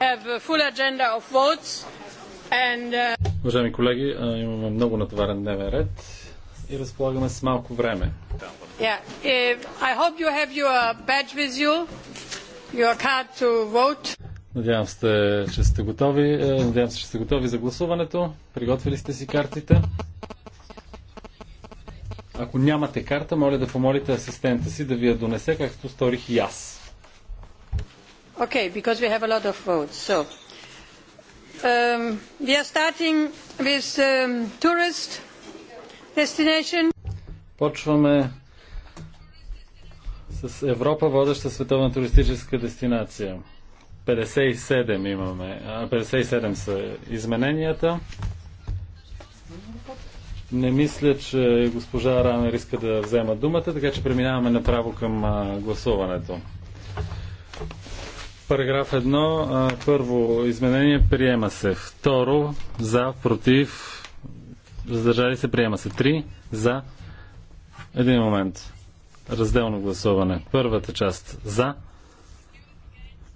Uh, Уважаеми колеги, имаме много натоварен дневен ред и разполагаме с малко време. Eh, надявам се, че сте готови. Е, надявам се, че сте готови за гласуването. Приготвили сте си картите. Ако нямате карта, моля да помолите асистента си да ви я донесе, както сторих и аз. Okay, because we have a lot of votes. So um, we are starting with um, tourist destination. Почваме с Европа, водеща световна туристическа дестинация. 57 имаме. 57 са измененията. Не мисля, че госпожа Ранер иска да взема думата, така че преминаваме направо към гласуването. Параграф 1. Първо изменение приема се. Второ за, против, въздържали се, приема се. Три за. Един момент. Разделно гласуване. Първата част за,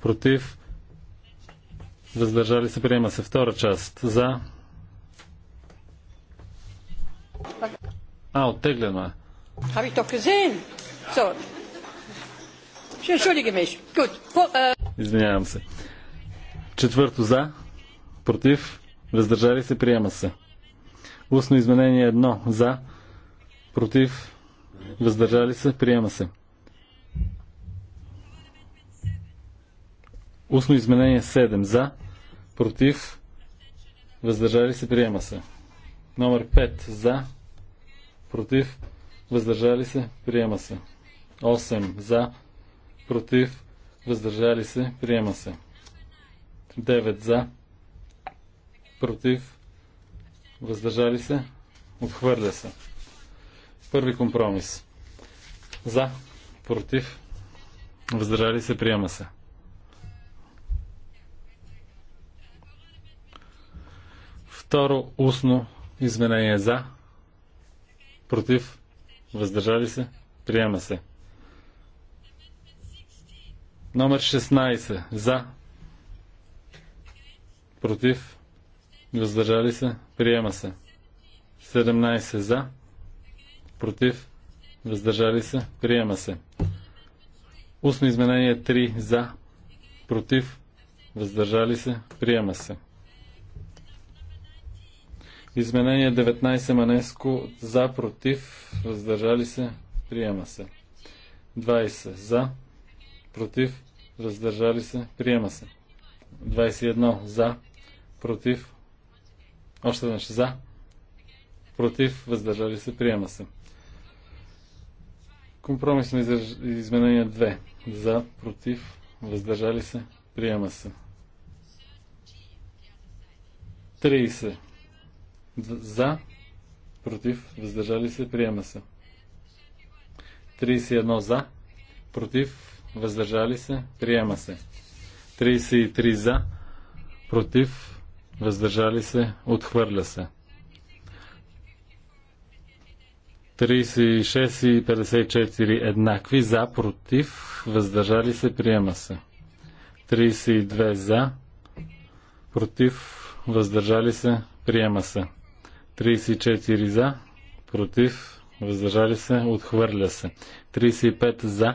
против, въздържали се, приема се. Втора част за. А, оттеглено е. Habe Сори. Ще шо ли ги mich. Гуд. Извинявам се. Четвърто за, против, въздържали се, приема се. Устно изменение едно за, против, въздържали се, приема се. Устно изменение 7 за, против, въздържали се, приема се. Номер 5 за, против, въздържали се, приема се. 8 за, против, въздържали се, приема се. 9 за, против, въздържали се, отхвърля се. Първи компромис. За, против, въздържали се, приема се. Второ устно изменение за, против, въздържали се, приема се. Номер 16. За. Против. Въздържали се. Приема се. 17. За. Против. Въздържали се. Приема се. Устно изменение 3. За. Против. Въздържали се. Приема се. Изменение 19 Манеско за, против, въздържали се, приема се. 20 за, против, въздържали се, приема се. 21 за, против, още веднъж за, против, въздържали се, приема се. Компромисно изменение 2 за, против, въздържали се, приема се. 30 за, против, въздържали се, приема се. 31 за, против, въздържали се, приема се. 33 за, против, въздържали се, отхвърля се. 36 и 54 еднакви, за, против, въздържали се, приема се. 32 за, против, въздържали се, приема се. 34 за, против, въздържали се, отхвърля се. 35 за,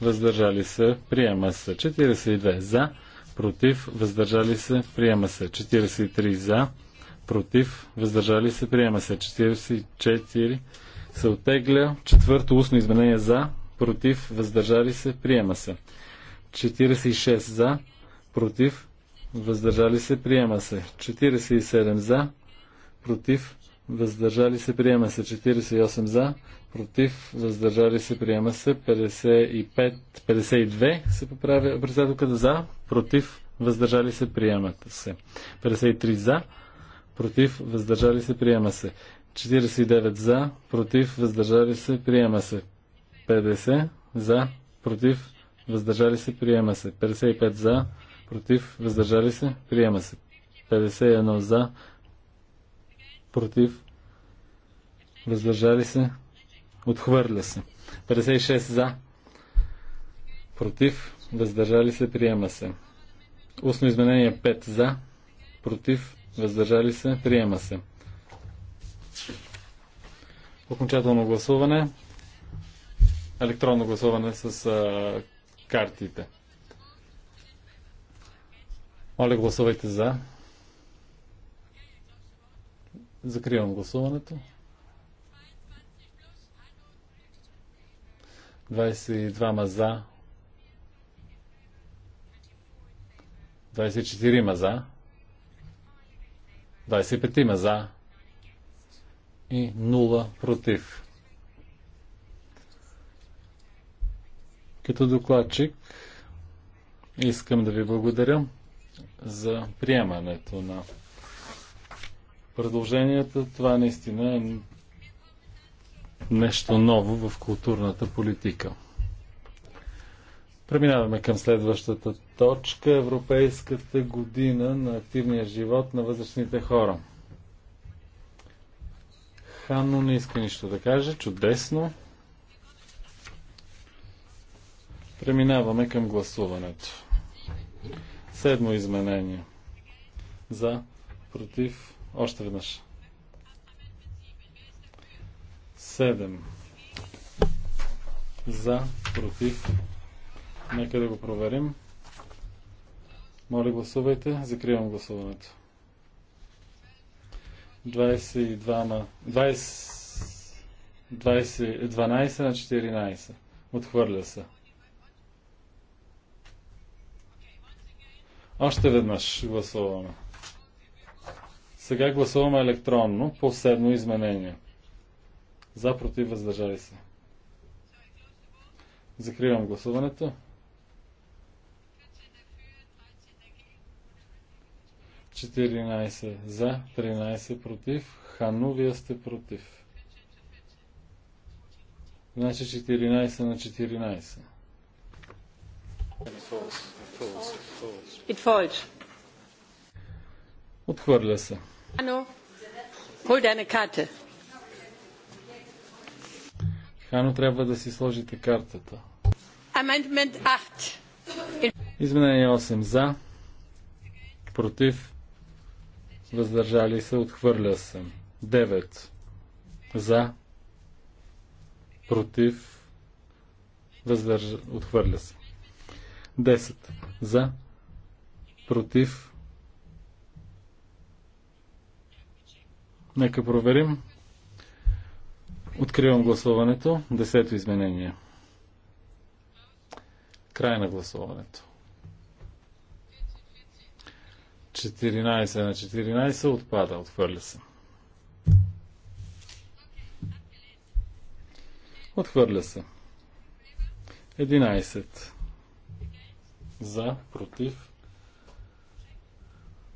въздържали се, приема се. 42 за, против, въздържали се, приема се. 43 за, против, въздържали се, приема се. 44 се отегля. Четвърто устно изменение за, против, въздържали се, приема се. 46 за, против, въздържали се, приема се. 47 за, против, въздържали се, приема се. 48 за, против, въздържали се, приема се 55, 52 се поправя председателката за, против, въздържали се, приемат се 53 за, против, въздържали се, приема се 49 за, против, въздържали се, приема се 50 за, против, въздържали се, приема се 55 за, против, въздържали се, приема се 51 за, против, въздържали се, Отхвърля се. 56 за. Против. Въздържали се. Приема се. Устно изменение 5 за. Против. Въздържали се. Приема се. Окончателно гласуване. Електронно гласуване с а, картите. Моля, гласувайте за. Закривам гласуването. 22 за, 24 за, 25 за и 0 против. Като докладчик искам да ви благодаря за приемането на предложенията. Това наистина е нещо ново в културната политика. Преминаваме към следващата точка Европейската година на активния живот на възрастните хора. Ханно не иска нищо да каже. Чудесно. Преминаваме към гласуването. Седмо изменение. За, против, още веднъж. 7. За, против. Нека да го проверим. Моля гласувайте. Закривам гласуването. 22 на 20, 20, 12 на 14. Отхвърля се. Още веднъж гласуваме. Сега гласуваме електронно по седно изменение. За, против, въздържали се. Закривам гласуването. 14 за, 13 против. Хану, вие сте против. Значи 14 на 14. Отхвърля се. Ano, hol Хано трябва да си сложите картата. 8. Изменение 8 за. Против. Въздържали се. Отхвърля се. 9 за. Против. Въздържа. Отхвърля се. 10 за. Против. Нека проверим. Откривам гласуването. Десето изменение. Край на гласуването. 14 на 14 отпада, отхвърля се. Отхвърля се. 11. За, против.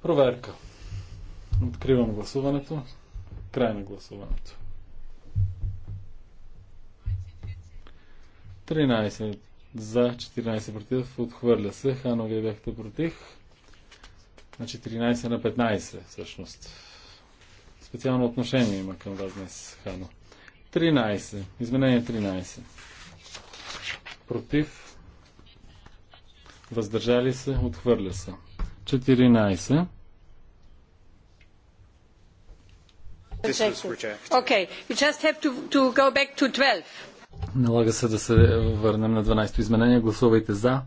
Проверка. Откривам гласуването. Край на гласуването. 13 за, 14 против, отхвърля се. Хано, вие бяхте против. Значи, на 14 на 15, всъщност. Специално отношение има към вас днес, Хано. 13. Изменение 13. Против. Въздържали се. Отхвърля се. 14. Okay, you just have to, to go back to 12. Налага се да се върнем на 12-то изменение. Гласувайте за.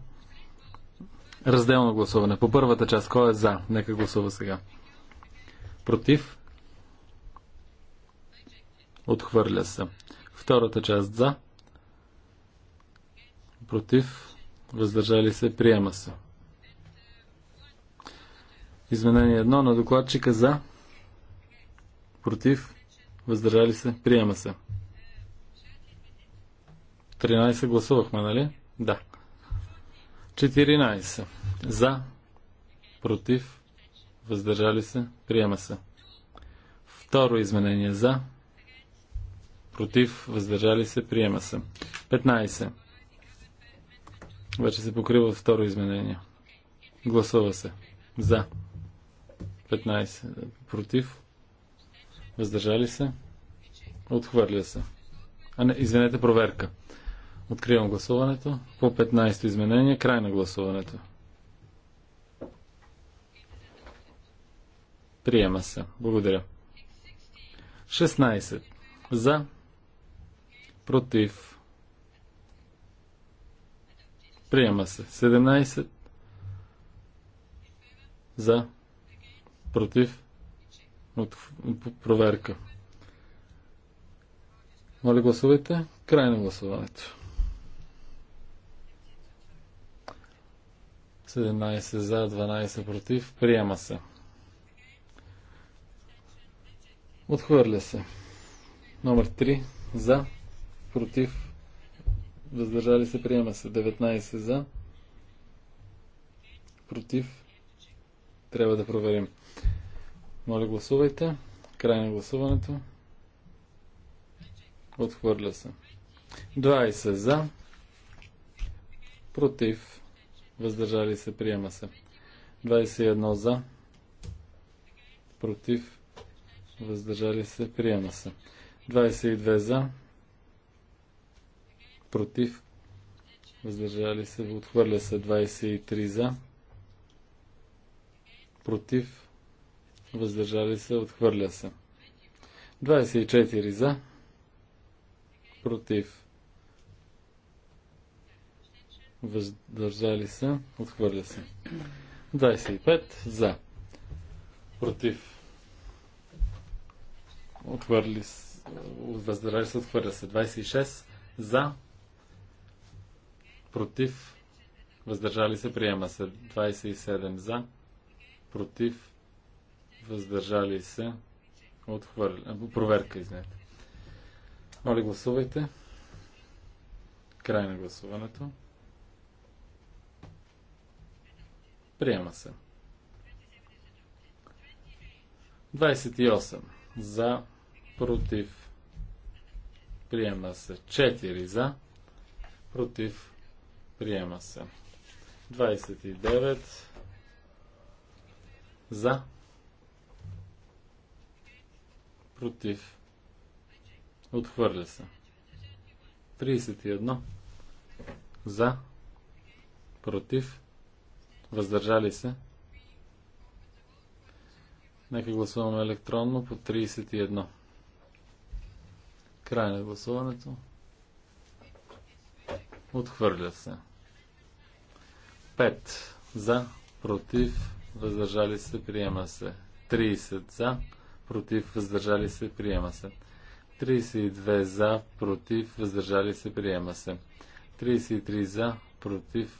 Разделно гласуване. По първата част, кой е за? Нека гласува сега. Против? Отхвърля се. Втората част за. Против? Въздържали се. Приема се. Изменение едно на докладчика за. Против? Въздържали се. Приема се. 13 гласувахме, нали? Да. 14. За, против, въздържали се, приема се. Второ изменение за, против, въздържали се, приема се. 15. Вече се покрива второ изменение. Гласува се. За. 15. Против. Въздържали се. Отхвърля се. А не, извинете, проверка. Откривам гласуването. По 15 изменение. Край на гласуването. Приема се. Благодаря. 16. За. Против. Приема се. 17. За. Против. От, проверка. Моля гласувайте. Край на гласуването. 17 за, 12 против. Приема се. Отхвърля се. Номер 3 за, против, въздържали се, приема се. 19 за, против, трябва да проверим. Моля гласувайте. Край на гласуването. Отхвърля се. 20 за, против, въздържали се, приема се. 21 за, против, въздържали се, приема се. 22 за, против, въздържали се, отхвърля се 23 за, против, въздържали се, отхвърля се. 24 за, против, въздържали се, отхвърля се. 25 за, против, отхвърли се, въздържали се, отхвърля се. 26 за, против, въздържали се, приема се. 27 за, против, въздържали се, отхвърля. Проверка, извинете. Моля, гласувайте. Край на гласуването. Приема се. 28 за, против, приема се. 4 за, против, приема се. 29 за, против, отхвърля се. 31 за, против, Въздържали се? Нека гласуваме електронно по 31. Край на гласуването. Отхвърля се. 5 за, против, въздържали се, приема се. 30 за, против, въздържали се, приема се. 32 за, против, въздържали се, приема се. 33 за, против,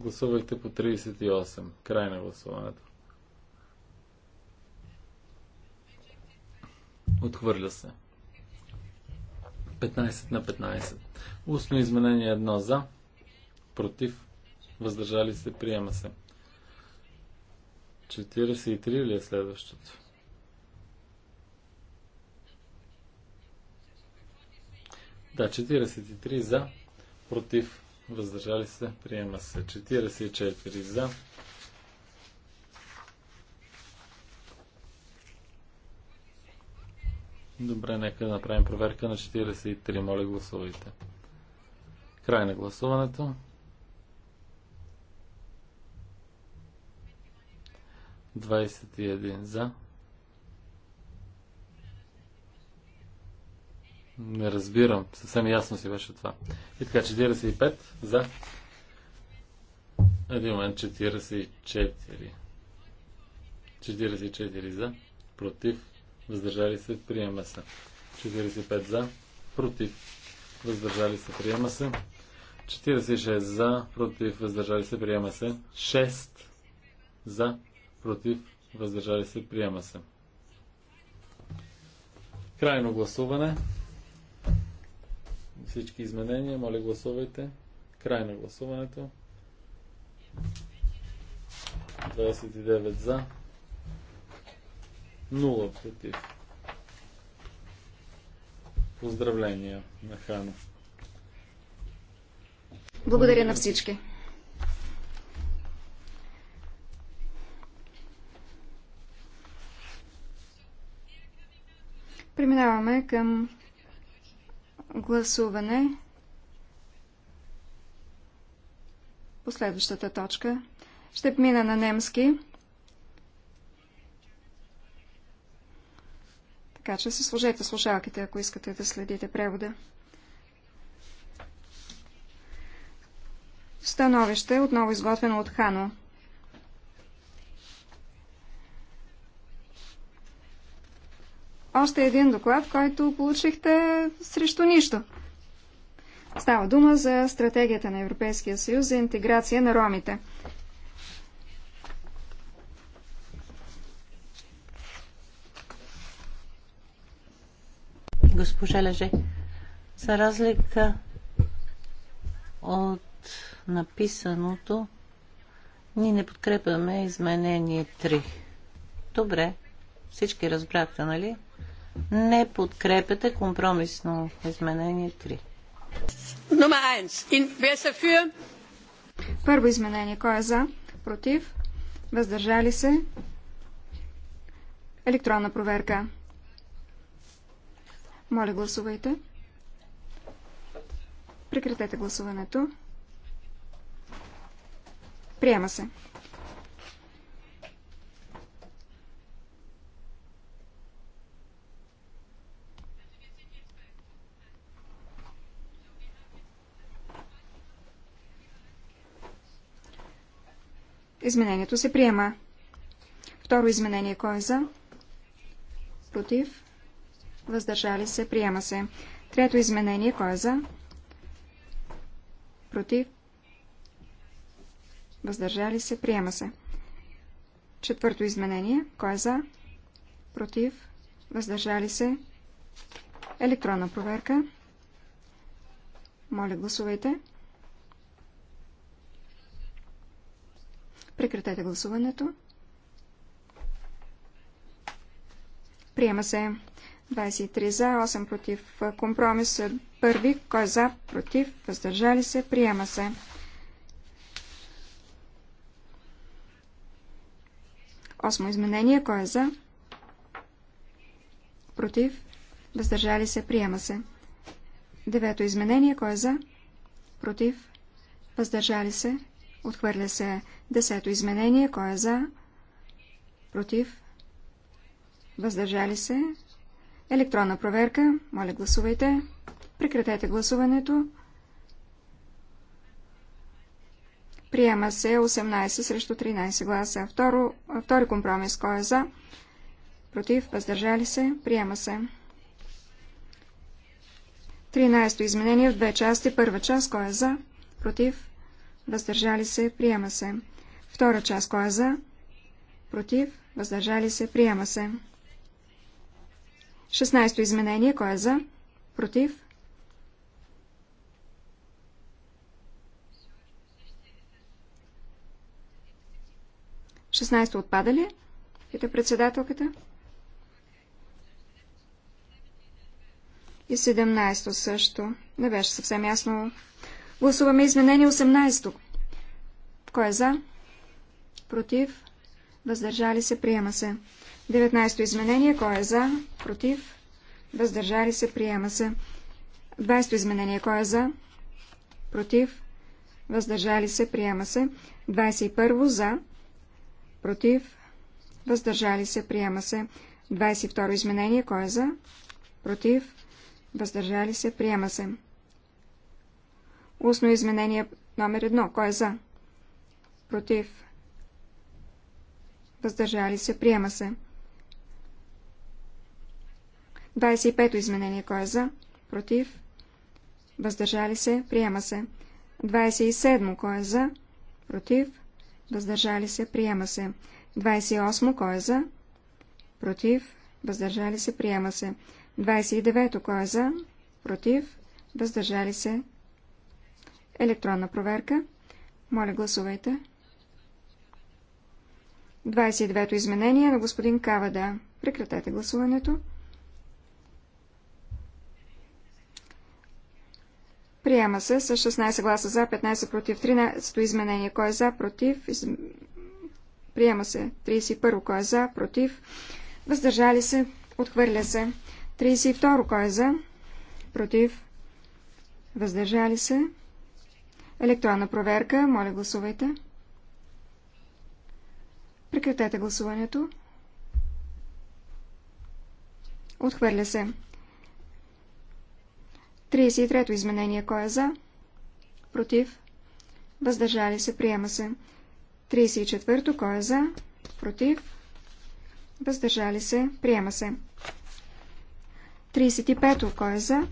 Гласувайте по 38. Край на гласуването. Отхвърля се. 15 на 15. Устно изменение Едно за, против, въздържали се, приема се. 43 ли е следващото? Да, 43 за, против, въздържали се, приема се. 44 за, Добре, нека да направим проверка на 43. Моля, гласувайте. Край на гласуването. 21 за. Не разбирам. Съвсем ясно си беше това. И така, 45 за. Един момент, 44. 44 за. Против. Въздържали се. Приема се. 45 за. Против. Въздържали се. Приема се. 46 за. Против. Въздържали се. Приема се. 6 за. Против. Въздържали се. Приема се. Крайно гласуване всички изменения. Моля, гласувайте. Край на гласуването. 29 за. 0 против. Поздравления на Хана. Благодаря на всички. Преминаваме към гласуване по следващата точка. Ще мина на немски. Така че се сложете слушалките, ако искате да следите превода. Становище, отново изготвено от Хано. още един доклад, който получихте срещу нищо. Става дума за стратегията на Европейския съюз за интеграция на ромите. Госпожа Леже, за разлика от написаното, ние не подкрепяме изменение 3. Добре, всички разбрахте, нали? не подкрепяте компромисно изменение 3. Номер 1. Първо изменение. Кой е за? Против? Въздържали се? Електронна проверка. Моля, гласувайте. Прекратете гласуването. Приема се. Изменението се приема. Второ изменение. Кой е за? Против. Въздържали се. Приема се. Трето изменение. Кой е за? Против. Въздържали се. Приема се. Четвърто изменение. Кой е за? Против. Въздържали се. Електронна проверка. Моля, гласувайте. Прекратете гласуването. Приема се 23 за, 8 против. Компромис е първи. Кой е за, против, въздържали се. Приема се. Осмо изменение. Кой е за? Против. Въздържали се. Приема се. Девето изменение. Кой е за? Против. Въздържали се. Отхвърля се десето изменение. Кой е за? Против? Въздържали се? Електронна проверка. Моля, гласувайте. Прекратете гласуването. Приема се 18 срещу 13 гласа. Второ, втори компромис. Кой е за? Против? Въздържали се? Приема се. 13-то изменение в две части. Първа част. Кой е за? Против? въздържали се, приема се. Втора част, кой е за, против, въздържали се, приема се. 16 изменение, кой е за, против, Шестнайсто отпада ли? Пита председателката. И 17 също. Не беше съвсем ясно Гласуваме изменение 18. Кой е за? Против? Въздържали се? Приема се. 19 изменение. Кой е за? Против? Въздържали се? Приема се. 20 изменение. Кой е за? Против? Въздържали се? Приема се. 21 за? Против? Въздържали се? Приема се. 22 изменение. Кой е за? Против? Въздържали се? Приема се. Устно изменение номер едно. Кой е за? Против. Въздържали се. Приема се. 25-то изменение. Кой е за? Против. Въздържали се. Приема се. 27-мо. Кой е за? Против. Въздържали се. Приема се. 28-мо. Кой е за? Против. Въздържали се. Приема се. 29-то. Кой е за? Против. Въздържали се. Електронна проверка. Моля, гласувайте. 29-то изменение на господин Кавада. Прекратете гласуването. Приема се с 16 гласа за, 15 против, 13 то изменение. Кой е за, против? Из... Приема се 31 кой е за, против. Въздържали се, отхвърля се. 32 кой е за, против. Въздържали се, Електронна проверка. Моля, гласувайте. Прекратете гласуването. Отхвърля се. 33-то изменение. Кой е за? Против. Въздържали се. Приема се. 34-то. Кой е за? Против. Въздържали се. Приема се. 35-то. Кой е за?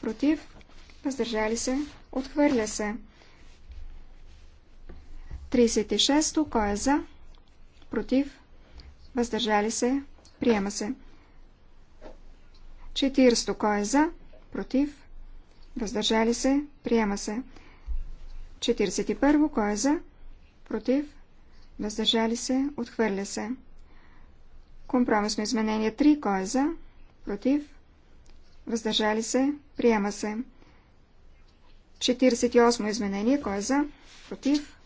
Против. Въздържали се. Отхвърля се. 36-то. Кой е за? Против? Въздържали се? Приема се. 40-то. Кой е за? Против? Въздържали се? Приема се. 41-во. Кой е за? Против? Въздържали се? Отхвърля се. Компромисно изменение 3. Кой е за? Против? Въздържали се? Приема се. 48 изменение. Кой е за? Против?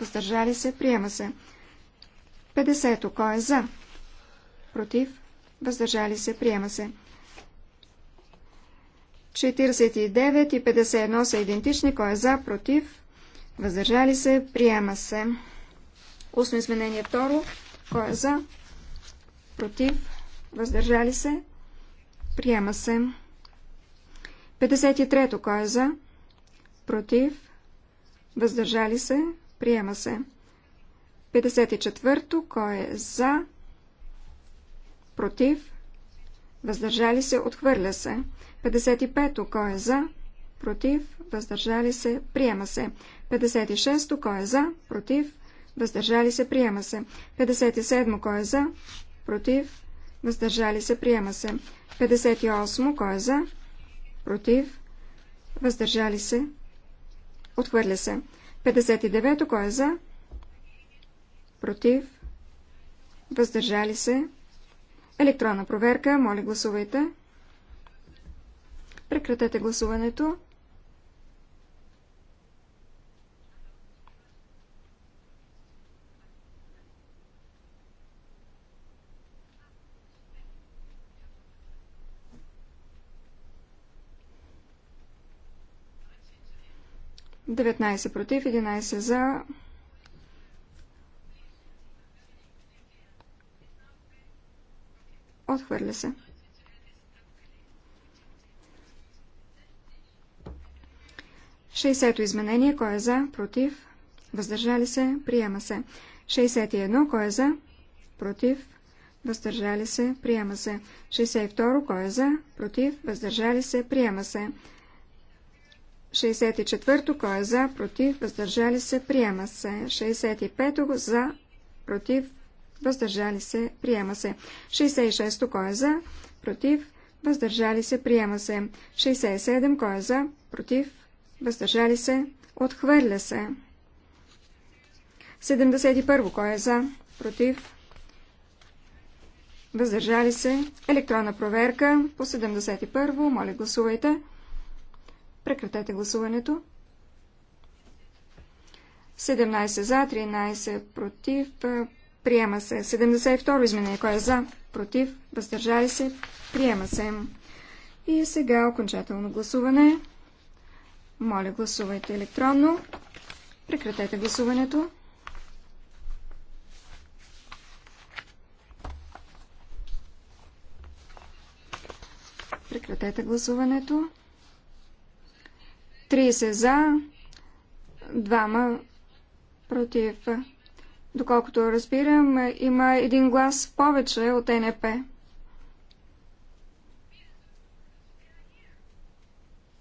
Въздържали се? Приема се. 50. Кой е за? Против? Въздържали се? Приема се. 49 и 51 са идентични. Кой е за? Против? Въздържали се? Приема се. Устно изменение второ. Кой е за? Против? Въздържали се? Приема се. 53. Кой е за? против, въздържали се, приема се. 54-то, кой е за, против, въздържали се, отхвърля се. 55-то, кой е за, против, въздържали се, приема се. 56-то, кой е за, против, въздържали се, приема се. 57-то, кой е за, против, въздържали се, приема се. 58-то, кой е за, против, въздържали се, Отхвърля се. 59-то кой е за? Против. Въздържали се. Електронна проверка. Моля гласувайте. Прекратете гласуването. 19 против, 11 за. Отхвърля се. Шейсето изменение, кой е за, против, въздържали се, приема се. 61, кой е за, против, въздържали се, приема се. 62, кой е за, против, въздържали се, приема се. 64-то, кой е за, против, въздържали се, приема се. 65-то, за, против, въздържали се, приема се. 66-то, кой е за, против, въздържали се, приема се. 67, кой е за, против, въздържали се, отхвърля се. 71, кой е за, против, въздържали се, електронна проверка по 71, моля гласувайте. Прекратете гласуването. 17 за, 13 против. Приема се. 72 изменение. Кой е за? Против. Въздържали се. Приема се. И сега окончателно гласуване. Моля, гласувайте електронно. Прекратете гласуването. Прекратете гласуването. 30 за, 2 против. Доколкото разбирам, има един глас повече от НП.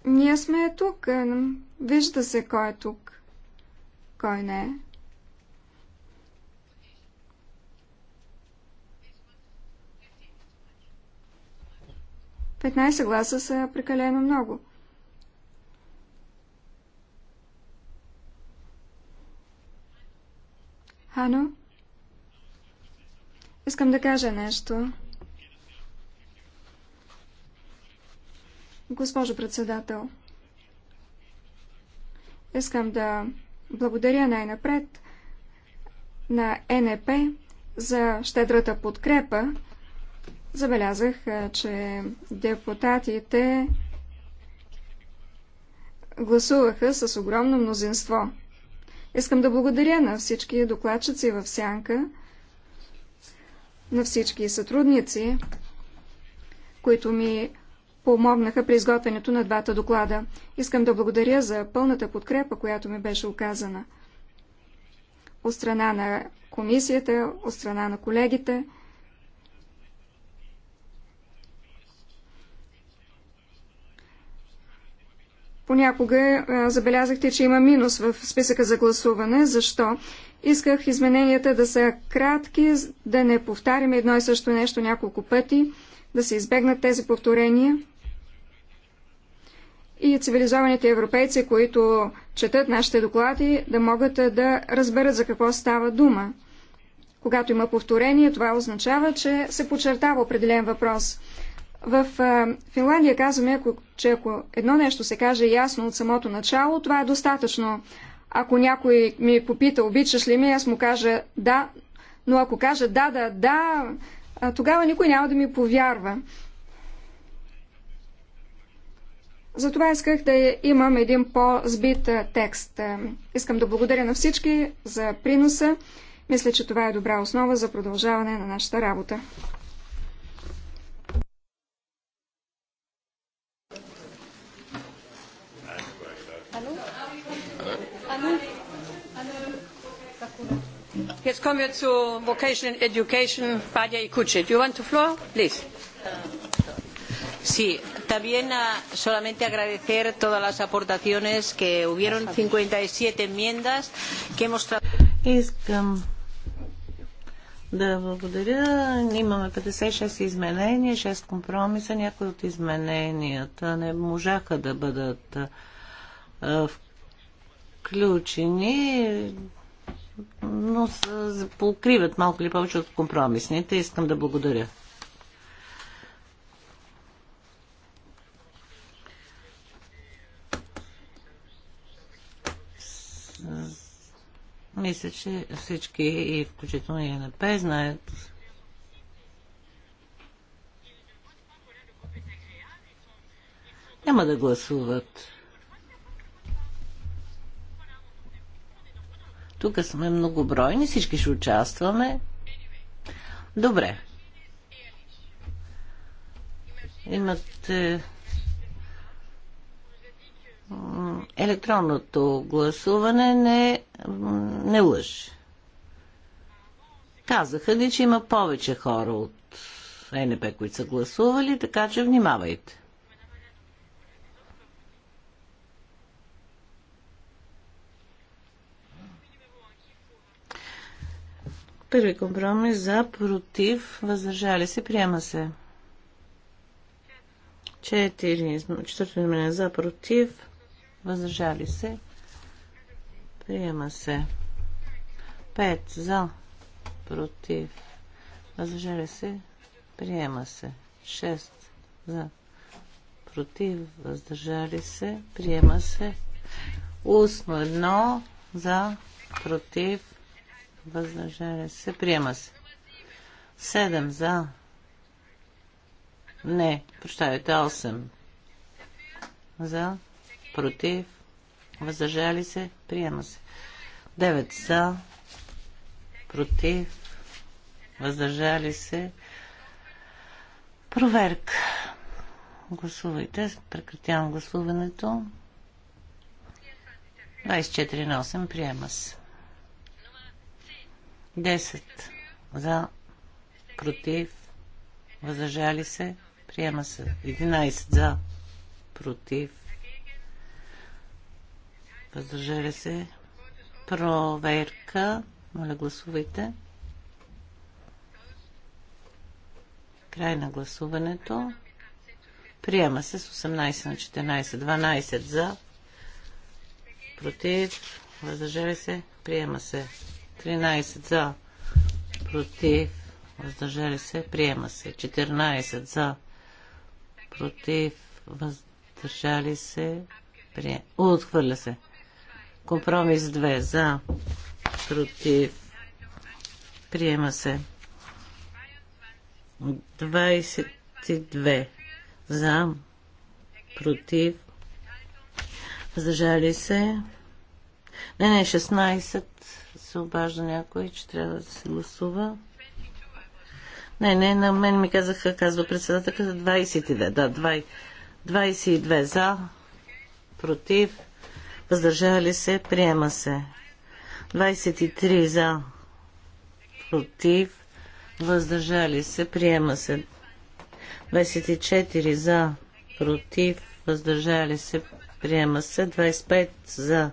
Ние сме тук. Вижда се кой е тук. Кой не е. Петнайсет гласа са прекалено много. Ано, искам да кажа нещо. Госпожо председател, искам да благодаря най-напред на НП за щедрата подкрепа. Забелязах, е, че депутатите гласуваха с огромно мнозинство. Искам да благодаря на всички докладчици в Сянка, на всички сътрудници, които ми помогнаха при изготвянето на двата доклада. Искам да благодаря за пълната подкрепа, която ми беше оказана. От страна на комисията, от страна на колегите – Понякога е, забелязахте, че има минус в списъка за гласуване. Защо? Исках измененията да са кратки, да не повтаряме едно и също нещо няколко пъти, да се избегнат тези повторения. И цивилизованите европейци, които четат нашите доклади, да могат е, да разберат за какво става дума. Когато има повторение, това означава, че се подчертава определен въпрос. В Финландия казваме, ако, че ако едно нещо се каже ясно от самото начало, това е достатъчно. Ако някой ми попита, обичаш ли ме, аз му кажа да, но ако кажа да, да, да, тогава никой няма да ми повярва. Затова исках да имам един по-збит текст. Искам да благодаря на всички за приноса. Мисля, че това е добра основа за продължаване на нашата работа. Jetzt kommen wir zu Vocational Education. Badia Ikucic, you want the floor? Please. Sí, también solamente agradecer todas las aportaciones que hubieron 57 enmiendas que hemos Искам да благодаря. Имаме 56 изменения, 6 компромиса. Някои от измененията не можаха да бъдат включени но се покриват малко или повече от компромисните. Искам да благодаря. Мисля, че всички, и включително и НП, знаят няма да гласуват Тук сме многобройни, всички ще участваме. Добре. Имате електронното гласуване не, не лъжи. Казаха ни, че има повече хора от ЕНП, които са гласували, така че внимавайте. Първи компромис за, против, въздържали се, приема се. 4. Четвърто изменение за, против, въздържали се, приема се. 5. За, против, въздържали се, приема се. 6. За, против, въздържали се, приема се. Устно едно за, против, въздържали се, приема се. 7 за. Не, прощавайте, 8 за, против, въздържали се, приема се. 9 за, против, въздържали се. Проверка. Гласувайте. Прекратявам гласуването. 24 на 8 приема се. 10 за, против, въздържали се, приема се. 11 за, против, въздържали се. Проверка. Моля, гласувайте. Край на гласуването. Приема се с 18 на 14. 12 за, против, въздържали се, приема се. 13 за, против, въздържали се, приема се. 14 за, против, въздържали се, приема. Отхвърля се. Компромис 2 за, против, приема се. 22 за, против, въздържали се. Не, не, 16 се обажда някой, че трябва да се гласува. Не, не, на мен ми казаха, казва председателката, 22, да, 20, 22 за, против, въздържали се, приема се. 23 за, против, въздържали се, приема се. 24 за, против, въздържали се, приема се. 25 за,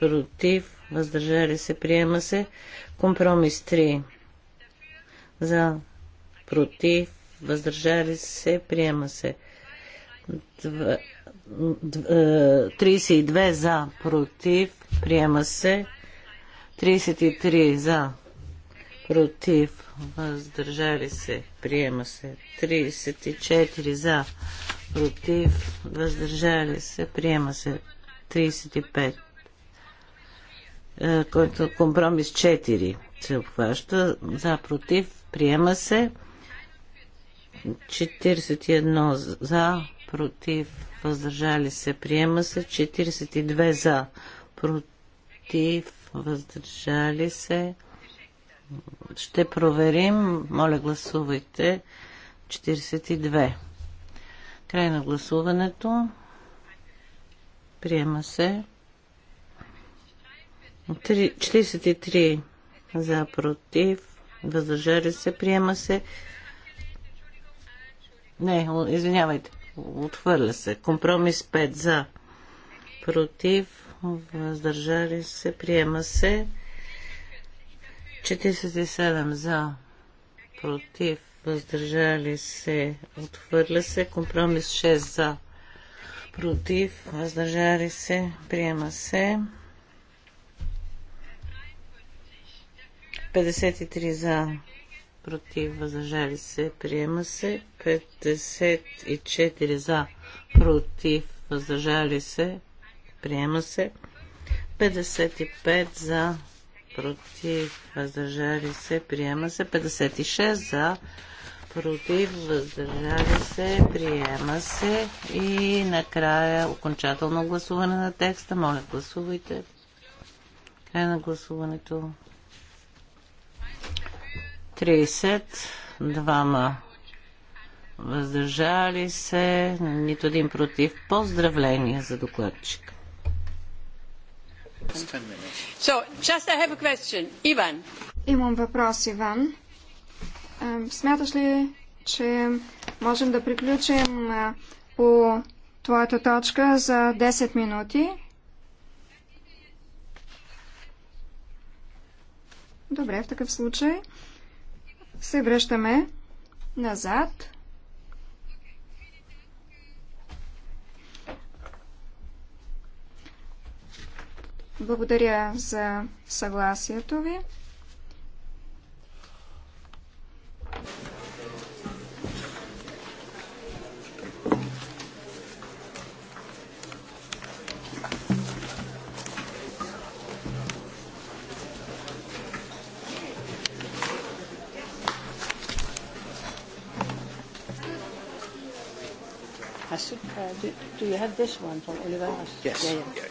против, въздържали се, приема се. Компромис 3 за, против, въздържали се, приема се. 32 е, за, против, приема се. 33 за, против, въздържали се, приема се. 34 за, против, въздържали се, приема се. 35 е, който компромис 4 се обхваща. За, против, приема се. 41 за, против, въздържали се, приема се. 42 за, против, въздържали се. Ще проверим. Моля, гласувайте. 42. Край на гласуването. Приема се. 43 за против, въздържали се, приема се. Не, извинявайте, отхвърля се. Компромис 5 за против, въздържали се, приема се. 47 за против, въздържали се, отхвърля се. Компромис 6 за против, въздържали се, приема се. 53 за, против, въздържали се, приема се. 54 за, против, въздържали се, приема се. 55 за, против, въздържали се, приема се. 56 за, против, въздържали се, приема се. И накрая окончателно гласуване на текста. Моля, гласувайте. Край на гласуването. 30, двама въздържали се, нито един против. Поздравления за докладчик. So, just I have a question. Иван. Имам въпрос, Иван. Е, смяташ ли, че можем да приключим е, по твоята точка за 10 минути? Добре, в такъв случай се връщаме назад. Благодаря за съгласието ви. Uh, do, do you have this one from Oliver? Yes. Yeah, yeah.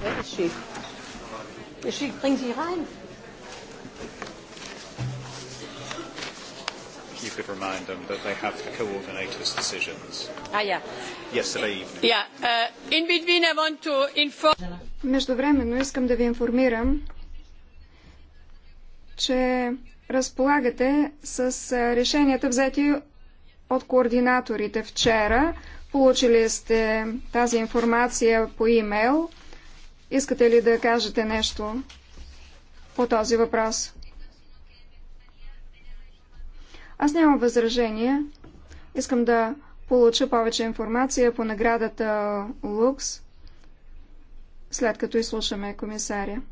Where is she? Is she, bring sie rein. could remind them that they have to coordinate his decisions. Ah, yeah. Yesterday evening. Yeah. Uh, in between I want to inform... Междувременно искам да ви информирам, че разполагате с решенията взети от координаторите вчера. Получили сте тази информация по имейл. Искате ли да кажете нещо по този въпрос? Аз нямам възражение. Искам да получа повече информация по наградата Лукс, след като изслушаме комисаря.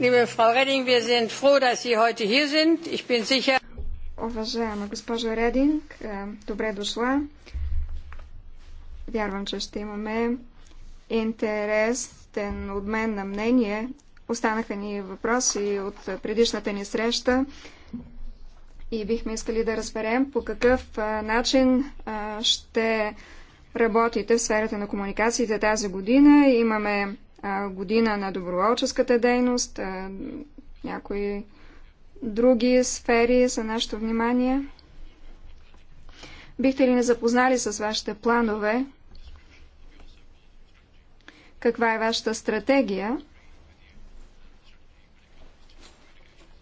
Liebe Frau Redding, wir sind froh, dass Sie heute hier sind. Ich bin sicher. Уважаема госпожо Рединг, е, добре дошла. Вярвам, че ще имаме интересен обмен на мнение. Останаха ни въпроси от предишната ни среща и бихме искали да разберем по какъв е, начин е, ще работите в сферата на комуникациите тази година. Имаме година на доброволческата дейност, някои други сфери са нашето внимание. Бихте ли не запознали с вашите планове? Каква е вашата стратегия?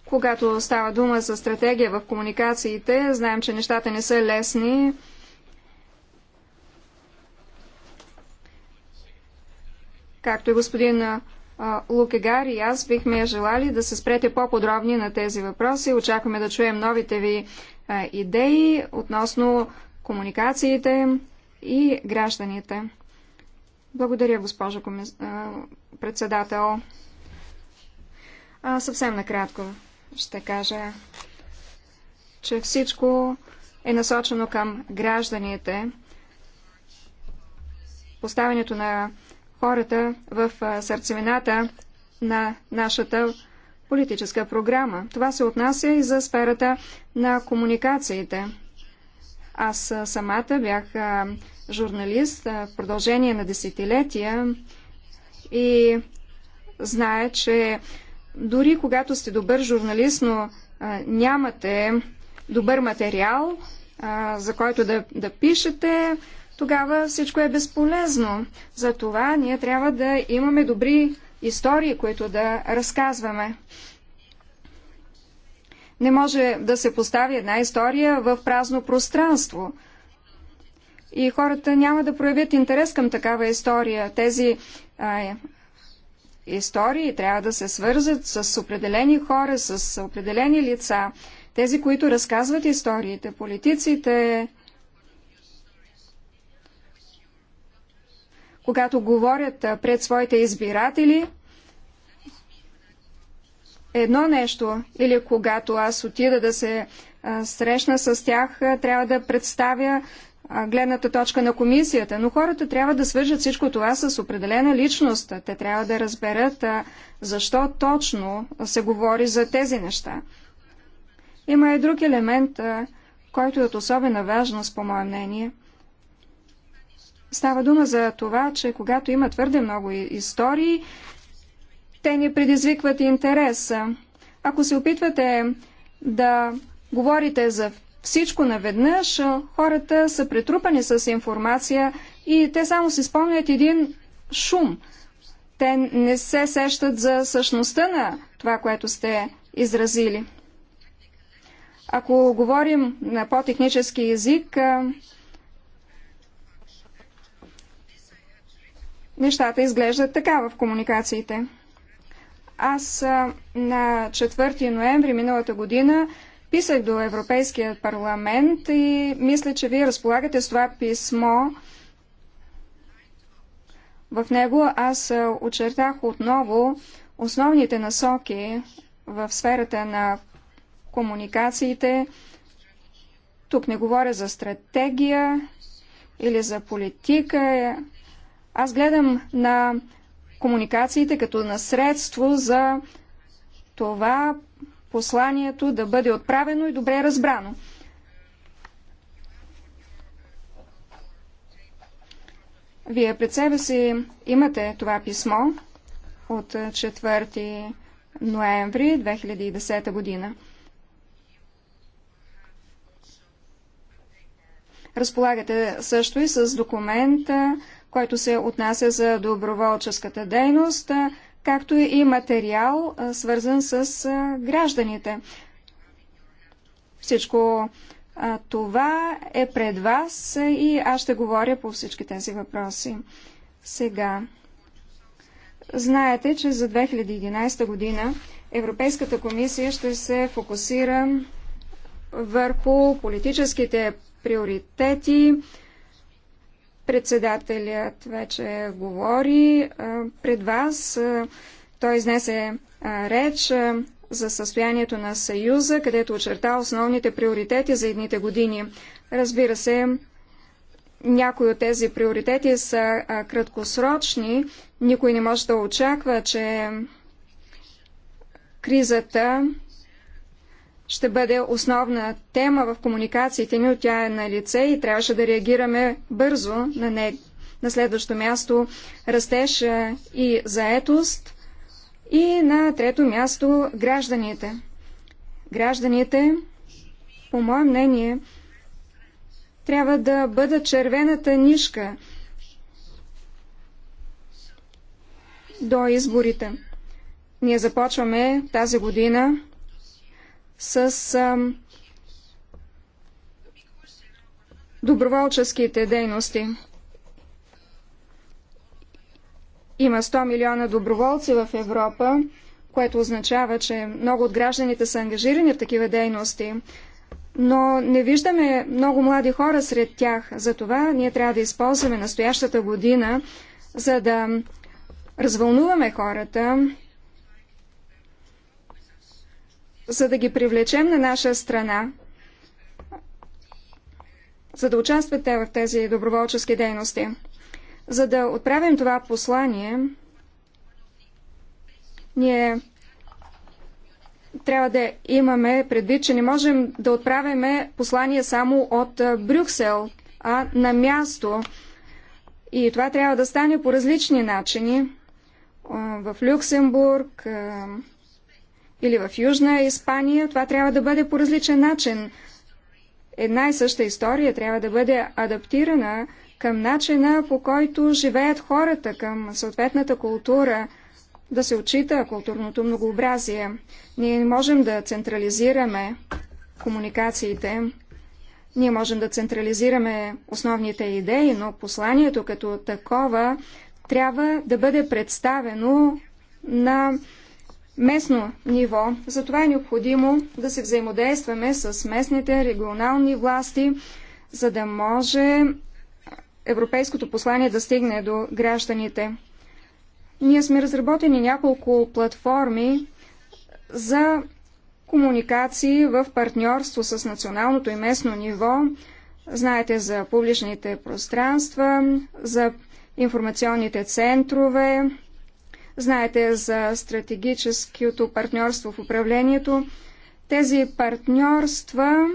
Когато става дума за стратегия в комуникациите, знаем, че нещата не са лесни. Както и господин Лукегар и аз бихме желали да се спрете по-подробни на тези въпроси. Очакваме да чуем новите ви идеи относно комуникациите и гражданите. Благодаря, госпожо комис... председател. А, съвсем накратко ще кажа, че всичко е насочено към гражданите. Поставянето на хората в сърцевината на нашата политическа програма. Това се отнася и за сферата на комуникациите. Аз самата бях журналист в продължение на десетилетия и знае, че дори когато сте добър журналист, но нямате добър материал, за който да, да пишете, тогава всичко е безполезно. Затова ние трябва да имаме добри истории, които да разказваме. Не може да се постави една история в празно пространство. И хората няма да проявят интерес към такава история. Тези а, истории трябва да се свързат с определени хора, с определени лица. Тези, които разказват историите, политиците, когато говорят пред своите избиратели, едно нещо, или когато аз отида да се срещна с тях, трябва да представя гледната точка на комисията, но хората трябва да свържат всичко това с определена личност. Те трябва да разберат защо точно се говори за тези неща. Има и друг елемент, който е от особена важност, по мое мнение – Става дума за това, че когато има твърде много истории, те ни предизвикват интерес. Ако се опитвате да говорите за всичко наведнъж, хората са претрупани с информация и те само си спомнят един шум. Те не се сещат за същността на това, което сте изразили. Ако говорим на по-технически език, нещата изглеждат така в комуникациите. Аз на 4 ноември миналата година писах до Европейския парламент и мисля, че вие разполагате с това писмо. В него аз очертах отново основните насоки в сферата на комуникациите. Тук не говоря за стратегия или за политика аз гледам на комуникациите като на средство за това посланието да бъде отправено и добре разбрано. Вие пред себе си имате това писмо от 4 ноември 2010 година. Разполагате също и с документа който се отнася за доброволческата дейност, както и материал, свързан с гражданите. Всичко това е пред вас и аз ще говоря по всички тези въпроси. Сега. Знаете, че за 2011 година Европейската комисия ще се фокусира върху политическите приоритети, Председателят вече говори пред вас. Той изнесе реч за състоянието на Съюза, където очерта основните приоритети за едните години. Разбира се, някои от тези приоритети са краткосрочни. Никой не може да очаква, че кризата ще бъде основна тема в комуникациите ни, тя е на лице и трябваше да реагираме бързо на нея. На следващо място растеж и заетост. И на трето място гражданите. Гражданите, по мое мнение, трябва да бъдат червената нишка до изборите. Ние започваме тази година с доброволческите дейности. Има 100 милиона доброволци в Европа, което означава, че много от гражданите са ангажирани в такива дейности, но не виждаме много млади хора сред тях. Затова ние трябва да използваме настоящата година, за да развълнуваме хората, за да ги привлечем на наша страна, за да участват те в тези доброволчески дейности. За да отправим това послание, ние трябва да имаме предвид, че не можем да отправяме послание само от Брюксел, а на място. И това трябва да стане по различни начини. В Люксембург, или в Южна Испания, това трябва да бъде по различен начин. Една и съща история трябва да бъде адаптирана към начина по който живеят хората, към съответната култура, да се отчита културното многообразие. Ние не можем да централизираме комуникациите, ние можем да централизираме основните идеи, но посланието като такова трябва да бъде представено на местно ниво. Затова е необходимо да се взаимодействаме с местните регионални власти, за да може европейското послание да стигне до гражданите. Ние сме разработени няколко платформи за комуникации в партньорство с националното и местно ниво. Знаете за публичните пространства, за информационните центрове, Знаете за стратегическото партньорство в управлението. Тези партньорства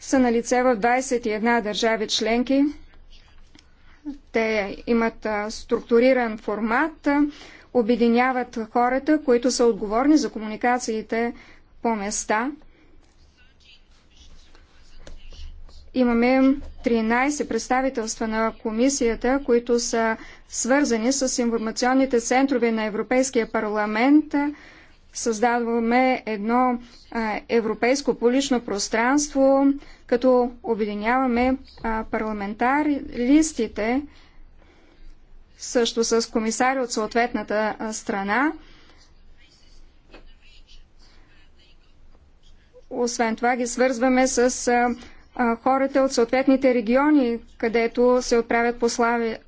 са на лице в 21 държави членки. Те имат структуриран формат, обединяват хората, които са отговорни за комуникациите по места – имаме 13 представителства на комисията, които са свързани с информационните центрове на Европейския парламент. Създаваме едно европейско полично пространство, като обединяваме парламентаристите, също с комисари от съответната страна. Освен това ги свързваме с хората от съответните региони, където се отправят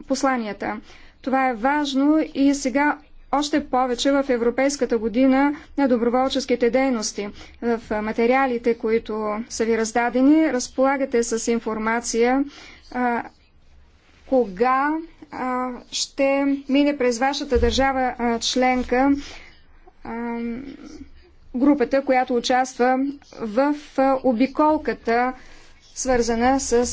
посланията. Това е важно и сега още повече в Европейската година на доброволческите дейности. В материалите, които са ви раздадени, разполагате с информация а, кога а, ще мине през вашата държава а, членка а, групата, която участва в а, обиколката свързана с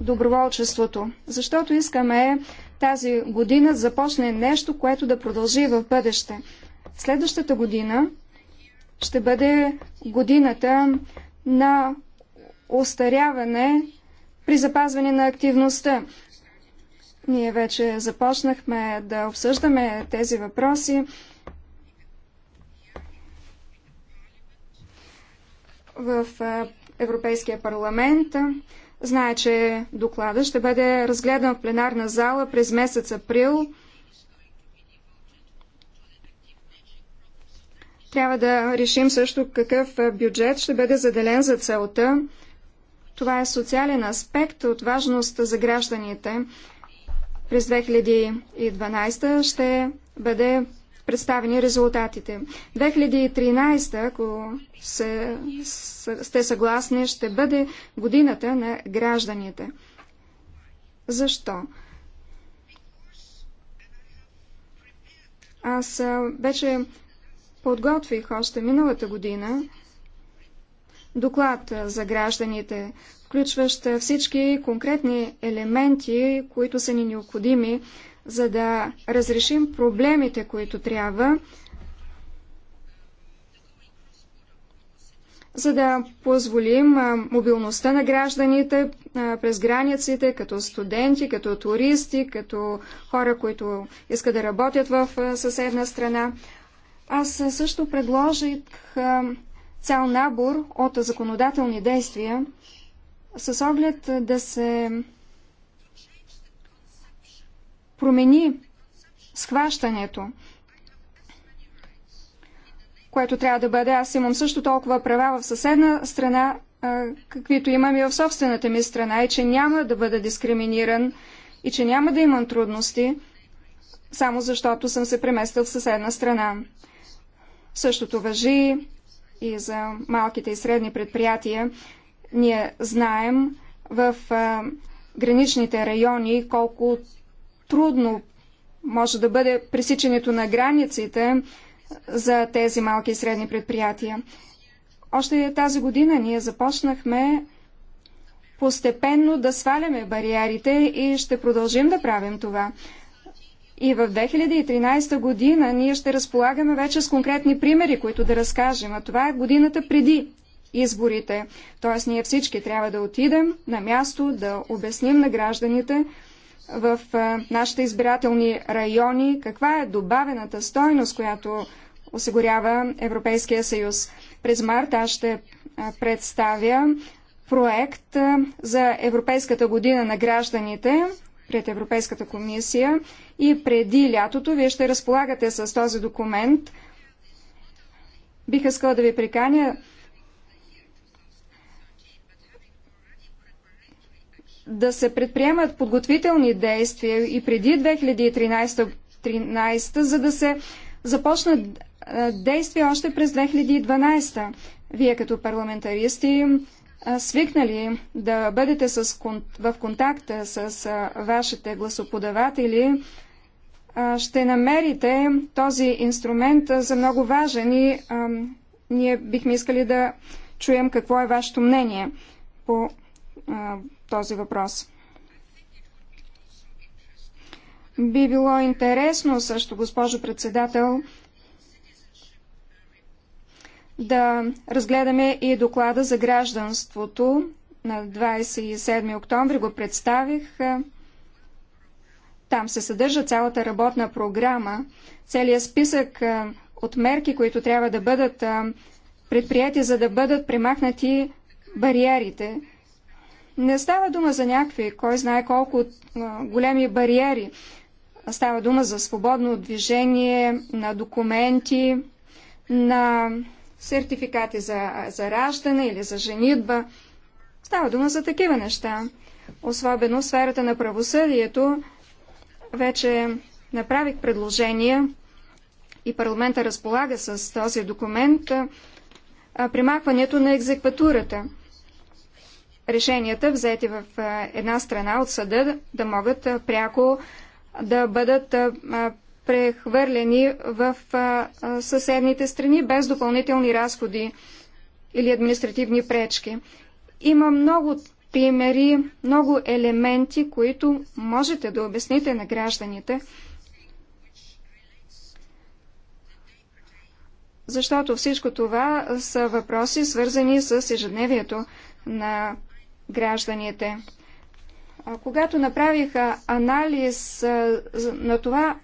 доброволчеството. Защото искаме тази година да започне нещо, което да продължи в бъдеще. Следващата година ще бъде годината на остаряване при запазване на активността. Ние вече започнахме да обсъждаме тези въпроси. В Европейския парламент. Знае, че доклада ще бъде разгледан в пленарна зала през месец април. Трябва да решим също какъв бюджет ще бъде заделен за целта. Това е социален аспект от важност за гражданите. През 2012 ще бъде представени резултатите. 2013, ако се, сте съгласни, ще бъде годината на гражданите. Защо? Аз вече подготвих още миналата година доклад за гражданите, включващ всички конкретни елементи, които са ни необходими, за да разрешим проблемите, които трябва, за да позволим мобилността на гражданите през границите, като студенти, като туристи, като хора, които искат да работят в съседна страна. Аз също предложих цял набор от законодателни действия с оглед да се промени схващането, което трябва да бъде. Аз имам също толкова права в съседна страна, каквито имам и в собствената ми страна, и че няма да бъда дискриминиран, и че няма да имам трудности, само защото съм се преместил в съседна страна. Същото въжи и за малките и средни предприятия. Ние знаем в а, граничните райони колко трудно може да бъде пресичането на границите за тези малки и средни предприятия. Още тази година ние започнахме постепенно да сваляме бариерите и ще продължим да правим това. И в 2013 година ние ще разполагаме вече с конкретни примери, които да разкажем, а това е годината преди изборите. Тоест ние всички трябва да отидем на място, да обясним на гражданите, в нашите избирателни райони, каква е добавената стойност, която осигурява Европейския съюз. През март аз ще представя проект за Европейската година на гражданите пред Европейската комисия и преди лятото вие ще разполагате с този документ. Бих искала да ви приканя да се предприемат подготвителни действия и преди 2013, 2013 за да се започнат действия още през 2012. Вие като парламентаристи свикнали да бъдете с, в контакта с вашите гласоподаватели, ще намерите този инструмент за много важен и ние бихме искали да чуем какво е вашето мнение по този въпрос. Би било интересно също, госпожо председател, да разгледаме и доклада за гражданството. На 27 октомври го представих. Там се съдържа цялата работна програма, целият списък от мерки, които трябва да бъдат предприяти, за да бъдат примахнати бариерите, не става дума за някакви, кой знае колко големи бариери. Става дума за свободно движение на документи, на сертификати за, за раждане или за женитба. Става дума за такива неща. Особено в сферата на правосъдието вече направих предложение и парламента разполага с този документ примахването на екзекватурата – решенията, взети в една страна от съда, да могат пряко да бъдат прехвърлени в съседните страни без допълнителни разходи или административни пречки. Има много примери, много елементи, които можете да обясните на гражданите, защото всичко това са въпроси, свързани с ежедневието на гражданите. Когато направиха анализ на това,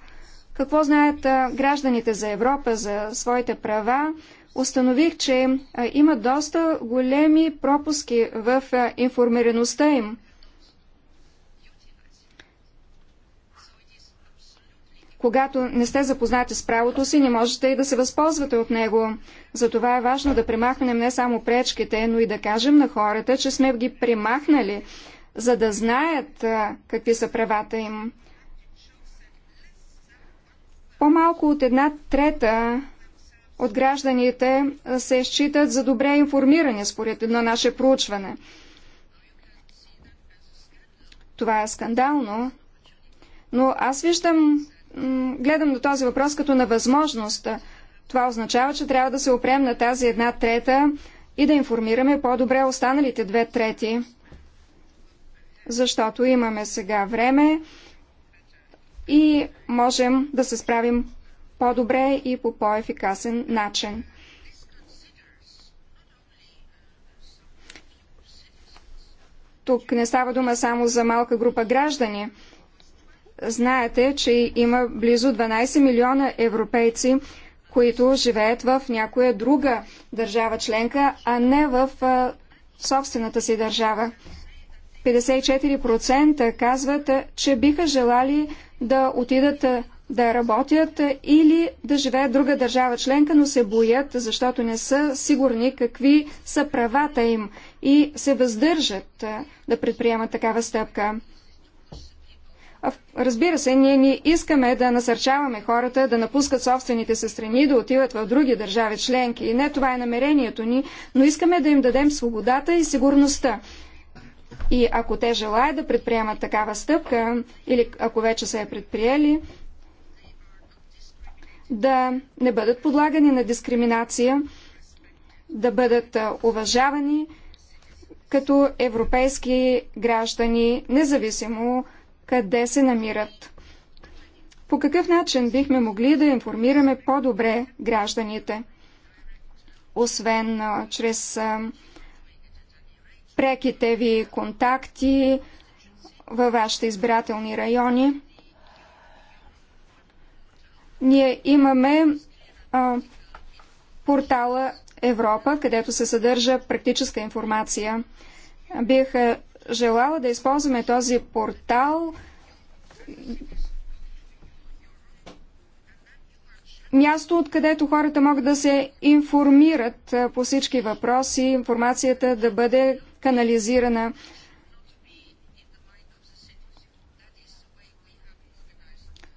какво знаят гражданите за Европа, за своите права, установих, че има доста големи пропуски в информираността им. когато не сте запознати с правото си, не можете и да се възползвате от него. Затова е важно да премахнем не само пречките, но и да кажем на хората, че сме ги премахнали, за да знаят какви са правата им. По-малко от една трета от гражданите се считат за добре информирани според едно наше проучване. Това е скандално, но аз виждам гледам до този въпрос като на възможност. Това означава, че трябва да се опрем на тази една трета и да информираме по-добре останалите две трети. Защото имаме сега време и можем да се справим по-добре и по по-ефикасен начин. Тук не става дума само за малка група граждани – Знаете, че има близо 12 милиона европейци, които живеят в някоя друга държава членка, а не в собствената си държава. 54% казват, че биха желали да отидат да работят или да живеят друга държава членка, но се боят, защото не са сигурни какви са правата им и се въздържат да предприемат такава стъпка. Разбира се, ние ни искаме да насърчаваме хората да напускат собствените се страни и да отиват в други държави членки. И не това е намерението ни, но искаме да им дадем свободата и сигурността. И ако те желаят да предприемат такава стъпка, или ако вече са я предприели, да не бъдат подлагани на дискриминация, да бъдат уважавани като европейски граждани, независимо къде се намират. По какъв начин бихме могли да информираме по-добре гражданите? Освен а, чрез а, преките ви контакти във вашите избирателни райони. Ние имаме а, портала Европа, където се съдържа практическа информация. Бих желала да използваме този портал място, откъдето хората могат да се информират по всички въпроси, информацията да бъде канализирана.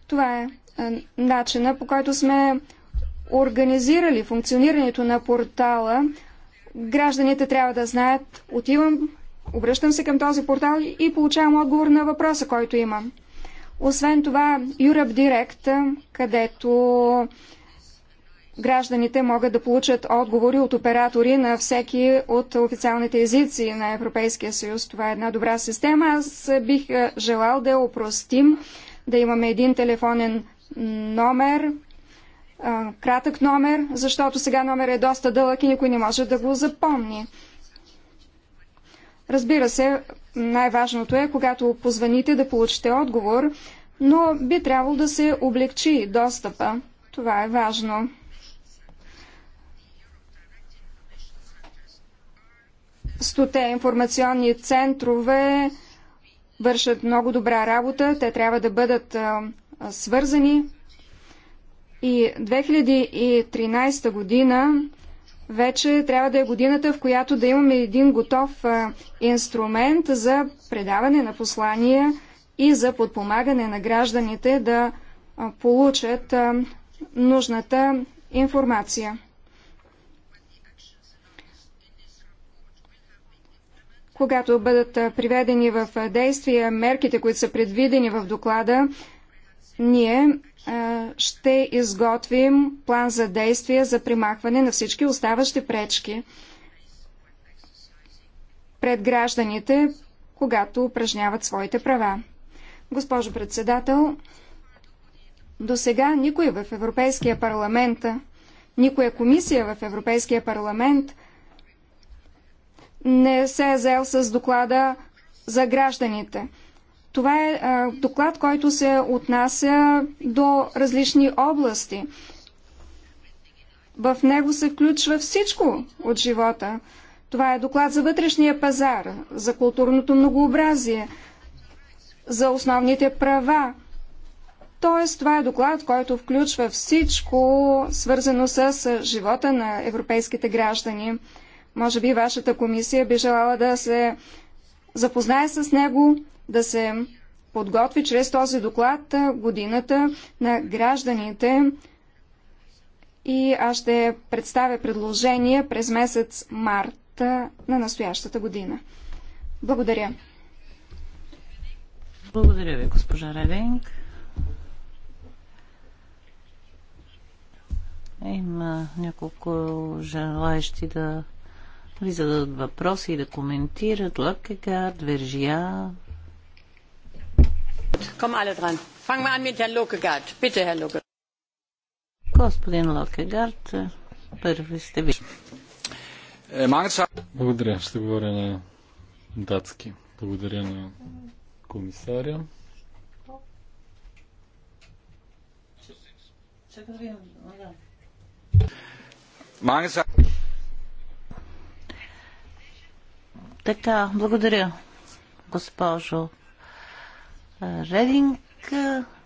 Това е начина, по който сме организирали функционирането на портала. Гражданите трябва да знаят, отивам Обръщам се към този портал и получавам отговор на въпроса, който имам. Освен това, Europe Direct, където гражданите могат да получат отговори от оператори на всеки от официалните езици на Европейския съюз. Това е една добра система. Аз бих е, желал да опростим, да имаме един телефонен номер, е, кратък номер, защото сега номер е доста дълъг и никой не може да го запомни. Разбира се, най-важното е, когато позваните, да получите отговор, но би трябвало да се облегчи достъпа. Това е важно. Стоте информационни центрове вършат много добра работа. Те трябва да бъдат а, свързани. И 2013 година вече трябва да е годината, в която да имаме един готов инструмент за предаване на послания и за подпомагане на гражданите да получат нужната информация. Когато бъдат приведени в действие мерките, които са предвидени в доклада, ние ще изготвим план за действие за примахване на всички оставащи пречки пред гражданите, когато упражняват своите права. Госпожо председател, до сега никой в Европейския парламент, никоя комисия в Европейския парламент не се е заел с доклада за гражданите. Това е доклад, който се отнася до различни области. В него се включва всичко от живота. Това е доклад за вътрешния пазар, за културното многообразие, за основните права. Тоест, това е доклад, който включва всичко, свързано с живота на европейските граждани. Може би вашата комисия би желала да се запознае с него, да се подготви чрез този доклад годината на гражданите и аз ще представя предложение през месец март на настоящата година. Благодаря. Благодаря ви, госпожа Рединг. Има няколко желаещи да ви зададат въпроси и да коментират. Лъкегард, Вержия, Господин Локегард, е, първи сте ви. Е, благодаря. Ще говоря на датски. Благодаря на комисаря. Така, благодаря, госпожо Рединг,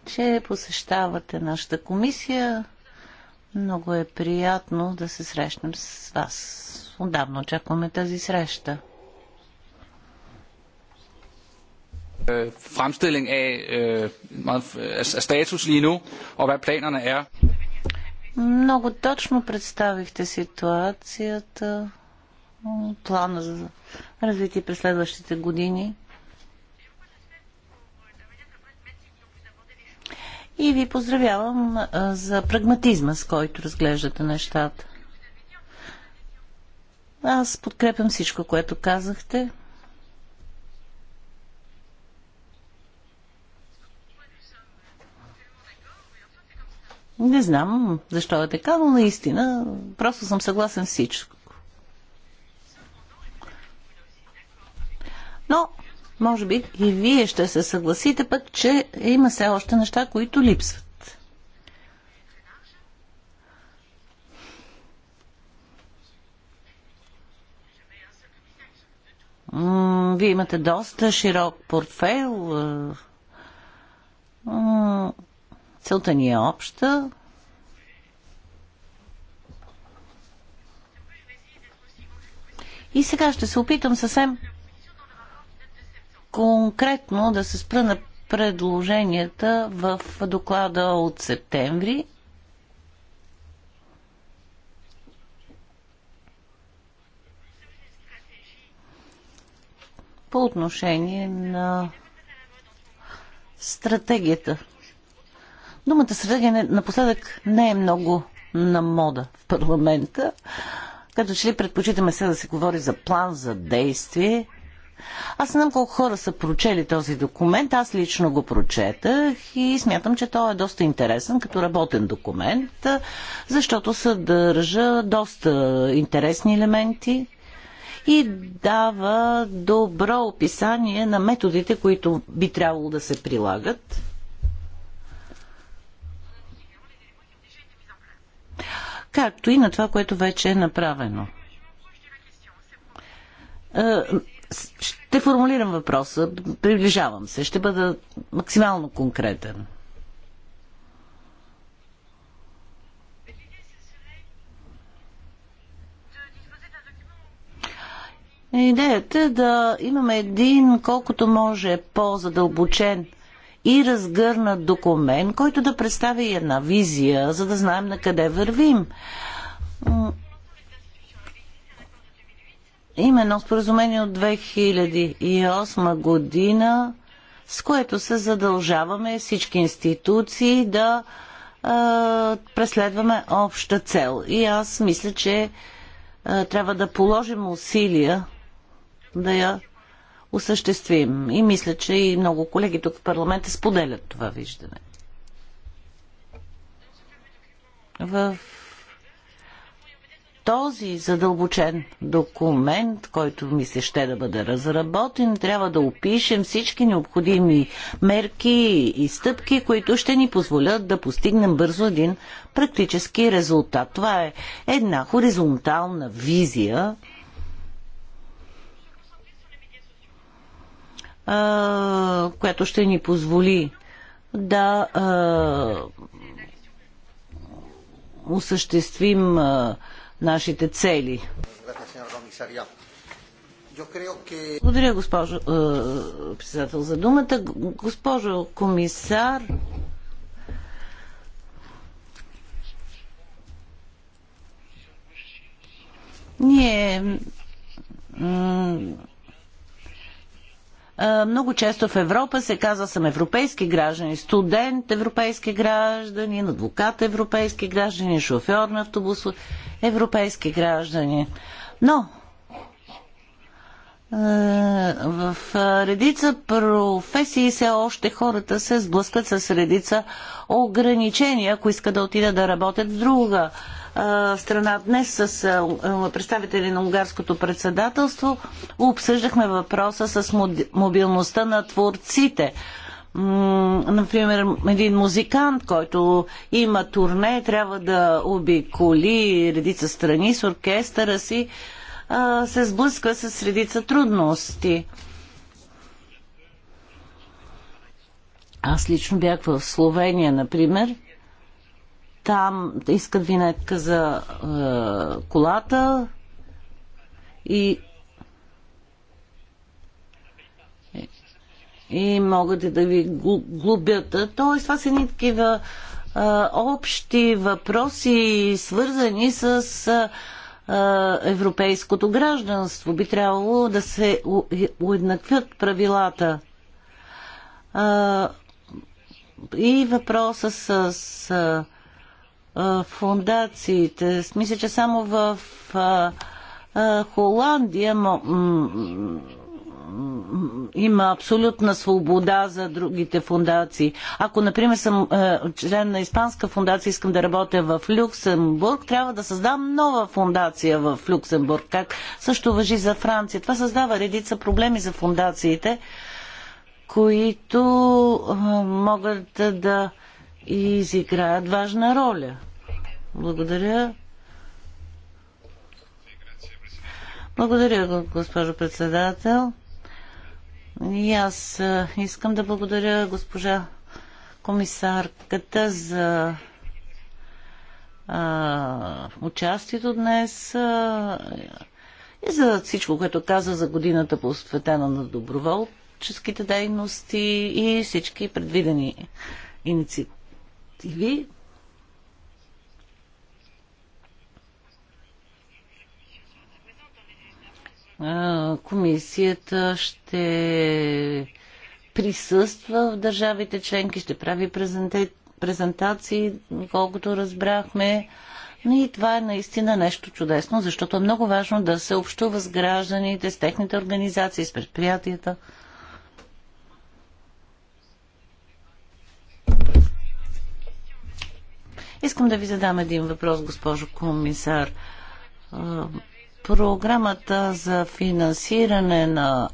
че посещавате нашата комисия. Много е приятно да се срещнем с вас. Отдавна очакваме тази среща. Е, fremstilling е статус ли ну, nu, og hvad planerne er. Много точно представихте ситуацията, плана за развитие през следващите години. и ви поздравявам за прагматизма, с който разглеждате нещата. Аз подкрепям всичко, което казахте. Не знам защо е така, но наистина просто съм съгласен с всичко. Но може би и вие ще се съгласите пък, че има все още неща, които липсват. Вие имате доста широк портфейл. Е, целта ни е обща. И сега ще се опитам съвсем конкретно да се спра на предложенията в доклада от септември. По отношение на стратегията. Думата стратегия напоследък не е много на мода в парламента. Като че ли предпочитаме сега да се говори за план за действие – аз знам колко хора са прочели този документ. Аз лично го прочетах и смятам, че той е доста интересен като работен документ, защото съдържа доста интересни елементи и дава добро описание на методите, които би трябвало да се прилагат. както и на това, което вече е направено. Е, ще формулирам въпроса. Приближавам се. Ще бъда максимално конкретен. Идеята е да имаме един колкото може по-задълбочен и разгърнат документ, който да представи една визия, за да знаем на къде вървим. Има едно споразумение от 2008 година, с което се задължаваме всички институции да е, преследваме обща цел. И аз мисля, че е, трябва да положим усилия да я осъществим. И мисля, че и много колеги тук в парламента споделят това виждане. В този задълбочен документ, който ми се ще да бъде разработен, трябва да опишем всички необходими мерки и стъпки, които ще ни позволят да постигнем бързо един практически резултат. Това е една хоризонтална визия, която ще ни позволи да а, осъществим а, нашите цели. Благодаря, госпожо э, председател, за думата. Госпожо комисар, ние много често в Европа се казва съм европейски граждани, студент европейски граждани, адвокат европейски граждани, шофьор на автобус европейски граждани. Но в редица професии все още хората се сблъскват с редица ограничения, ако искат да отидат да работят в друга страна днес с представители на унгарското председателство обсъждахме въпроса с мобилността на творците. Например, един музикант, който има турне, трябва да обиколи редица страни с оркестъра си, се сблъсква с редица трудности. Аз лично бях в Словения, например, там искат винетка за е, колата и и могат да ви глубят. Тоест, това са едни такива а, е, общи въпроси, свързани с а, е, европейското гражданство. Би трябвало да се е, уеднаквят правилата. А, и въпроса с. А, фундациите. Мисля, че само в Холандия има абсолютна свобода за другите фундации. Ако, например, съм е, член на Испанска фундация, искам да работя в Люксембург, трябва да създам нова фундация в Люксембург, как също въжи за Франция. Това създава редица проблеми за фундациите, които е, могат да и изиграят важна роля. Благодаря. Благодаря, госпожо председател. И аз искам да благодаря госпожа комисарката за а, участието днес а, и за всичко, което каза за годината посветена на доброволческите дейности и всички предвидени инициативи директиви, комисията ще присъства в държавите членки, ще прави презентации, колкото разбрахме. И това е наистина нещо чудесно, защото е много важно да се общува с гражданите, с техните организации, с предприятията. Искам да ви задам един въпрос, госпожо комисар. Е, програмата за финансиране на,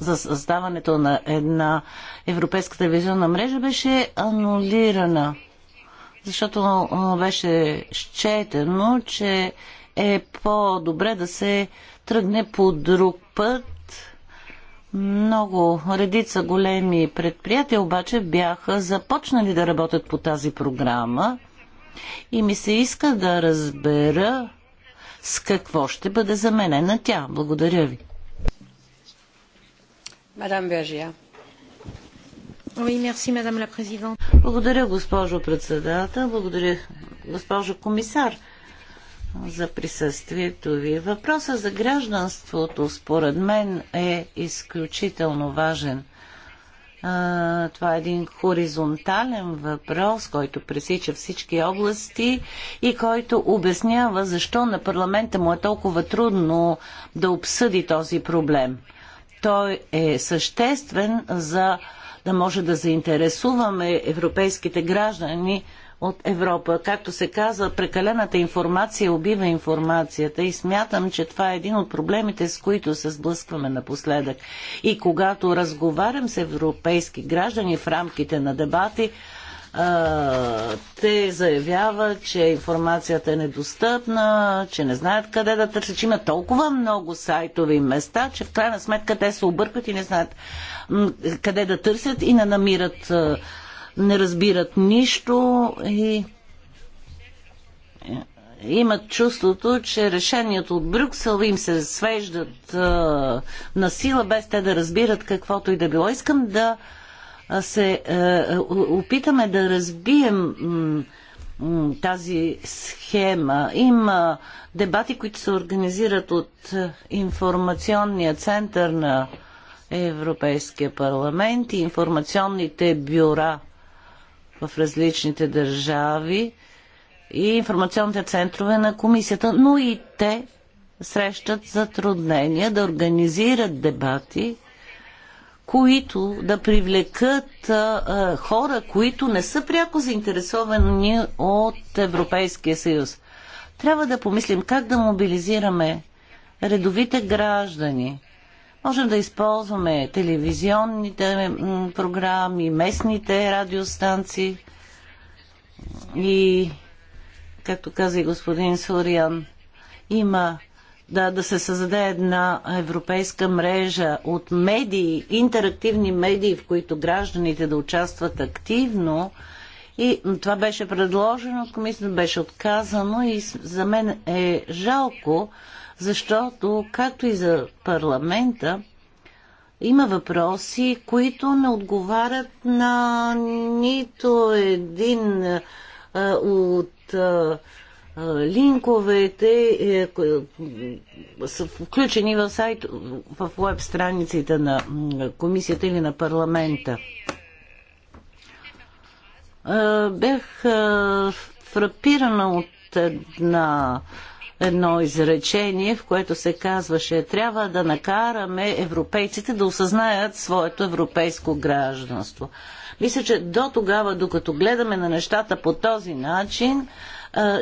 за създаването на една европейска телевизионна мрежа беше анулирана, защото е, беше счетено, че е по-добре да се тръгне по друг път. Много редица големи предприятия обаче бяха започнали да работят по тази програма и ми се иска да разбера с какво ще бъде заменена тя. Благодаря ви. Мадам Бержия. Oui, merci, madame la présidente. Благодаря, госпожо председател. Благодаря, госпожо комисар за присъствието ви. Въпросът за гражданството, според мен, е изключително важен това е един хоризонтален въпрос, който пресича всички области и който обяснява защо на парламента му е толкова трудно да обсъди този проблем. Той е съществен за да може да заинтересуваме европейските граждани от Европа. Както се каза, прекалената информация убива информацията и смятам, че това е един от проблемите, с които се сблъскваме напоследък. И когато разговарям с европейски граждани в рамките на дебати, те заявяват, че информацията е недостъпна, че не знаят къде да търсят, че има толкова много сайтови места, че в крайна сметка те се объркват и не знаят къде да търсят и не намират не разбират нищо и имат чувството, че решението от Брюксел им се свеждат а, на сила, без те да разбират каквото и да било. Искам да се а, опитаме да разбием тази схема. Има дебати, които се организират от информационния център на Европейския парламент и информационните бюра в различните държави и информационните центрове на комисията, но и те срещат затруднения да организират дебати, които да привлекат а, а, хора, които не са пряко заинтересовани от Европейския съюз. Трябва да помислим как да мобилизираме редовите граждани – Можем да използваме телевизионните програми, местните радиостанции и, както каза и господин Сориан, има да, да се създаде една европейска мрежа от медии, интерактивни медии, в които гражданите да участват активно. И това беше предложено от комисията, беше отказано и за мен е жалко, защото, както и за парламента, има въпроси, които не отговарят на нито един е, от е, е, линковете, са включени в сайт, в веб страниците на комисията или на парламента. Бях фрапирана от една едно изречение, в което се казваше трябва да накараме европейците да осъзнаят своето европейско гражданство. Мисля, че до тогава, докато гледаме на нещата по този начин,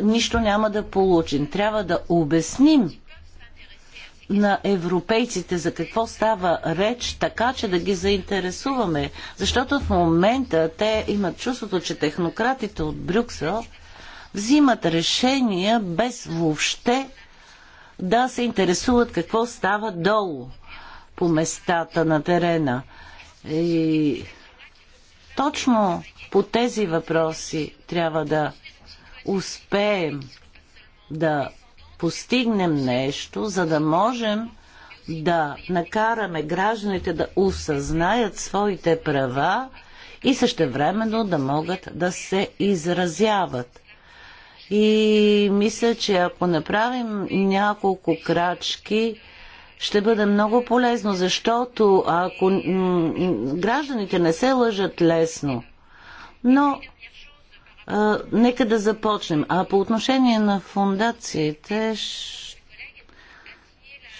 нищо няма да получим. Трябва да обясним на европейците за какво става реч, така че да ги заинтересуваме. Защото в момента те имат чувството, че технократите от Брюксел взимат решения без въобще да се интересуват какво става долу по местата на терена. И точно по тези въпроси трябва да успеем да постигнем нещо, за да можем да накараме гражданите да осъзнаят своите права и същевременно да могат да се изразяват. И мисля, че ако направим няколко крачки, ще бъде много полезно, защото ако гражданите не се лъжат лесно, но а, нека да започнем. А по отношение на фундациите, ш...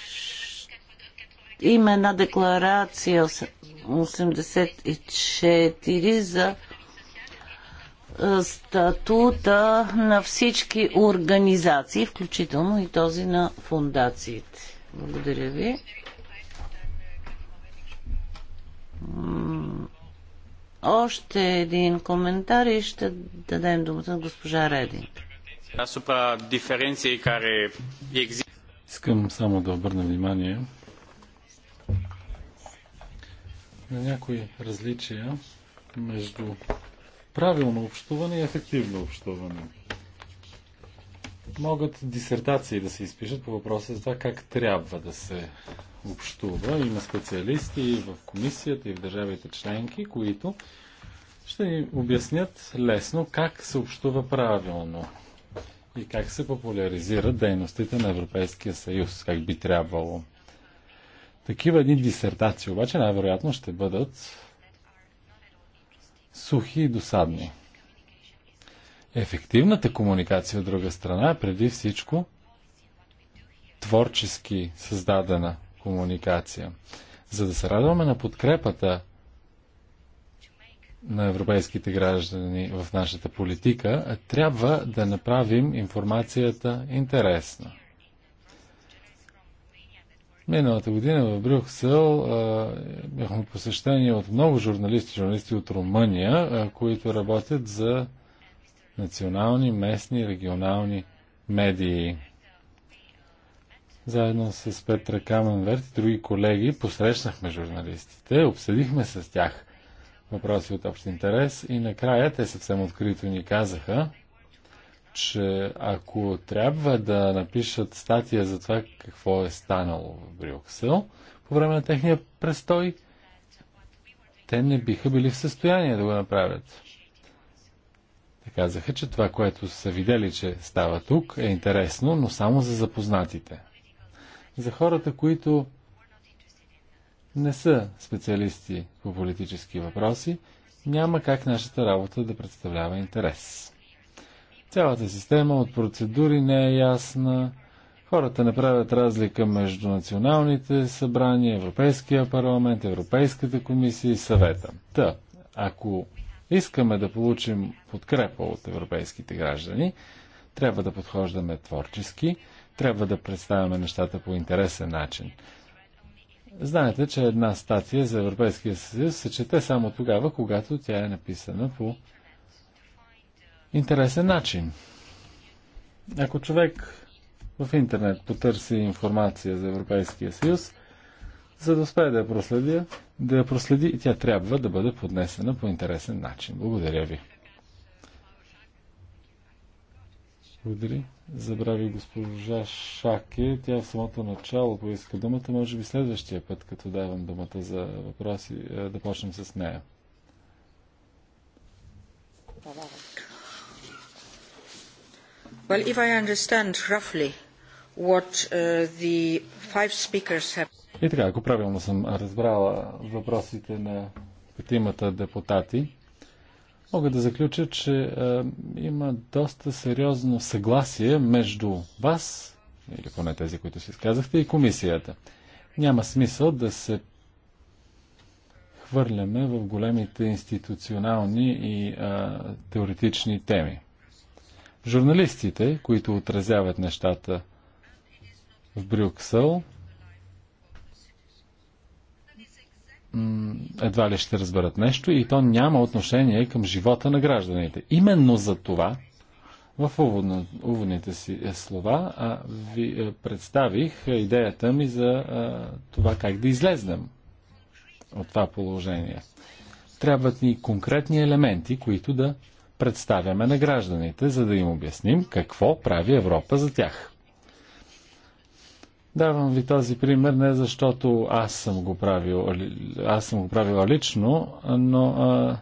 Ш... има една декларация 84 за статута на всички организации, включително и този на фундациите. Благодаря ви. Още един коментар и ще дадем думата на госпожа Редин. Искам само да обърна внимание на някои различия между правилно общуване и ефективно общуване. Могат дисертации да се изпишат по въпроса за това как трябва да се общува. Има специалисти и в комисията и в държавите членки, които ще ни обяснят лесно как се общува правилно и как се популяризират дейностите на Европейския съюз, как би трябвало. Такива едни дисертации обаче най-вероятно ще бъдат сухи и досадни. Ефективната комуникация, от друга страна, е преди всичко творчески създадена комуникация. За да се радваме на подкрепата на европейските граждани в нашата политика, трябва да направим информацията интересна. Миналата година в Брюксел бяхме посещени от много журналисти, журналисти от Румъния, които работят за национални, местни, регионални медии. Заедно с Петра Каменверт и други колеги посрещнахме журналистите, обсъдихме с тях въпроси от общ интерес и накрая те съвсем открито ни казаха, че ако трябва да напишат статия за това какво е станало в Брюксел по време на техния престой, те не биха били в състояние да го направят. Те казаха, че това, което са видели, че става тук, е интересно, но само за запознатите. За хората, които не са специалисти по политически въпроси, няма как нашата работа да представлява интерес. Цялата система от процедури не е ясна. Хората не правят разлика между националните събрания, Европейския парламент, Европейската комисия и съвета. Та, ако искаме да получим подкрепа от европейските граждани, трябва да подхождаме творчески, трябва да представяме нещата по интересен начин. Знаете, че една статия за Европейския съюз се чете само тогава, когато тя е написана по интересен начин. Ако човек в интернет потърси информация за Европейския съюз, за да успее да я проследи, да я проследи и тя трябва да бъде поднесена по интересен начин. Благодаря ви. Благодаря. Забрави госпожа Шаке. Тя в самото начало поиска думата. Може би следващия път, като давам думата за въпроси, е, да почнем с нея. Добре. Well, if I understand roughly what uh, the five speakers have... И така, ако правилно съм разбрала въпросите на петимата депутати, мога да заключа, че е, има доста сериозно съгласие между вас, или поне тези, които си изказахте, и комисията. Няма смисъл да се хвърляме в големите институционални и а, теоретични теми журналистите, които отразяват нещата в Брюксел, едва ли ще разберат нещо и то няма отношение към живота на гражданите. Именно за това в уводните си е, слова а, ви е, представих идеята ми за а, е, това как да излезнем от това положение. Трябват ни конкретни елементи, които да представяме на гражданите, за да им обясним какво прави Европа за тях. Давам ви този пример не защото аз съм го правил, аз съм го правила лично, но а,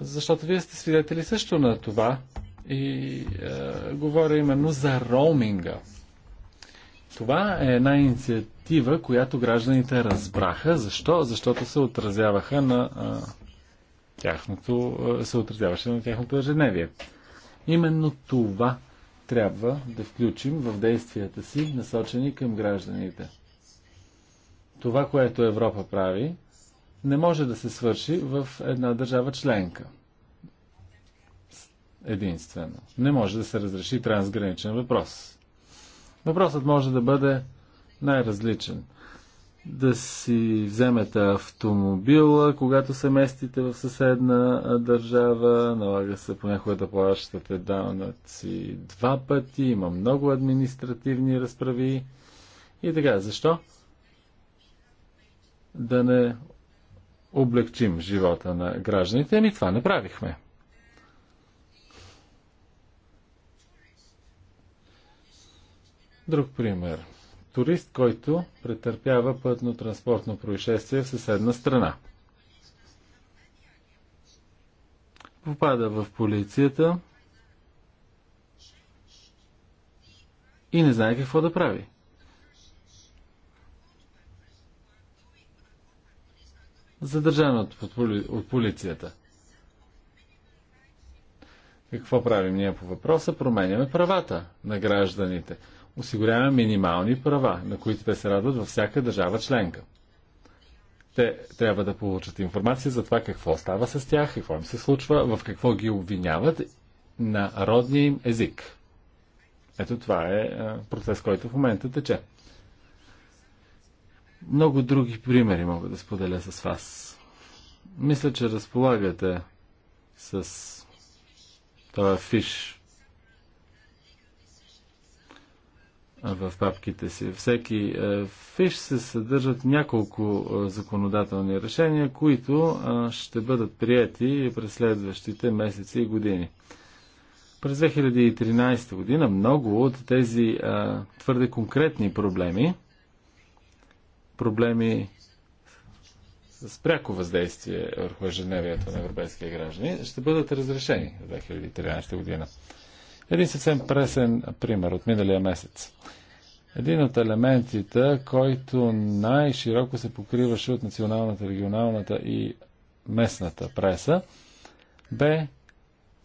защото вие сте свидетели също на това и а, говоря именно за роуминга. Това е една инициатива, която гражданите разбраха. Защо? Защото се отразяваха на а, тяхното, е, се отразяваше на тяхното ежедневие. Именно това трябва да включим в действията си, насочени към гражданите. Това, което Европа прави, не може да се свърши в една държава членка. Единствено. Не може да се разреши трансграничен въпрос. Въпросът може да бъде най-различен – да си вземете автомобила, когато се местите в съседна държава, налага се понякога да плащате данъци два пъти, има много административни разправи и така. Защо? Да не облегчим живота на гражданите, ами това направихме. Друг пример – турист, който претърпява пътно-транспортно происшествие в съседна страна. Попада в полицията и не знае какво да прави. Задържан от, поли, от полицията. Какво правим ние по въпроса? Променяме правата на гражданите – осигуряваме минимални права, на които те се радват във всяка държава членка. Те трябва да получат информация за това какво става с тях, какво им се случва, в какво ги обвиняват на родния им език. Ето това е, е процес, който в момента тече. Много други примери мога да споделя с вас. Мисля, че разполагате с този фиш в папките си. Всеки е, фиш се съдържат няколко е, законодателни решения, които е, ще бъдат прияти през следващите месеци и години. През 2013 година много от тези твърде конкретни проблеми, проблеми с пряко въздействие върху ежедневието на европейския граждани, ще бъдат разрешени в 2013 година. Един съвсем пресен пример от миналия месец. Един от елементите, който най-широко се покриваше от националната, регионалната и местната преса, бе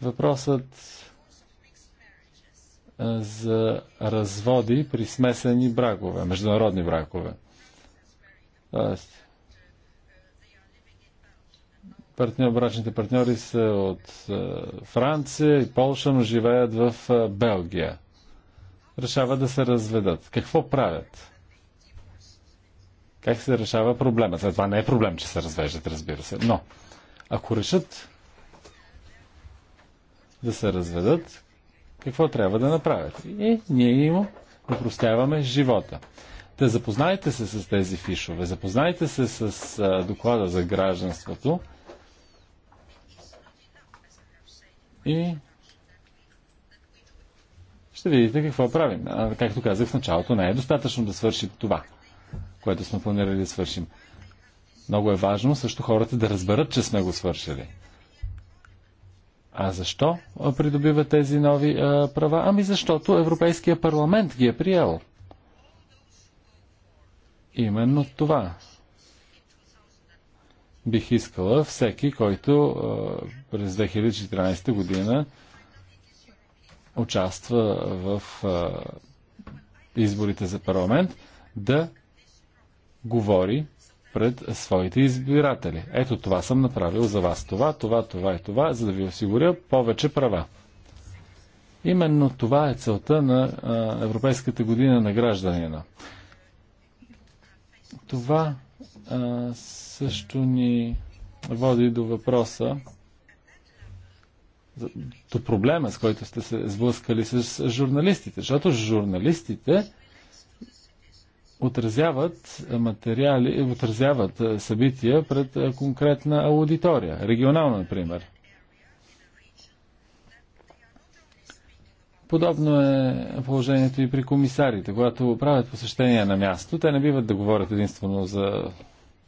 въпросът за разводи при смесени бракове, международни бракове. Тоест, партньор, брачните партньори са от е, Франция и Полша, но живеят в е, Белгия. Решават да се разведат. Какво правят? Как се решава проблема? След това не е проблем, че се развеждат, разбира се. Но, ако решат да се разведат, какво трябва да направят? И ние им упростяваме живота. Те запознайте се с тези фишове, запознайте се с е, доклада за гражданството – и ще видите какво правим. А, както казах в началото, не е достатъчно да свършим това, което сме планирали да свършим. Много е важно също хората да разберат, че сме го свършили. А защо придобива тези нови а, права? Ами защото Европейския парламент ги е приел. Именно това бих искала всеки, който през 2014 година участва в изборите за парламент, да говори пред своите избиратели. Ето това съм направил за вас. Това, това, това и това, за да ви осигуря повече права. Именно това е целта на Европейската година на гражданина. Това а, също ни води до въпроса, до проблема, с който сте се сблъскали с журналистите. Защото журналистите отразяват материали, отразяват събития пред конкретна аудитория, регионална, например. Подобно е положението и при комисарите. Когато правят посещения на място, те не биват да говорят единствено за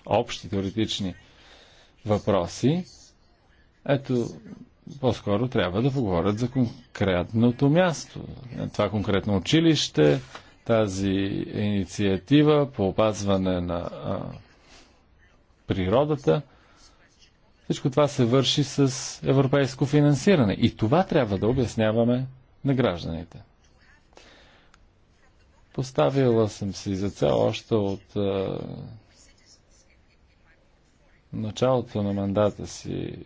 общи теоретични въпроси, ето, по-скоро трябва да поговорят за конкретното място. Това конкретно училище, тази инициатива по опазване на а, природата, всичко това се върши с европейско финансиране. И това трябва да обясняваме на гражданите. Поставила съм си за цел още от а, началото на мандата си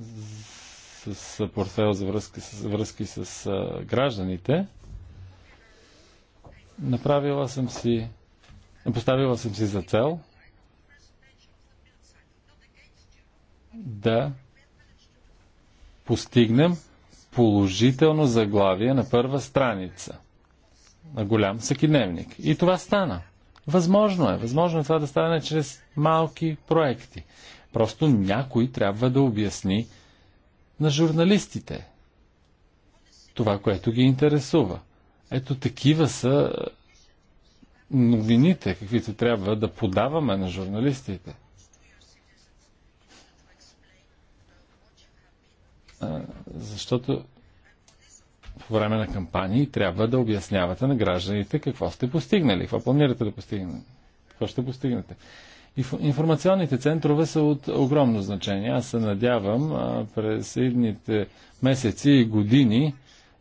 с, с портфел за връзки с, връзки с а, гражданите, направила съм си, поставила съм си за цел да постигнем положително заглавие на първа страница на голям всекидневник. И това стана. Възможно е. Възможно е това да стане чрез малки проекти. Просто някой трябва да обясни на журналистите това, което ги интересува. Ето такива са новините, каквито трябва да подаваме на журналистите. Защото по време на кампании трябва да обяснявате на гражданите какво сте постигнали, какво планирате да постигнете, какво ще постигнете. Информационните центрове са от огромно значение. Аз се надявам а, през едните месеци и години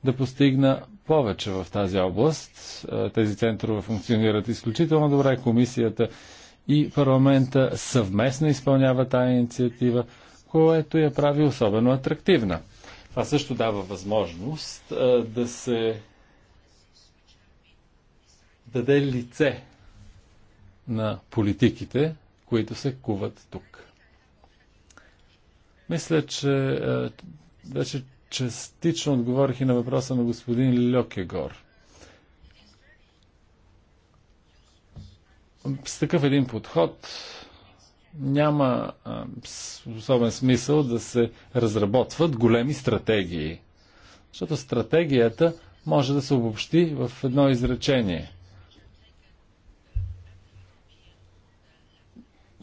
да постигна повече в тази област. А, тези центрове функционират изключително добре. Комисията и парламента съвместно изпълняват тази инициатива, което я прави особено атрактивна. Това също дава възможност а, да се даде лице на политиките, които се куват тук. Мисля, че а, вече частично отговорих и на въпроса на господин Льокегор. С такъв един подход няма особен смисъл да се разработват големи стратегии. Защото стратегията може да се обобщи в едно изречение.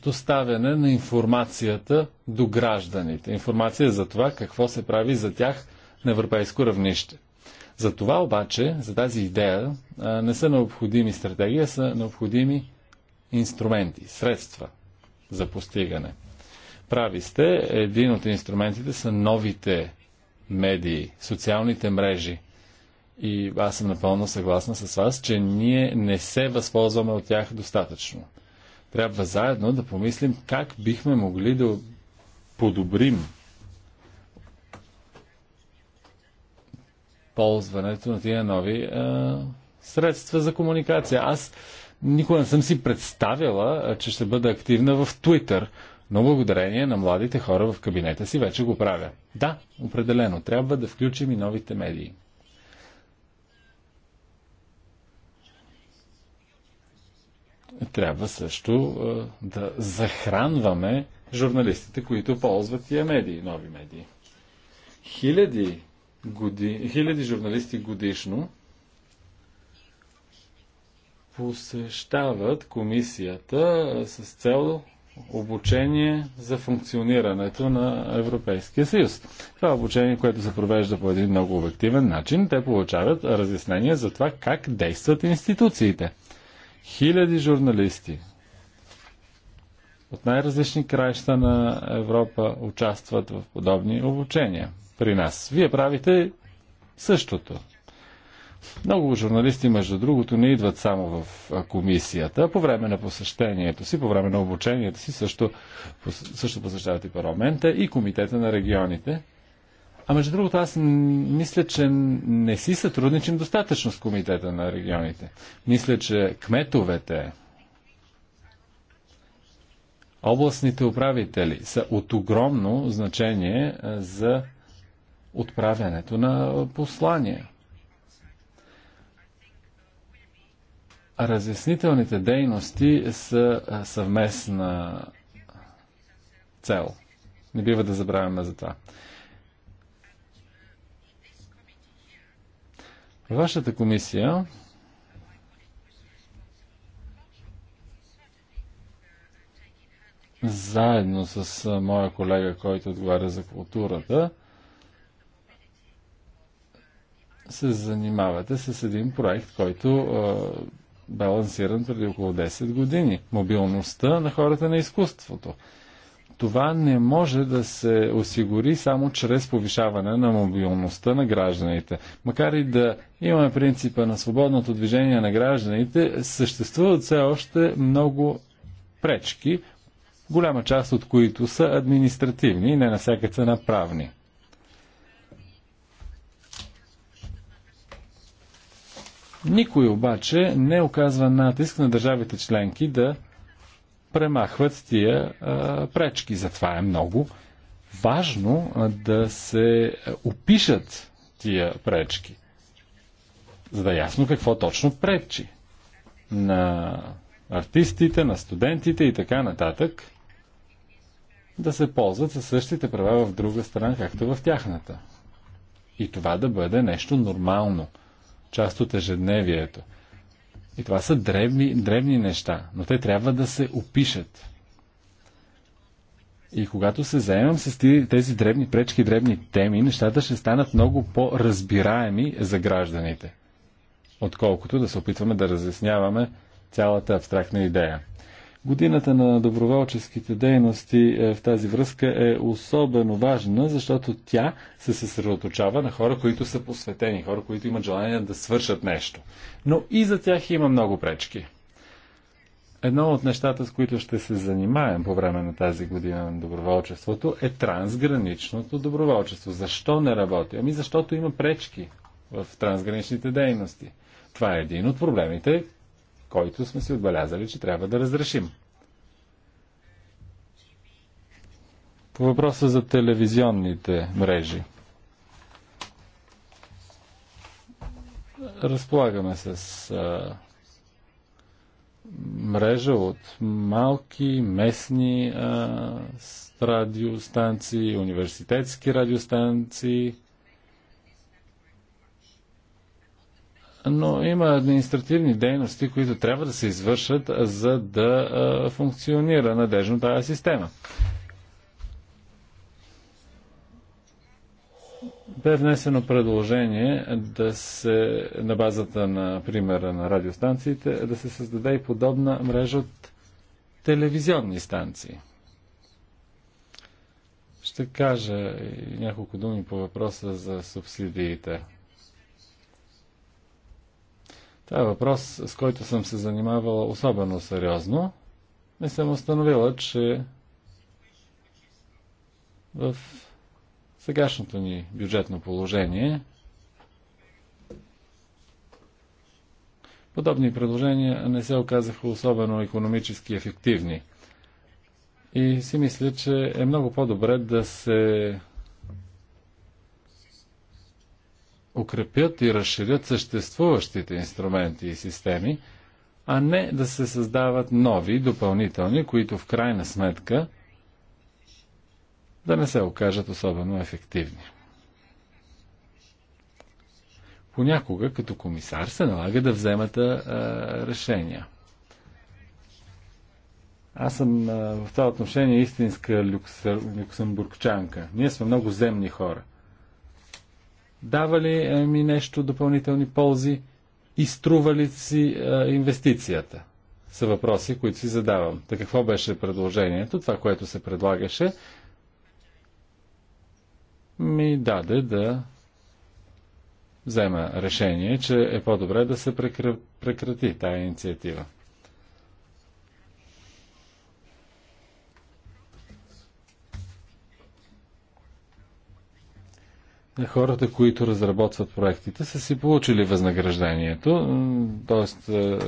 Доставяне на информацията до гражданите. Информация за това какво се прави за тях на европейско равнище. За това обаче, за тази идея, не са необходими стратегия, са необходими инструменти, средства – за постигане. Прави сте, един от инструментите са новите медии, социалните мрежи. И аз съм напълно съгласна с вас, че ние не се възползваме от тях достатъчно. Трябва заедно да помислим как бихме могли да подобрим ползването на тия нови а, средства за комуникация. Аз Никога не съм си представила, че ще бъда активна в Twitter, но благодарение на младите хора в кабинета си вече го правя. Да, определено, трябва да включим и новите медии. Трябва също да захранваме журналистите, които ползват тия медии, нови медии. Хиляди, годи, хиляди журналисти годишно посещават комисията с цел обучение за функционирането на Европейския съюз. Това е обучение, което се провежда по един много обективен начин. Те получават разяснения за това как действат институциите. Хиляди журналисти от най-различни краища на Европа участват в подобни обучения при нас. Вие правите същото. Много журналисти, между другото, не идват само в комисията. По време на посещението си, по време на обучението си, също, също посещават и парламента и комитета на регионите. А между другото, аз мисля, че не си сътрудничим достатъчно с комитета на регионите. Мисля, че кметовете, областните управители са от огромно значение за отправянето на послания. разяснителните дейности са съвместна цел. Не бива да забравяме за това. Вашата комисия заедно с моя колега, който отговаря за културата, се занимавате с един проект, който балансиран преди около 10 години. Мобилността на хората на изкуството. Това не може да се осигури само чрез повишаване на мобилността на гражданите. Макар и да имаме принципа на свободното движение на гражданите, съществуват все още много пречки, голяма част от които са административни и не на всяка цена правни. Никой обаче не оказва натиск на държавите членки да премахват тия а, пречки. Затова е много важно а, да се опишат тия пречки, за да е ясно какво точно пречи на артистите, на студентите и така нататък да се ползват със същите права в друга страна, както в тяхната. И това да бъде нещо нормално – част от ежедневието. И това са древни, древни неща, но те трябва да се опишат. И когато се заемам с тези древни пречки, древни теми, нещата ще станат много по-разбираеми за гражданите, отколкото да се опитваме да разясняваме цялата абстрактна идея. Годината на доброволческите дейности е, в тази връзка е особено важна, защото тя се съсредоточава на хора, които са посветени, хора, които имат желание да свършат нещо. Но и за тях има много пречки. Едно от нещата, с които ще се занимаем по време на тази година на доброволчеството, е трансграничното доброволчество. Защо не работи? Ами защото има пречки в трансграничните дейности. Това е един от проблемите, който сме си отбелязали, че трябва да разрешим. По въпроса за телевизионните мрежи. Разполагаме с а, мрежа от малки местни а, радиостанции, университетски радиостанции – но има административни дейности, които трябва да се извършат, за да функционира надежно тази система. Бе внесено предложение да се, на базата на примера на радиостанциите, да се създаде и подобна мрежа от телевизионни станции. Ще кажа няколко думи по въпроса за субсидиите. Това е въпрос, с който съм се занимавала особено сериозно и съм установила, че в сегашното ни бюджетно положение подобни предложения не се оказаха особено економически ефективни. И си мисля, че е много по-добре да се укрепят и разширят съществуващите инструменти и системи, а не да се създават нови, допълнителни, които в крайна сметка да не се окажат особено ефективни. Понякога, като комисар, се налага да вземате а, решения. Аз съм а, в това отношение истинска люксър, люксембургчанка. Ние сме много земни хора – дава ли е, ми нещо допълнителни ползи и струва ли си е, инвестицията? Са въпроси, които си задавам. Та какво беше предложението? Това, което се предлагаше, ми даде да взема решение, че е по-добре да се прекрати тая инициатива. хората, които разработват проектите, са си получили възнаграждението, т.е.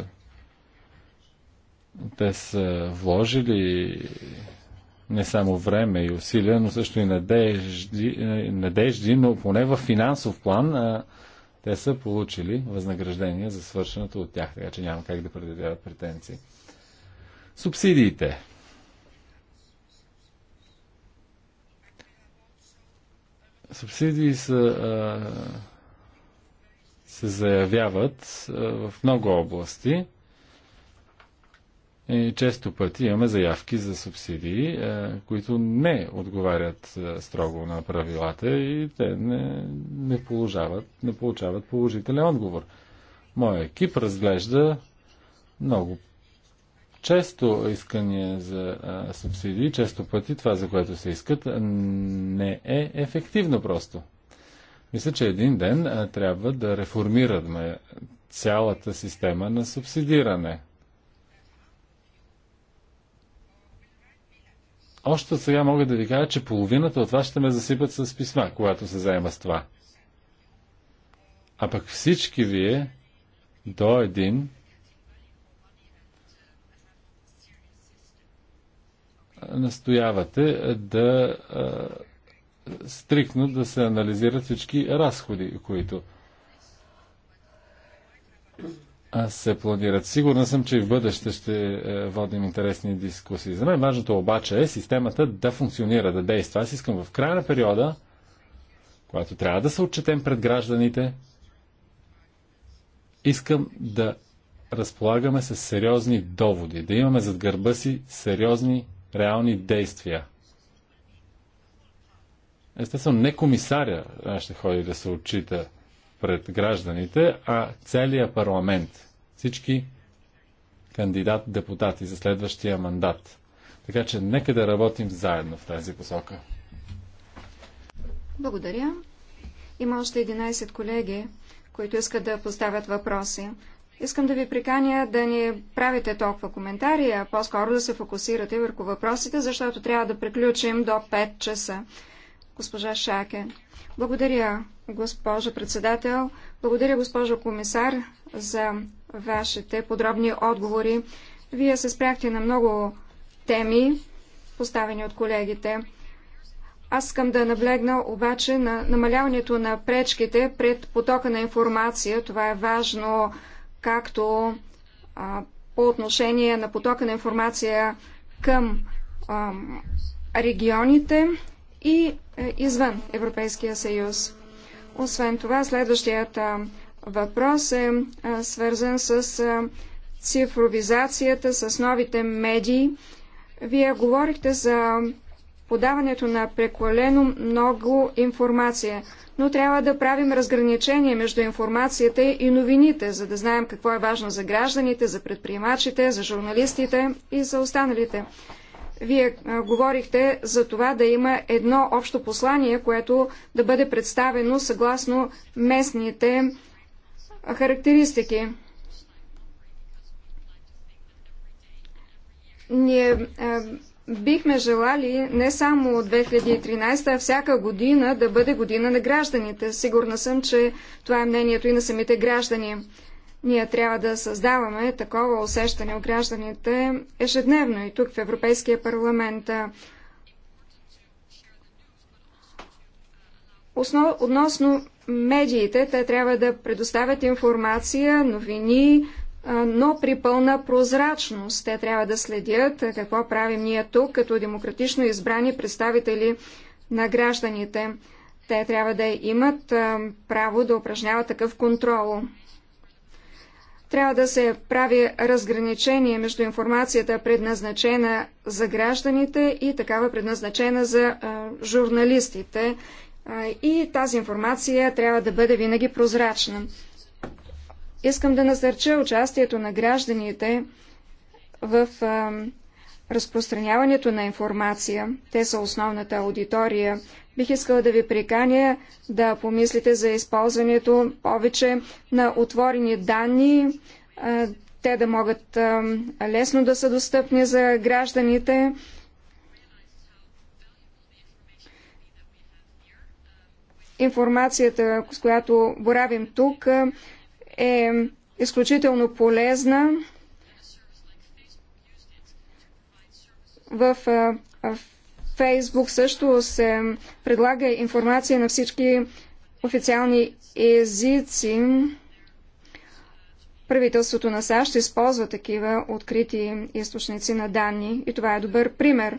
те са вложили не само време и усилия, но също и надежди, е, надежди но поне в финансов план е, те са получили възнаграждение за свършеното от тях, така че няма как да предявяват претенции. Субсидиите. Субсидии са, а, се заявяват а, в много области. И често пъти имаме заявки за субсидии, а, които не отговарят а, строго на правилата и те не, не, получават, не получават положителен отговор. Моя екип разглежда много често искания за субсидии, често пъти това, за което се искат, не е ефективно просто. Мисля, че един ден трябва да реформираме цялата система на субсидиране. Още сега мога да ви кажа, че половината от вас ще ме засипат с писма, когато се заема с това. А пък всички вие до един настоявате да стрикно да се анализират всички разходи, които се планират. Сигурна съм, че и в бъдеще ще водим интересни дискусии. За мен важното обаче е системата да функционира, да действа. Аз искам в края на периода, когато трябва да се отчетем пред гражданите, искам да разполагаме с сериозни доводи, да имаме зад гърба си сериозни реални действия. Естествено, не комисаря ще ходи да се отчита пред гражданите, а целият парламент. Всички кандидат-депутати за следващия мандат. Така че нека да работим заедно в тази посока. Благодаря. Има още 11 колеги, които искат да поставят въпроси. Искам да ви приканя да не правите толкова коментари, а по-скоро да се фокусирате върху въпросите, защото трябва да приключим до 5 часа. Госпожа Шаке. Благодаря, госпожа председател. Благодаря, госпожо комисар, за вашите подробни отговори. Вие се спряхте на много теми, поставени от колегите. Аз искам да наблегна обаче на намаляването на пречките пред потока на информация. Това е важно както по отношение на потока на информация към регионите и е, извън Европейския съюз. Освен това, следващият въпрос е свързан с цифровизацията, с новите медии. Вие говорихте за подаването на прекалено много информация но трябва да правим разграничение между информацията и новините, за да знаем какво е важно за гражданите, за предприемачите, за журналистите и за останалите. Вие а, говорихте за това да има едно общо послание, което да бъде представено съгласно местните характеристики. Ние а, бихме желали не само 2013, а всяка година да бъде година на гражданите. Сигурна съм, че това е мнението и на самите граждани. Ние трябва да създаваме такова усещане от гражданите ежедневно и тук в Европейския парламент. Осно Относно медиите, те трябва да предоставят информация, новини, но при пълна прозрачност. Те трябва да следят какво правим ние тук, като демократично избрани представители на гражданите. Те трябва да имат право да упражняват такъв контрол. Трябва да се прави разграничение между информацията предназначена за гражданите и такава предназначена за журналистите. И тази информация трябва да бъде винаги прозрачна. Искам да насърча участието на гражданите в а, разпространяването на информация. Те са основната аудитория. Бих искала да ви приканя да помислите за използването повече на отворени данни, а, те да могат а, лесно да са достъпни за гражданите. Информацията, с която боравим тук, е изключително полезна в Фейсбук също се предлага информация на всички официални езици. Правителството на САЩ използва такива открити източници на данни и това е добър пример.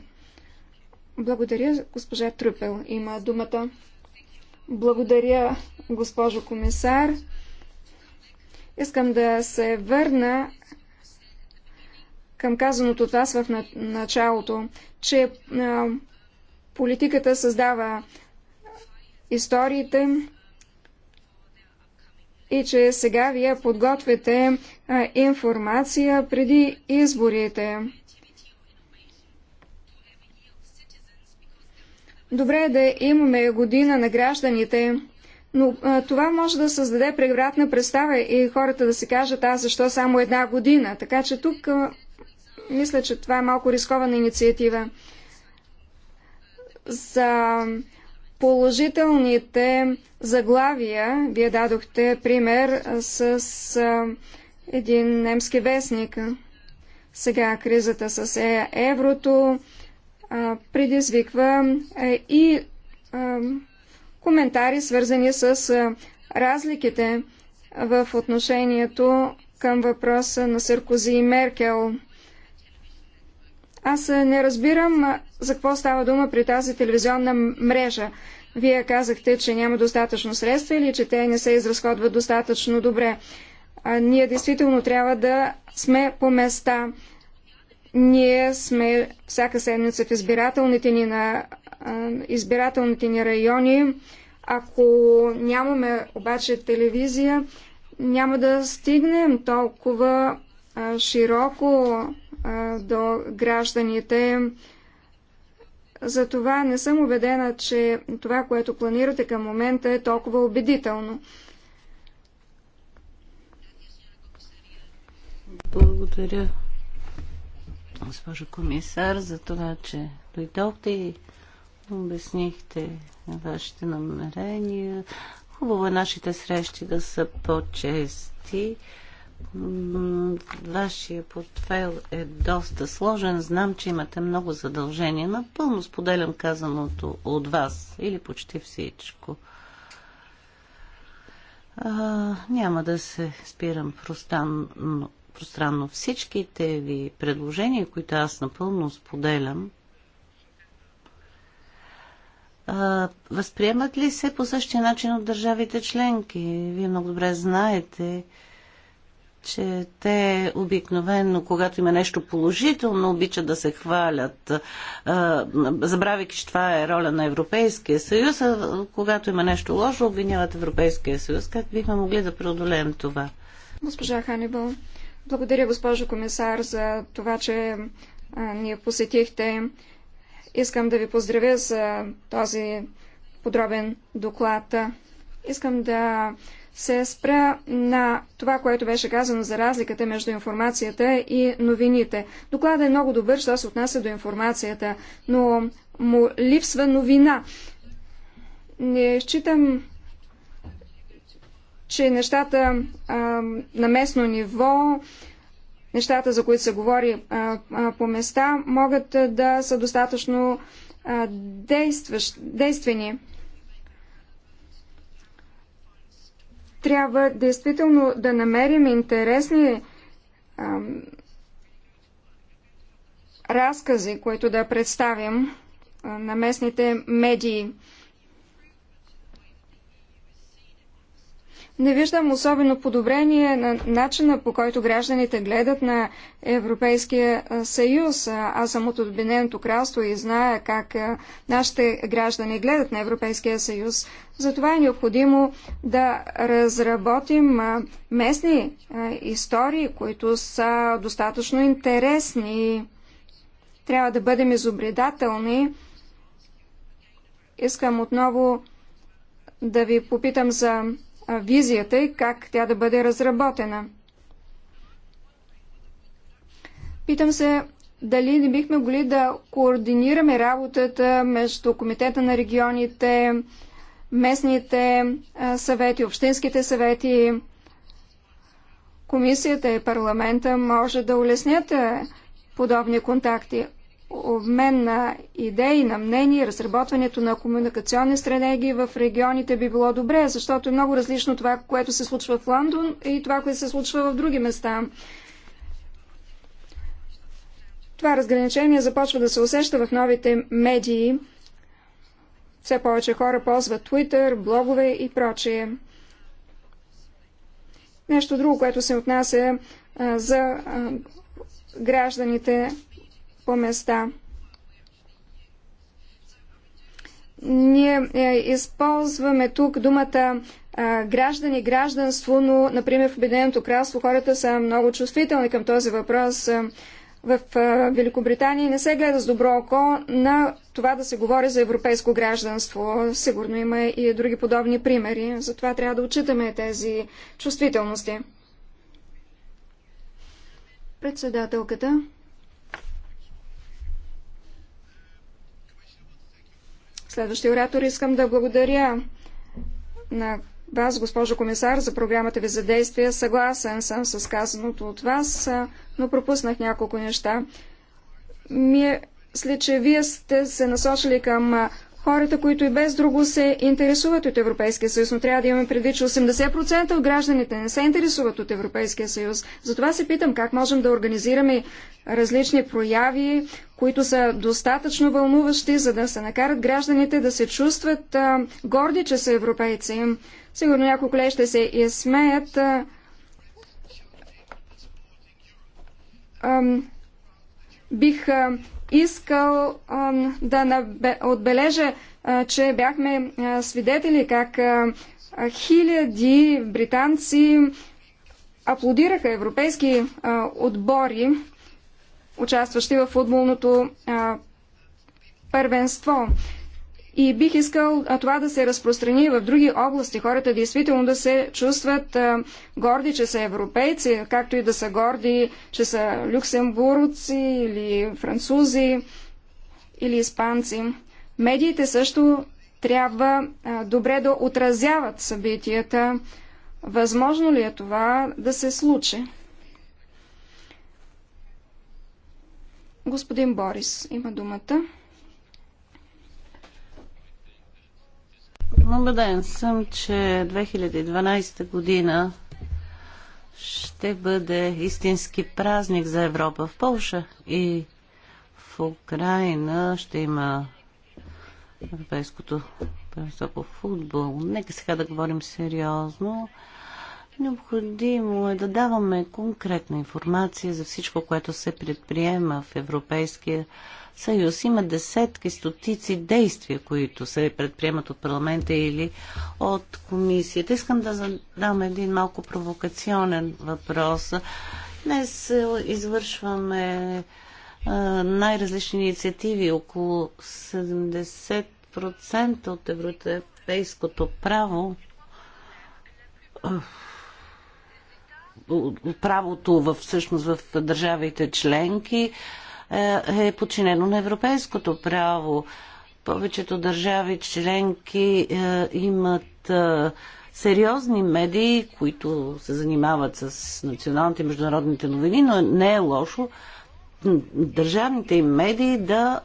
Благодаря, госпожа Трюпел. Има думата. Благодаря, госпожо комисар. Искам да се върна към казаното от вас в началото, че политиката създава историите и че сега вие подготвяте информация преди изборите. Добре е да имаме година на гражданите, но а, това може да създаде превратна представа и хората да си кажат, а защо само една година. Така че тук а, мисля, че това е малко рискована инициатива. За положителните заглавия, вие дадохте пример с а, един немски вестник. Сега кризата с е, еврото а, предизвиква а, и а, коментари, свързани с разликите в отношението към въпроса на Съркози и Меркел. Аз не разбирам за какво става дума при тази телевизионна мрежа. Вие казахте, че няма достатъчно средства или че те не се изразходват достатъчно добре. А, ние действително трябва да сме по места. Ние сме всяка седмица в избирателните ни на избирателните ни райони. Ако нямаме обаче телевизия, няма да стигнем толкова широко до гражданите. Затова не съм убедена, че това, което планирате към момента е толкова убедително. Благодаря, госпожо комисар, за това, че дойдохте и Обяснихте вашите намерения. Хубаво е нашите срещи да са по-чести. Вашия портфел е доста сложен. Знам, че имате много задължения. Напълно споделям казаното от вас или почти всичко. А, няма да се спирам пространно, пространно всичките ви предложения, които аз напълно споделям възприемат ли се по същия начин от държавите членки? Вие много добре знаете, че те обикновено, когато има нещо положително, обичат да се хвалят, забравяйки, че това е роля на Европейския съюз, а когато има нещо лошо, обвиняват Европейския съюз. Как бихме могли да преодолеем това? Госпожа Ханибал, благодаря, госпожо комисар, за това, че а, ние посетихте Искам да ви поздравя за този подробен доклад. Искам да се спря на това, което беше казано за разликата между информацията и новините. Докладът е много добър, що се отнася до информацията, но му липсва новина. Не считам, че нещата а, на местно ниво нещата, за които се говори по места, могат да са достатъчно действени. Трябва действително да намерим интересни ам, разкази, които да представим на местните медии. Не виждам особено подобрение на начина по който гражданите гледат на Европейския съюз. Аз съм от Обединеното кралство и зная как нашите граждани гледат на Европейския съюз. Затова е необходимо да разработим местни истории, които са достатъчно интересни. Трябва да бъдем изобредателни. Искам отново да ви попитам за визията и как тя да бъде разработена. Питам се дали не бихме могли да координираме работата между Комитета на регионите, местните съвети, общинските съвети, комисията и парламента може да улеснят подобни контакти обмен на идеи, на мнения, разработването на комуникационни стратегии в регионите би било добре, защото е много различно това, което се случва в Лондон и това, което се случва в други места. Това разграничение започва да се усеща в новите медии. Все повече хора ползват Twitter, блогове и прочее. Нещо друго, което се отнася а, за а, гражданите по места. Ние е, използваме тук думата граждани, гражданство, но, например, в Обединеното кралство хората са много чувствителни към този въпрос. В Великобритания не се гледа с добро око на това да се говори за европейско гражданство. Сигурно има и други подобни примери, затова трябва да отчитаме тези чувствителности. Председателката Следващия оратор искам да благодаря на вас, госпожо комисар, за програмата ви за действие. Съгласен съм с казаното от вас, но пропуснах няколко неща. Мисля, че вие сте се насочили към хората, които и без друго се интересуват от Европейския съюз, но трябва да имаме предвид, че 80% от гражданите не се интересуват от Европейския съюз. Затова се питам как можем да организираме различни прояви, които са достатъчно вълнуващи, за да се накарат гражданите да се чувстват а, горди, че са европейци. Сигурно някои колеги ще се и смеят. А, а, бих а, искал да отбележа, че бяхме свидетели как хиляди британци аплодираха европейски отбори, участващи в футболното първенство. И бих искал това да се разпространи в други области. Хората действително да се чувстват а, горди, че са европейци, както и да са горди, че са люксембурци или французи или испанци. Медиите също трябва а, добре да отразяват събитията. Възможно ли е това да се случи? Господин Борис има думата. Убеден съм, че 2012 година ще бъде истински празник за Европа. В Польша и в Украина ще има европейското първенство по футбол. Нека сега да говорим сериозно. Необходимо е да даваме конкретна информация за всичко, което се предприема в Европейския съюз. Има десетки, стотици действия, които се предприемат от парламента или от комисията. Искам да задам един малко провокационен въпрос. Днес е, извършваме е, най-различни инициативи. Около 70% от европейското право е, правото в, всъщност в държавите членки е, е подчинено на европейското право. Повечето държави членки е, имат е, сериозни медии, които се занимават с националните и международните новини, но не е лошо държавните им медии да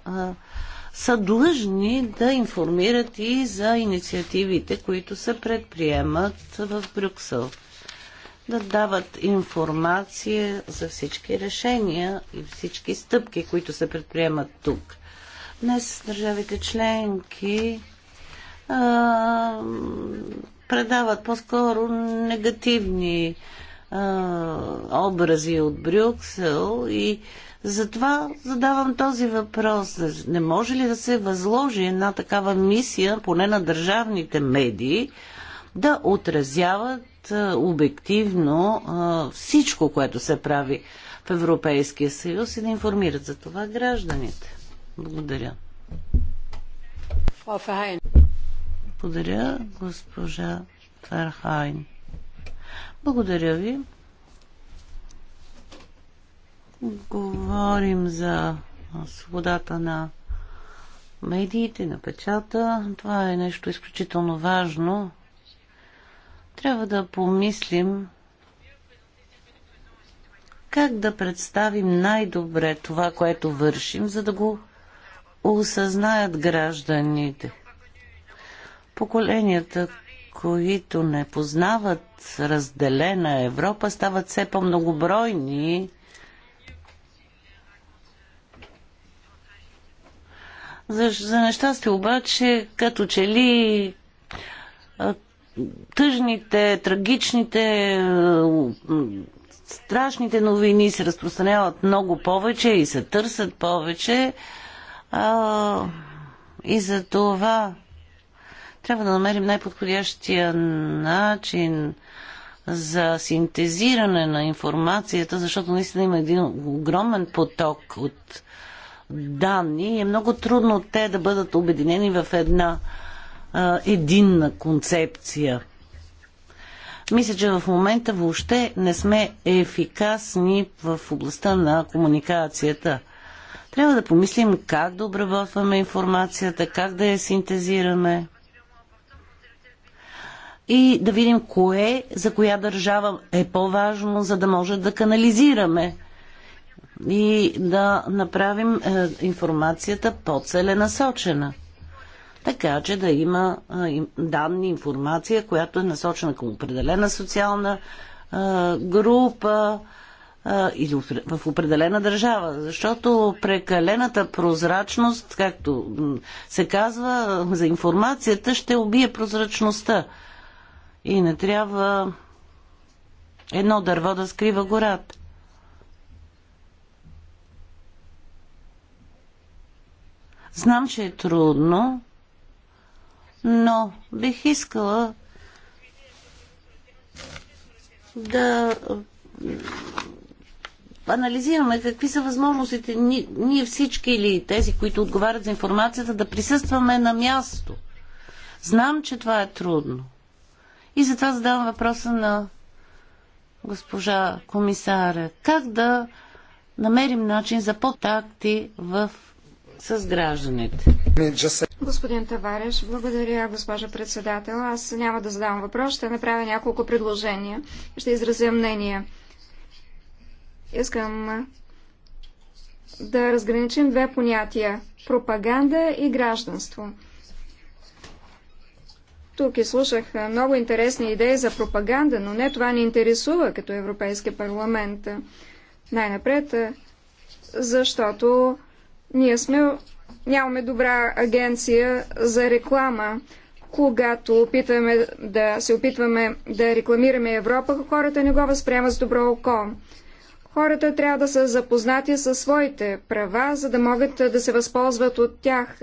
са длъжни да информират и за инициативите, които се предприемат в Брюксел да дават информация за всички решения и всички стъпки, които се предприемат тук. Днес държавите членки а, предават по-скоро негативни а, образи от Брюксел и затова задавам този въпрос. Не може ли да се възложи една такава мисия, поне на държавните медии, да отразяват обективно всичко, което се прави в Европейския съюз и да информират за това гражданите. Благодаря. Благодаря, госпожа Ферхайн. Благодаря ви. Говорим за свободата на медиите, на печата. Това е нещо изключително важно трябва да помислим как да представим най-добре това, което вършим, за да го осъзнаят гражданите. Поколенията, които не познават разделена Европа, стават все по-многобройни. За, за нещастие обаче, като че ли тъжните, трагичните, е, страшните новини се разпространяват много повече и се търсят повече. А, и за това трябва да намерим най-подходящия начин за синтезиране на информацията, защото наистина има един огромен поток от данни и е много трудно те да бъдат обединени в една а, единна концепция. Мисля, че в момента въобще не сме ефикасни в областта на комуникацията. Трябва да помислим как да обработваме информацията, как да я синтезираме и да видим кое за коя държава е по-важно, за да може да канализираме и да направим е, информацията по-целенасочена така че да има данни, информация, която е насочена към определена социална група или в определена държава. Защото прекалената прозрачност, както се казва, за информацията ще убие прозрачността. И не трябва едно дърво да скрива гората. Знам, че е трудно, но бих искала да анализираме какви са възможностите ние всички или тези, които отговарят за информацията, да присъстваме на място. Знам, че това е трудно. И затова задавам въпроса на госпожа комисаря. Как да намерим начин за по-такти в с гражданите. Господин Тавареш, благодаря, госпожа председател. Аз няма да задавам въпрос, ще направя няколко предложения. Ще изразя мнение. Искам да разграничим две понятия – пропаганда и гражданство. Тук слушах много интересни идеи за пропаганда, но не това ни интересува като Европейски парламент. Най-напред, защото ние сме, нямаме добра агенция за реклама. Когато опитваме да се опитваме да рекламираме Европа, хората не го възприемат с добро око. Хората трябва да са запознати със своите права, за да могат да се възползват от тях.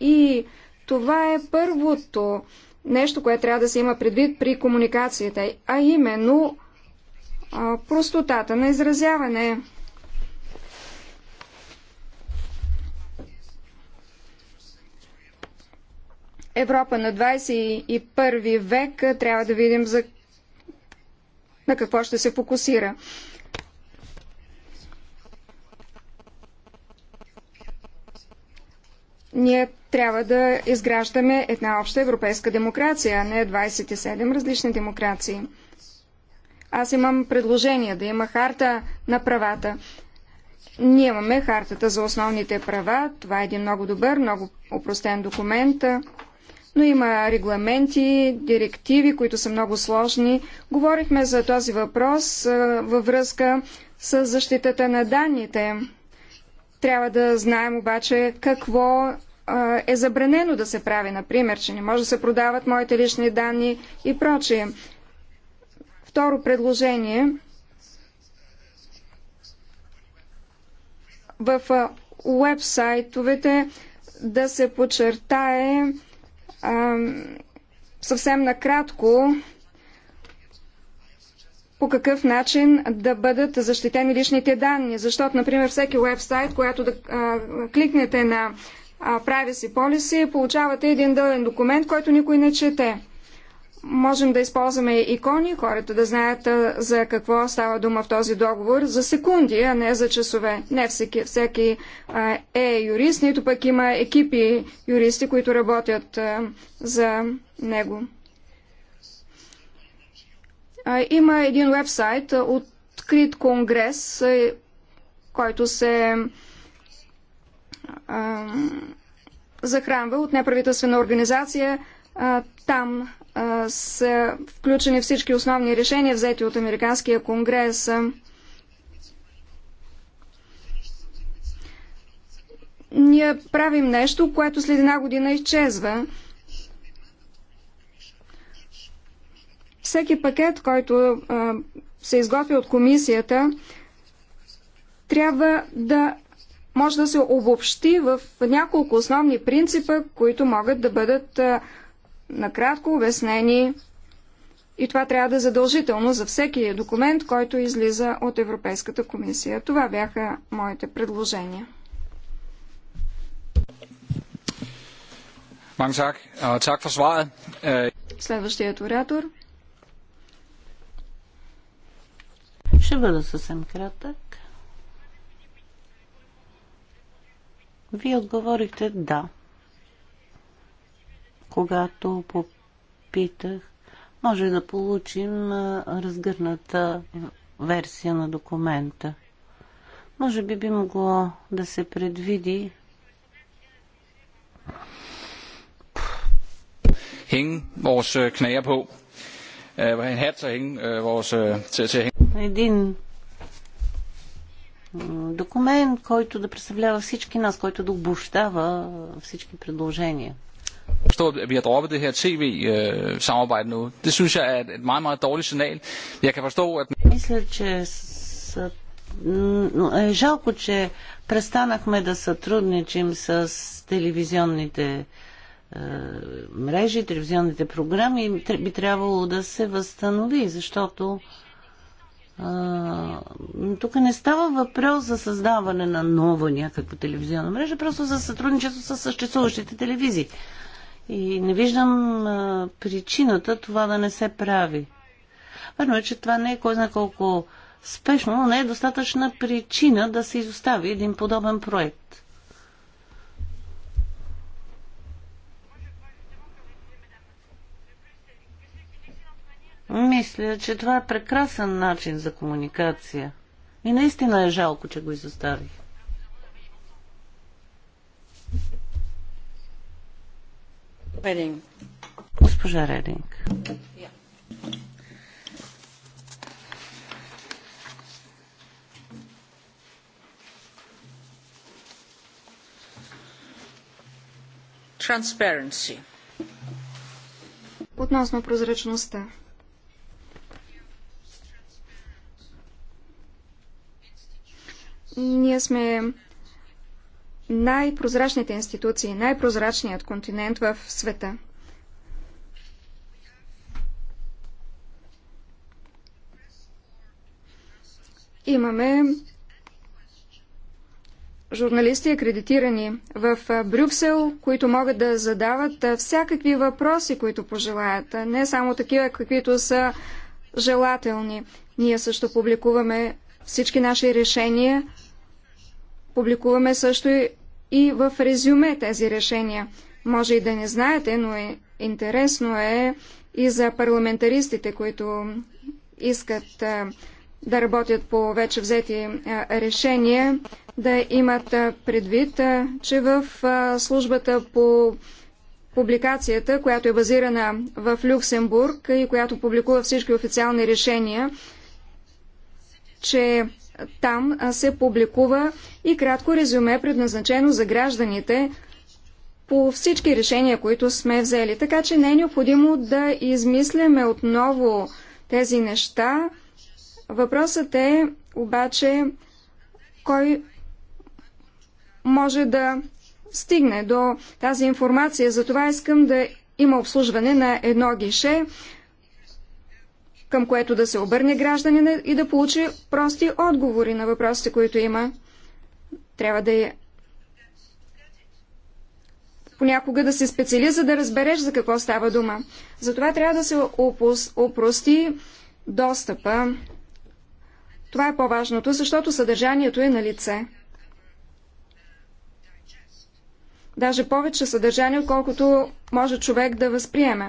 И това е първото нещо, което трябва да се има предвид при комуникацията, а именно простотата на изразяване. Европа на 21 век трябва да видим за на какво ще се фокусира. Ние трябва да изграждаме една обща европейска демокрация, а не 27 различни демокрации. Аз имам предложение да има харта на правата. Ние имаме хартата за основните права. Това е един много добър, много упростен документ но има регламенти, директиви, които са много сложни. Говорихме за този въпрос във връзка с защитата на данните. Трябва да знаем обаче какво е забранено да се прави, например, че не може да се продават моите лични данни и прочие. Второ предложение. В уебсайтовете да се подчертае съвсем накратко по какъв начин да бъдат защитени личните данни. Защото, например, всеки уебсайт, която да а, кликнете на а, Privacy Policy, получавате един дълен документ, който никой не чете. Можем да използваме икони, хората да знаят за какво става дума в този договор, за секунди, а не за часове. Не всеки, всеки е юрист, нито пък има екипи юристи, които работят за него. Има един вебсайт, открит конгрес, който се захранва от неправителствена организация. Там са включени всички основни решения, взети от Американския конгрес. Ние правим нещо, което след една година изчезва. Всеки пакет, който се изготвя от комисията, трябва да може да се обобщи в няколко основни принципа, които могат да бъдат а, накратко обяснени и това трябва да е задължително за всеки документ, който излиза от Европейската комисия. Това бяха моите предложения. Следващият оратор. Ще бъда съвсем кратък. Вие отговорихте да когато попитах, може да получим разгърната версия на документа. Може би би могло да се предвиди Хинг, vores øh, knager på. Øh, er øh, til, til Един документ, който да представлява всички нас, който да обощава всички предложения forstå, at vi har droppet det her tv-samarbejde nu. Det synes jeg er et meget, meget dårligt signal. Jeg kan forstå, at... Е, жалко, че престанахме да сътрудничим с телевизионните е, мрежи, телевизионните програми. Би трябвало да се възстанови, защото е, тук не става въпрос за създаване на нова някаква телевизионна мрежа, просто за сътрудничество с съществуващите телевизии. И не виждам а, причината това да не се прави. Верно е, че това не е кой знае колко спешно, но не е достатъчна причина да се изостави един подобен проект. Мисля, че това е прекрасен начин за комуникация. И наистина е жалко, че го изоставих. Рединг. Госпожа Рединг. Transparency. Относно прозрачността. Ние сме най-прозрачните институции, най-прозрачният континент в света. Имаме журналисти, акредитирани в Брюксел, които могат да задават всякакви въпроси, които пожелаят, не само такива, каквито са желателни. Ние също публикуваме всички наши решения, публикуваме също и и в резюме тези решения. Може и да не знаете, но е, интересно е и за парламентаристите, които искат а, да работят по вече взети а, решения, да имат а, предвид, а, че в а, службата по публикацията, която е базирана в Люксембург и която публикува всички официални решения, че там се публикува и кратко резюме, предназначено за гражданите по всички решения, които сме взели. Така че не е необходимо да измисляме отново тези неща. Въпросът е обаче кой може да стигне до тази информация. Затова искам да има обслужване на едно гише, към което да се обърне гражданина и да получи прости отговори на въпросите, които има. Трябва да е понякога да се специали, за да разбереш за какво става дума. Затова трябва да се опрости достъпа. Това е по-важното, защото съдържанието е на лице. Даже повече съдържание, отколкото може човек да възприеме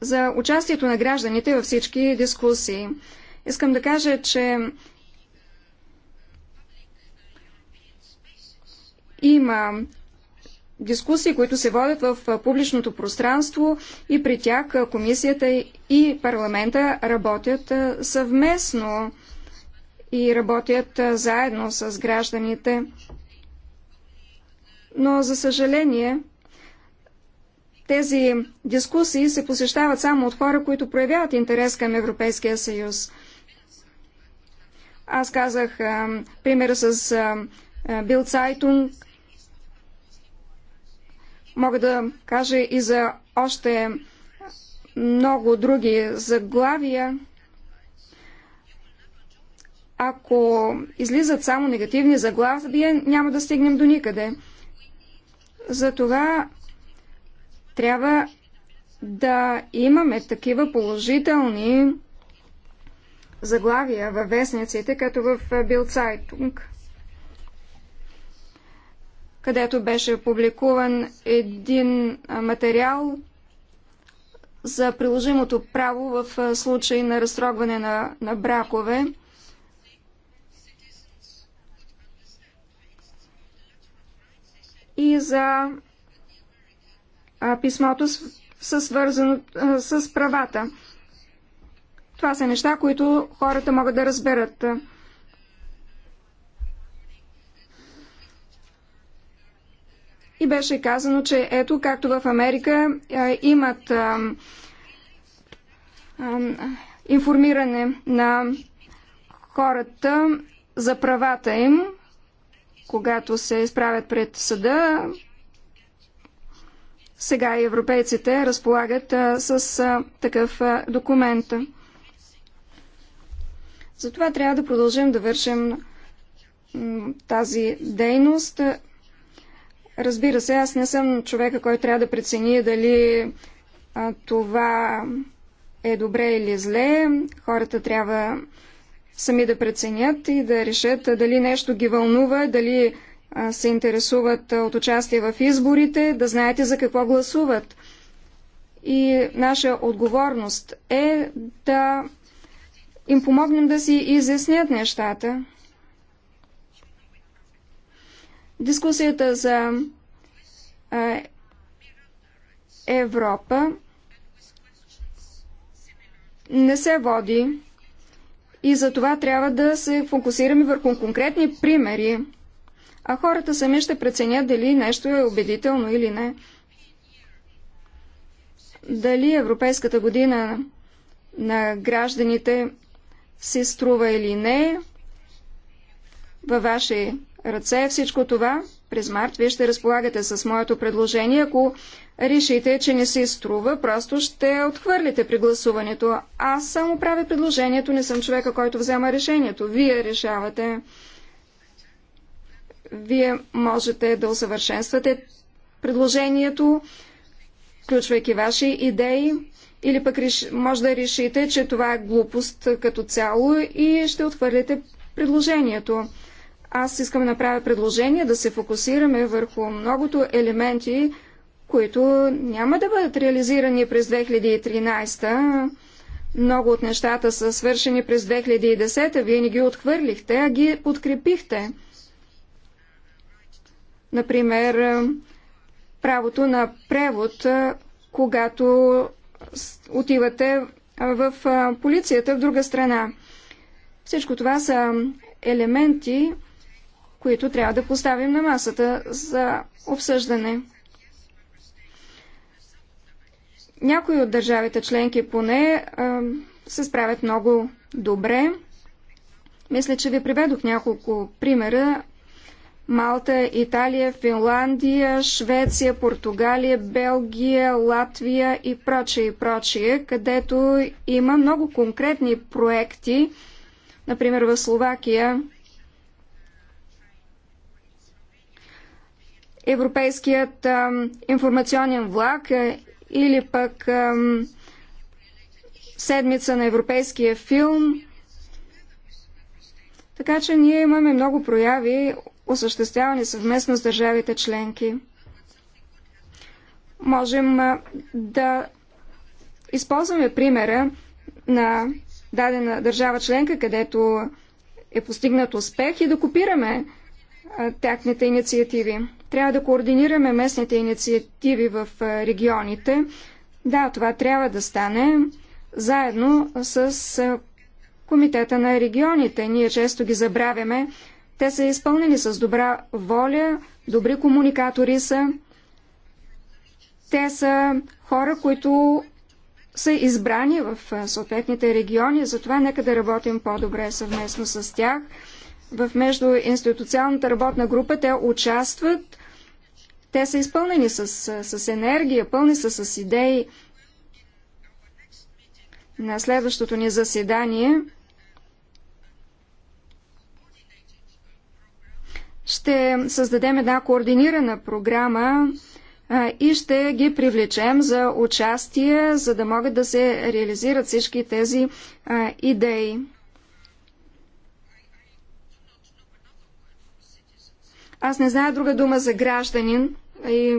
за участието на гражданите във всички дискусии. Искам да кажа, че има дискусии, които се водят в публичното пространство и при тях комисията и парламента работят съвместно и работят заедно с гражданите. Но, за съжаление, тези дискусии се посещават само от хора, които проявяват интерес към Европейския съюз. Аз казах а, примера с а, Бил Цайтунг. Мога да кажа и за още много други заглавия. Ако излизат само негативни заглавия, няма да стигнем до никъде. Затова трябва да имаме такива положителни заглавия във вестниците, като в Билцайтунг, където беше публикуван един материал за приложимото право в случай на разтрогване на, на бракове. И за а, писмото са свързано а, с правата. Това са неща, които хората могат да разберат. И беше казано, че ето, както в Америка а, имат а, а, информиране на хората за правата им, когато се изправят пред съда, сега и европейците разполагат с такъв документ. Затова трябва да продължим да вършим тази дейност. Разбира се, аз не съм човека, който трябва да прецени дали това е добре или зле. Хората трябва сами да преценят и да решат дали нещо ги вълнува, дали се интересуват от участие в изборите, да знаете за какво гласуват. И наша отговорност е да им помогнем да си изяснят нещата. Дискусията за Европа не се води и за това трябва да се фокусираме върху конкретни примери а хората сами ще преценят дали нещо е убедително или не. Дали Европейската година на гражданите си струва или не, във ваши ръце е всичко това. През март вие ще разполагате с моето предложение. Ако решите, че не си струва, просто ще отхвърлите при гласуването. Аз само правя предложението, не съм човека, който взема решението. Вие решавате. Вие можете да усъвършенствате предложението, включвайки ваши идеи, или пък може да решите, че това е глупост като цяло и ще отхвърлите предложението. Аз искам да направя предложение да се фокусираме върху многото елементи, които няма да бъдат реализирани през 2013. Много от нещата са свършени през 2010. Вие не ги отхвърлихте, а ги подкрепихте. Например, е, правото на превод, е, когато отивате е, в полицията в друга страна. Всичко това са елементи, които трябва да поставим на масата за обсъждане. Някои от държавите членки поне се справят много добре. Мисля, че ви приведох няколко примера Малта, Италия, Финландия, Швеция, Португалия, Белгия, Латвия и прочее и прочее, където има много конкретни проекти. Например, в Словакия Европейският а, информационен влак а, е, или пък а, седмица на европейския филм. Така че ние имаме много прояви осъществявани съвместно с държавите членки. Можем да използваме примера на дадена държава членка, където е постигнат успех и да копираме техните инициативи. Трябва да координираме местните инициативи в регионите. Да, това трябва да стане заедно с Комитета на регионите. Ние често ги забравяме, те са изпълнени с добра воля, добри комуникатори са. Те са хора, които са избрани в съответните региони, затова нека да работим по-добре съвместно с тях. В междуинституциалната работна група те участват, те са изпълнени с, с енергия, пълни са с идеи. На следващото ни заседание ще създадем една координирана програма и ще ги привлечем за участие, за да могат да се реализират всички тези идеи. Аз не знам друга дума за гражданин,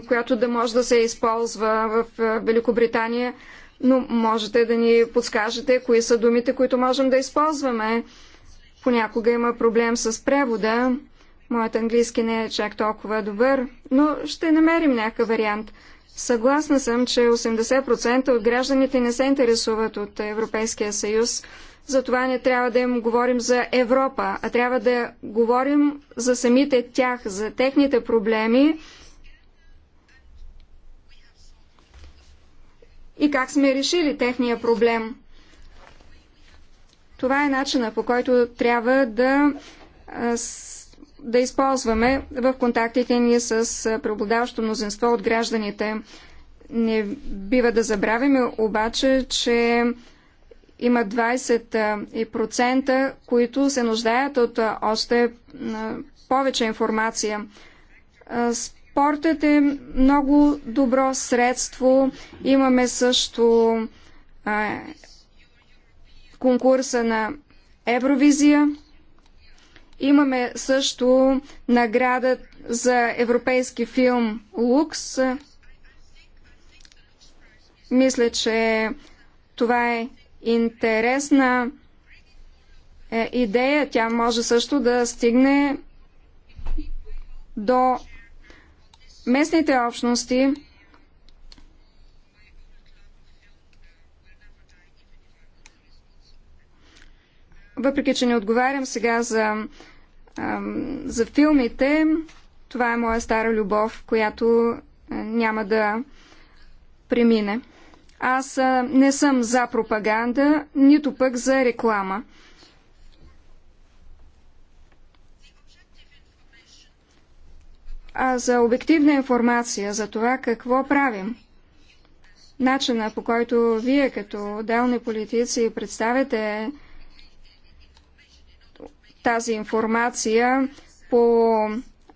която да може да се използва в Великобритания, но можете да ни подскажете кои са думите, които можем да използваме. Понякога има проблем с превода. Моят английски не е чак толкова добър, но ще намерим някакъв вариант. Съгласна съм, че 80% от гражданите не се интересуват от Европейския съюз. Затова не трябва да им говорим за Европа, а трябва да говорим за самите тях, за техните проблеми и как сме решили техния проблем. Това е начина по който трябва да да използваме в контактите ни с преобладаващо мнозинство от гражданите. Не бива да забравяме обаче, че има 20%, които се нуждаят от още повече информация. Спортът е много добро средство. Имаме също конкурса на Евровизия. Имаме също награда за европейски филм Лукс. Мисля, че това е интересна е, идея. Тя може също да стигне до местните общности. Въпреки, че не отговарям сега за за филмите, това е моя стара любов, която е, няма да премине. Аз е, не съм за пропаганда, нито пък за реклама. А за обективна информация, за това какво правим, начина по който вие като отделни политици представяте тази информация по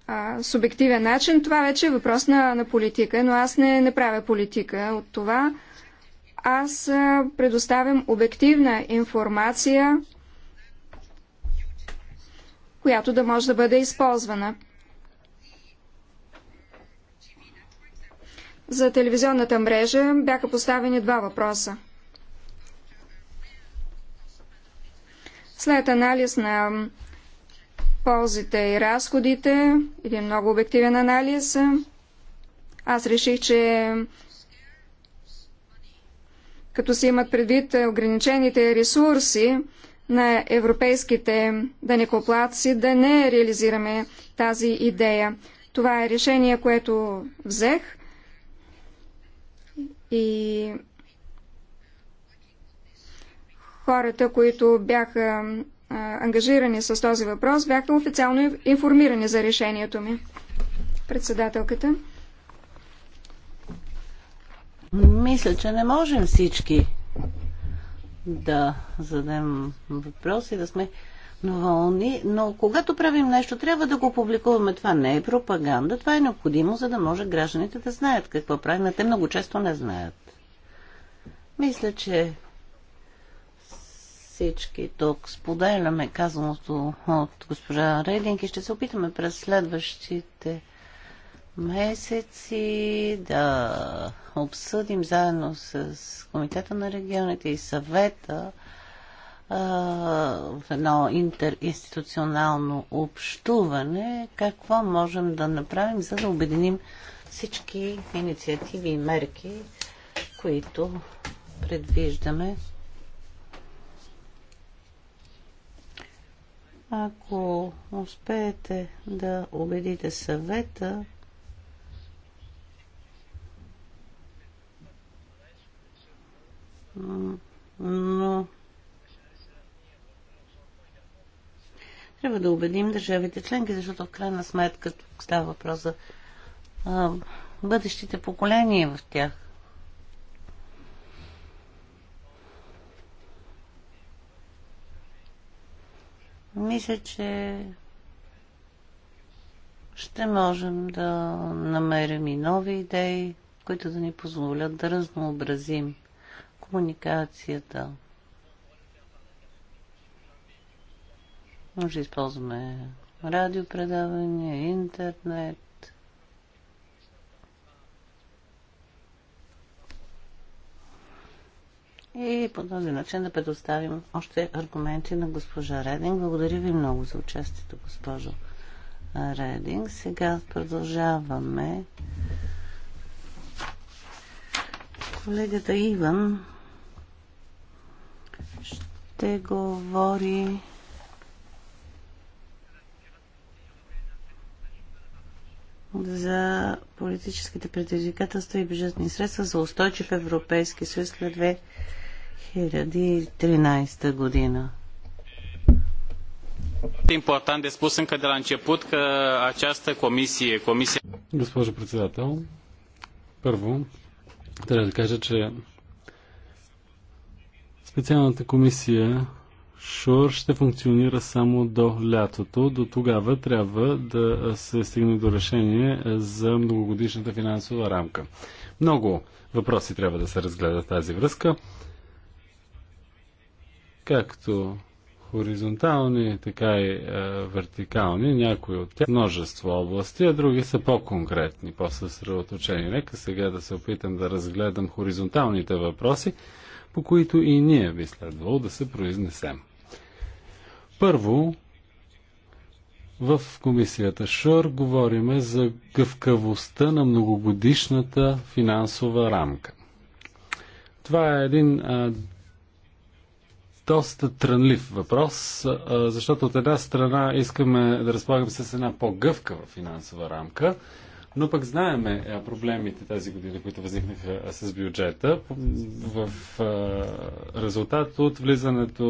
а, субективен начин, това вече е въпрос на, на политика, но аз не, не правя политика от това. Аз предоставям обективна информация, която да може да бъде използвана. За телевизионната мрежа бяха поставени два въпроса – След анализ на ползите и разходите, един много обективен анализ, аз реших, че като се имат предвид ограничените ресурси на европейските данекоплатци, да не реализираме тази идея. Това е решение, което взех и хората, които бяха ангажирани с този въпрос, бяха официално информирани за решението ми. Председателката. Мисля, че не можем всички да задем въпроси, да сме вълни, но когато правим нещо, трябва да го публикуваме. Това не е пропаганда, това е необходимо, за да може гражданите да знаят какво правим, а те много често не знаят. Мисля, че всички тук споделяме казаното от госпожа Рейдинг и ще се опитаме през следващите месеци да обсъдим заедно с Комитета на регионите и съвета в едно интеринституционално общуване, какво можем да направим, за да обединим всички инициативи и мерки, които предвиждаме Ако успеете да убедите съвета, но трябва да убедим държавите членки, защото в крайна сметка тук става въпрос за а, бъдещите поколения в тях. Мисля, че ще можем да намерим и нови идеи, които да ни позволят да разнообразим комуникацията. Може да използваме радиопредавания, интернет, и по този начин да предоставим още аргументи на госпожа Рединг. Благодаря ви много за участието, госпожо Рединг. Сега продължаваме. Колегата Иван ще говори за политическите предизвикателства и бюджетни средства за устойчив Европейски съюз след 2013 година. Important de spus încă de la început că această comisie, comisia... Госпожо председател, първо трябва да кажа, че специалната комисия Шор ще функционира само до лятото. До тогава трябва да се стигне до решение за многогодишната финансова рамка. Много въпроси трябва да се разгледат тази връзка както хоризонтални, така и е, вертикални, някои от тях множество области, а други са по-конкретни, по-съсредоточени. Нека сега да се опитам да разгледам хоризонталните въпроси, по които и ние би следвало да се произнесем. Първо, в комисията ШОР говориме за гъвкавостта на многогодишната финансова рамка. Това е един а, доста трънлив въпрос, защото от една страна искаме да разполагаме с една по-гъвкава финансова рамка, но пък знаеме проблемите тази година, които възникнаха с бюджета в резултат от влизането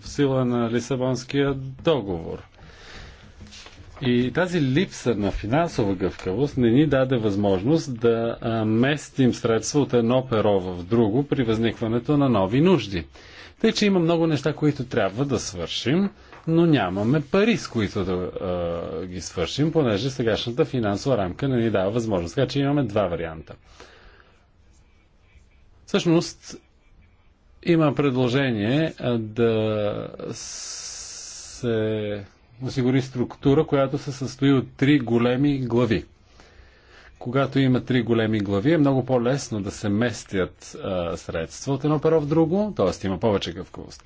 в сила на Лисабонския договор. И тази липса на финансова гъвкавост не ни даде възможност да местим средства от едно перо в друго при възникването на нови нужди. Тъй, че има много неща, които трябва да свършим, но нямаме пари, с които да а, ги свършим, понеже сегашната финансова рамка не ни дава възможност. Така че имаме два варианта. Всъщност, има предложение да се осигури структура, която се състои от три големи глави – когато има три големи глави, е много по-лесно да се местят а, средства от едно перо в друго, т.е. има повече гъвкавост.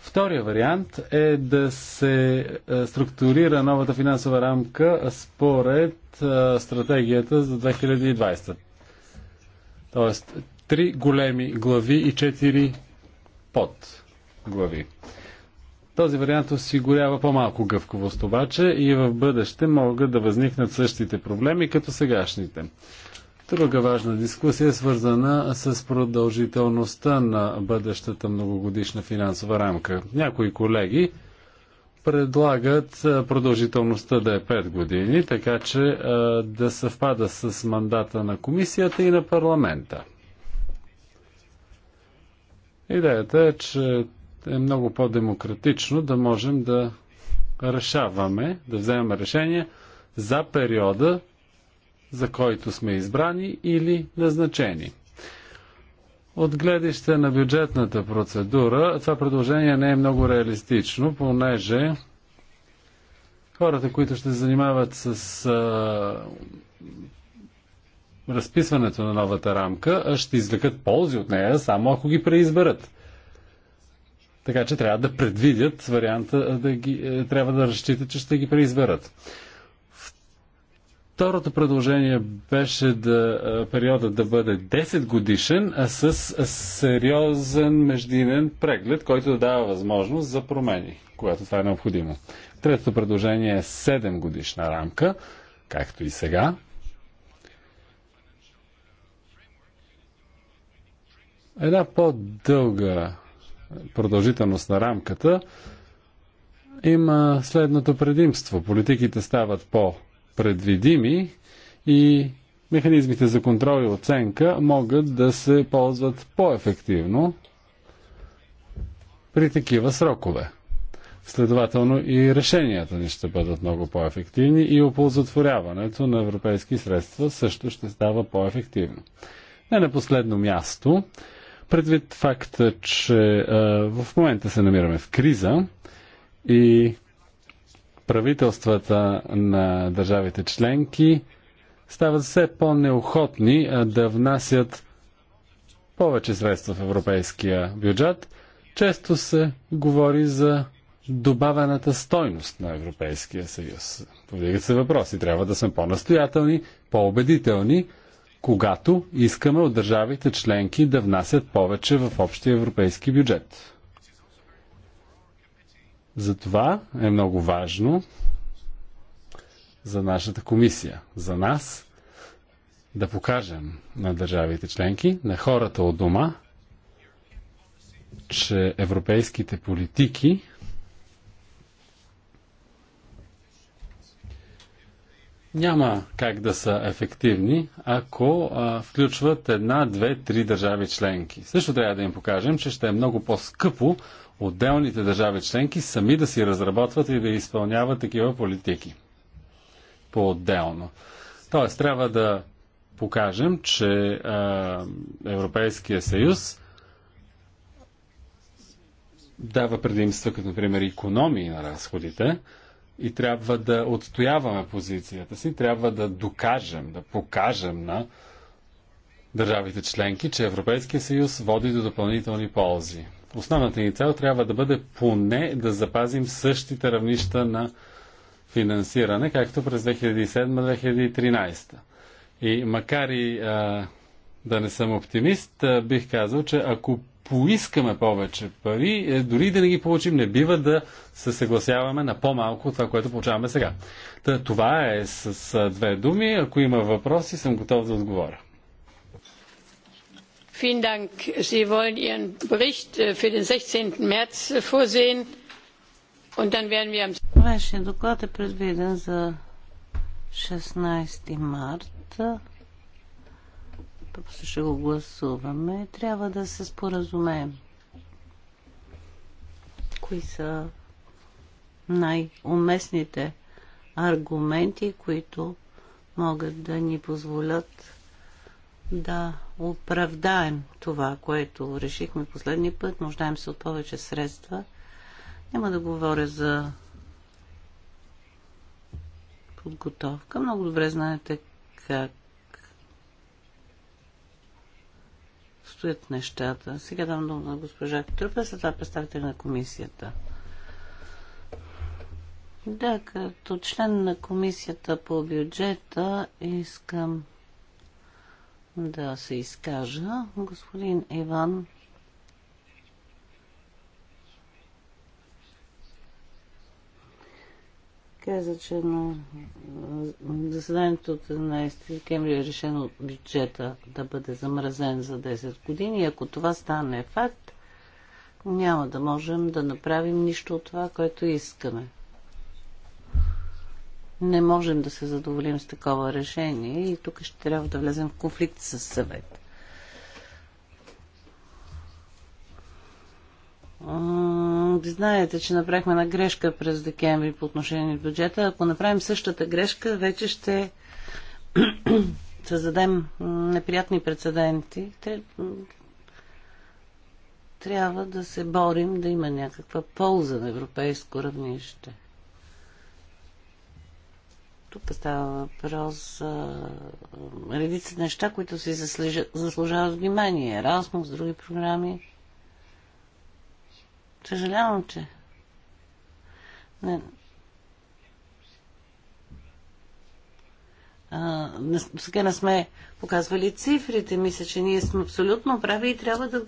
Втория вариант е да се структурира новата финансова рамка според а, стратегията за 2020. Тоест, три големи глави и четири под глави. Този вариант осигурява по-малко гъвковост обаче и в бъдеще могат да възникнат същите проблеми като сегашните. Друга важна дискусия е свързана с продължителността на бъдещата многогодишна финансова рамка. Някои колеги предлагат продължителността да е 5 години, така че да съвпада с мандата на комисията и на парламента. Идеята е, че е много по-демократично да можем да решаваме, да вземем решение за периода, за който сме избрани или назначени. От гледаще на бюджетната процедура, това предложение не е много реалистично, понеже хората, които ще се занимават с а, разписването на новата рамка, ще извлекат ползи от нея, само ако ги преизберат. Така че трябва да предвидят варианта, да ги, е, трябва да разчитат, че ще ги преизберат. Второто предложение беше да е, периодът да бъде 10 годишен, а с сериозен междинен преглед, който да дава възможност за промени, когато това е необходимо. Третото предложение е 7 годишна рамка, както и сега. Една по-дълга продължителност на рамката, има следното предимство. Политиките стават по-предвидими и механизмите за контрол и оценка могат да се ползват по-ефективно при такива срокове. Следователно и решенията ни ще бъдат много по-ефективни и оползотворяването на европейски средства също ще става по-ефективно. Не на последно място, Предвид факта, че а, в момента се намираме в криза и правителствата на държавите членки стават все по-неохотни да внасят повече средства в европейския бюджет. Често се говори за добавената стойност на Европейския съюз. Повдигат се въпроси. Трябва да сме по-настоятелни, по-убедителни когато искаме от държавите членки да внасят повече в общия европейски бюджет. Затова е много важно за нашата комисия, за нас, да покажем на държавите членки, на хората от дома, че европейските политики няма как да са ефективни, ако а, включват една, две, три държави членки. Също трябва да им покажем, че ще е много по-скъпо отделните държави членки сами да си разработват и да изпълняват такива политики по-отделно. Тоест, трябва да покажем, че а, Европейския съюз дава предимства, като например економии на разходите, и трябва да отстояваме позицията си, трябва да докажем, да покажем на държавите членки, че Европейския съюз води до допълнителни ползи. Основната ни цел трябва да бъде поне да запазим същите равнища на финансиране, както през 2007-2013. И макар и а, да не съм оптимист, а, бих казал, че ако поискаме повече пари, е, дори да не ги получим, не бива да се съгласяваме на по-малко от това, което получаваме сега. Та, това е с, с две думи. Ако има въпроси, съм готов да отговоря. Vielen Dank. Sie wollen Ihren Bericht äh, für den 16. März äh, vorsehen und dann werden wir am... Вашия доклад е предвиден за 16 марта ще го гласуваме. Трябва да се споразумеем. Кои са най-уместните аргументи, които могат да ни позволят да оправдаем това, което решихме последния път. Нуждаем се от повече средства. Няма да говоря за подготовка. Много добре знаете как стоят нещата. Сега дам дума на госпожа Трупа, след това представител на комисията. Да, като член на комисията по бюджета искам да се изкажа. Господин Иван каза, че на заседанието от 11 декември е решено бюджета да бъде замразен за 10 години. Ако това стане факт, няма да можем да направим нищо от това, което искаме. Не можем да се задоволим с такова решение и тук ще трябва да влезем в конфликт с съвет. Ви знаете, че направихме една грешка през декември по отношение на бюджета. Ако направим същата грешка, вече ще създадем неприятни прецеденти. Трябва да се борим да има някаква полза на европейско равнище. Тук става въпрос за редица неща, които си заслужават внимание. с други програми. Съжалявам, че... Не, а, сега не сме показвали цифрите. Мисля, че ние сме абсолютно прави и трябва да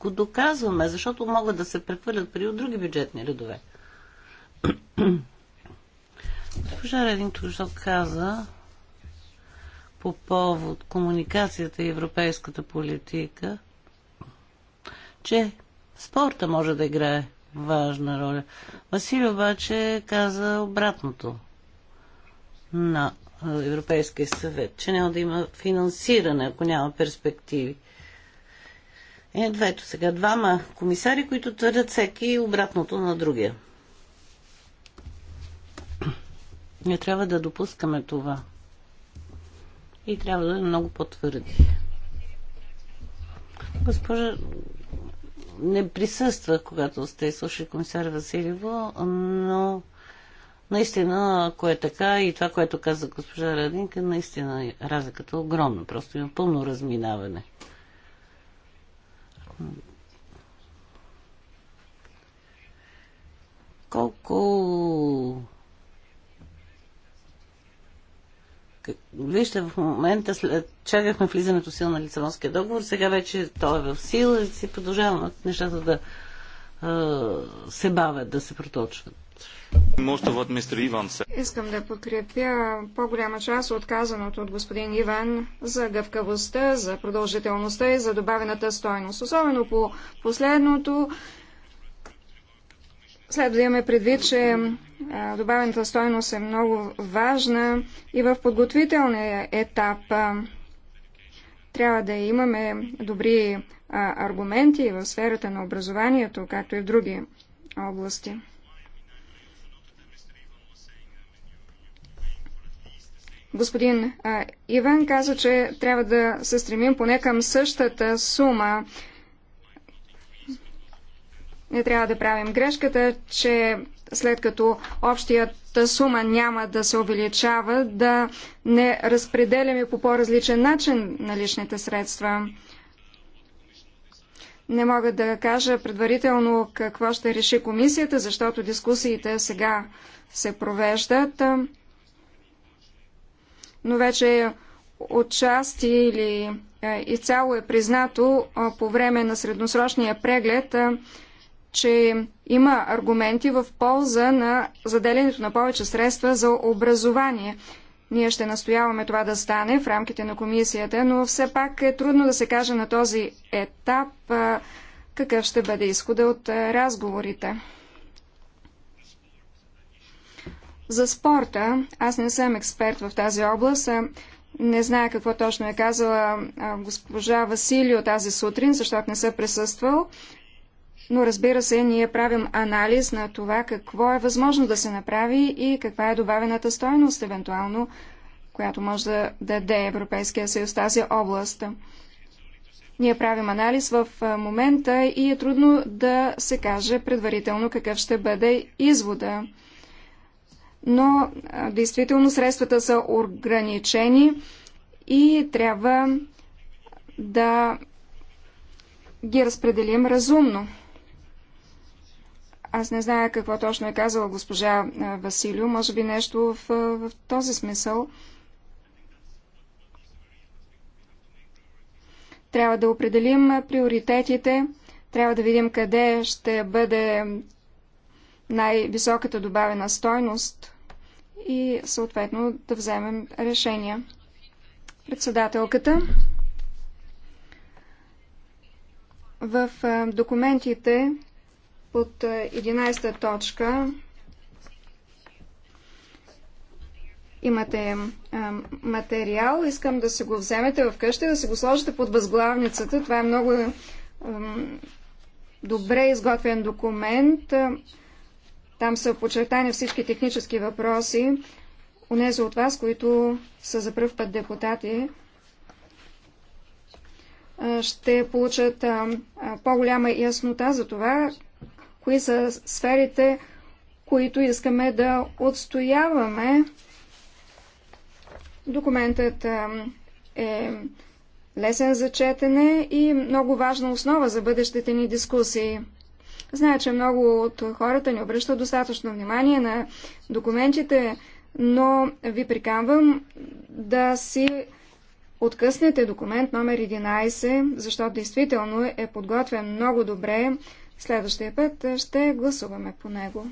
го доказваме, защото могат да се прехвърлят при от други бюджетни редове. Госпожа Редин току каза по повод комуникацията и европейската политика, че Спорта може да играе важна роля. Василий обаче каза обратното на Европейския съвет, че няма да има финансиране, ако няма перспективи. Е, двето сега. Двама комисари, които твърдят всеки обратното на другия. Не трябва да допускаме това. И трябва да е много по-твърди. Госпожа не присъства, когато сте изслушали комисар Василево, но наистина, ако е така и това, което каза госпожа Радинка, наистина разликата е огромна. Просто има пълно разминаване. Колко Вижте, в момента след, чакахме влизането сил на Лисабонския договор, сега вече той е в сила и си продължаваме нещата да е, се бавят, да се проточват. Искам да подкрепя по-голяма част от казаното от господин Иван за гъвкавостта, за продължителността и за добавената стойност. Особено по последното Следва да имаме предвид, че добавената стойност е много важна и в подготвителния етап трябва да имаме добри аргументи в сферата на образованието, както и в други области. Господин Иван каза, че трябва да се стремим поне към същата сума не трябва да правим грешката, че след като общията сума няма да се увеличава, да не разпределяме по по-различен начин наличните средства. Не мога да кажа предварително какво ще реши комисията, защото дискусиите сега се провеждат, но вече отчасти или е, изцяло е признато по време на средносрочния преглед, че има аргументи в полза на заделянето на повече средства за образование. Ние ще настояваме това да стане в рамките на комисията, но все пак е трудно да се каже на този етап какъв ще бъде изхода от разговорите. За спорта, аз не съм експерт в тази област, не зная какво точно е казала госпожа Василио тази сутрин, защото не съм присъствал, но разбира се, ние правим анализ на това какво е възможно да се направи и каква е добавената стойност, евентуално, която може да даде Европейския съюз тази област. Ние правим анализ в момента и е трудно да се каже предварително какъв ще бъде извода. Но действително средствата са ограничени и трябва да ги разпределим разумно. Аз не зная какво точно е казала госпожа Василио, може би нещо в, в този смисъл. Трябва да определим приоритетите, трябва да видим къде ще бъде най-високата добавена стойност и съответно да вземем решения. Председателката в документите под 11-та е, точка имате материал. Искам да се го вземете вкъщи, да се го сложите под възглавницата. Това е много добре изготвен документ. Там са подчертани всички технически въпроси. Унези от вас, които са за пръв път депутати, е, ще получат е, по-голяма яснота за това кои са сферите, които искаме да отстояваме. Документът е лесен за четене и много важна основа за бъдещите ни дискусии. Зная, че много от хората ни обръщат достатъчно внимание на документите, но ви приканвам да си откъснете документ номер 11, защото действително е подготвен много добре. Следващия път ще гласуваме по него.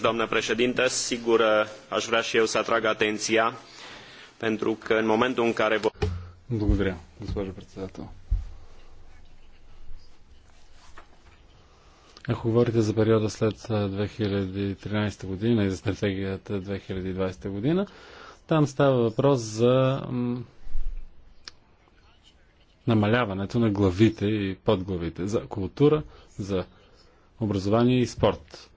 Doamnă președintă, sigur aș vrea și eu să atrag atenția pentru că în momentul în care... Благодаря, госпожо председател. Ако говорите за периода след 2013 година и за стратегията 2020 година, там става въпрос за намаляването на главите и подглавите за култура, за образование и спорт.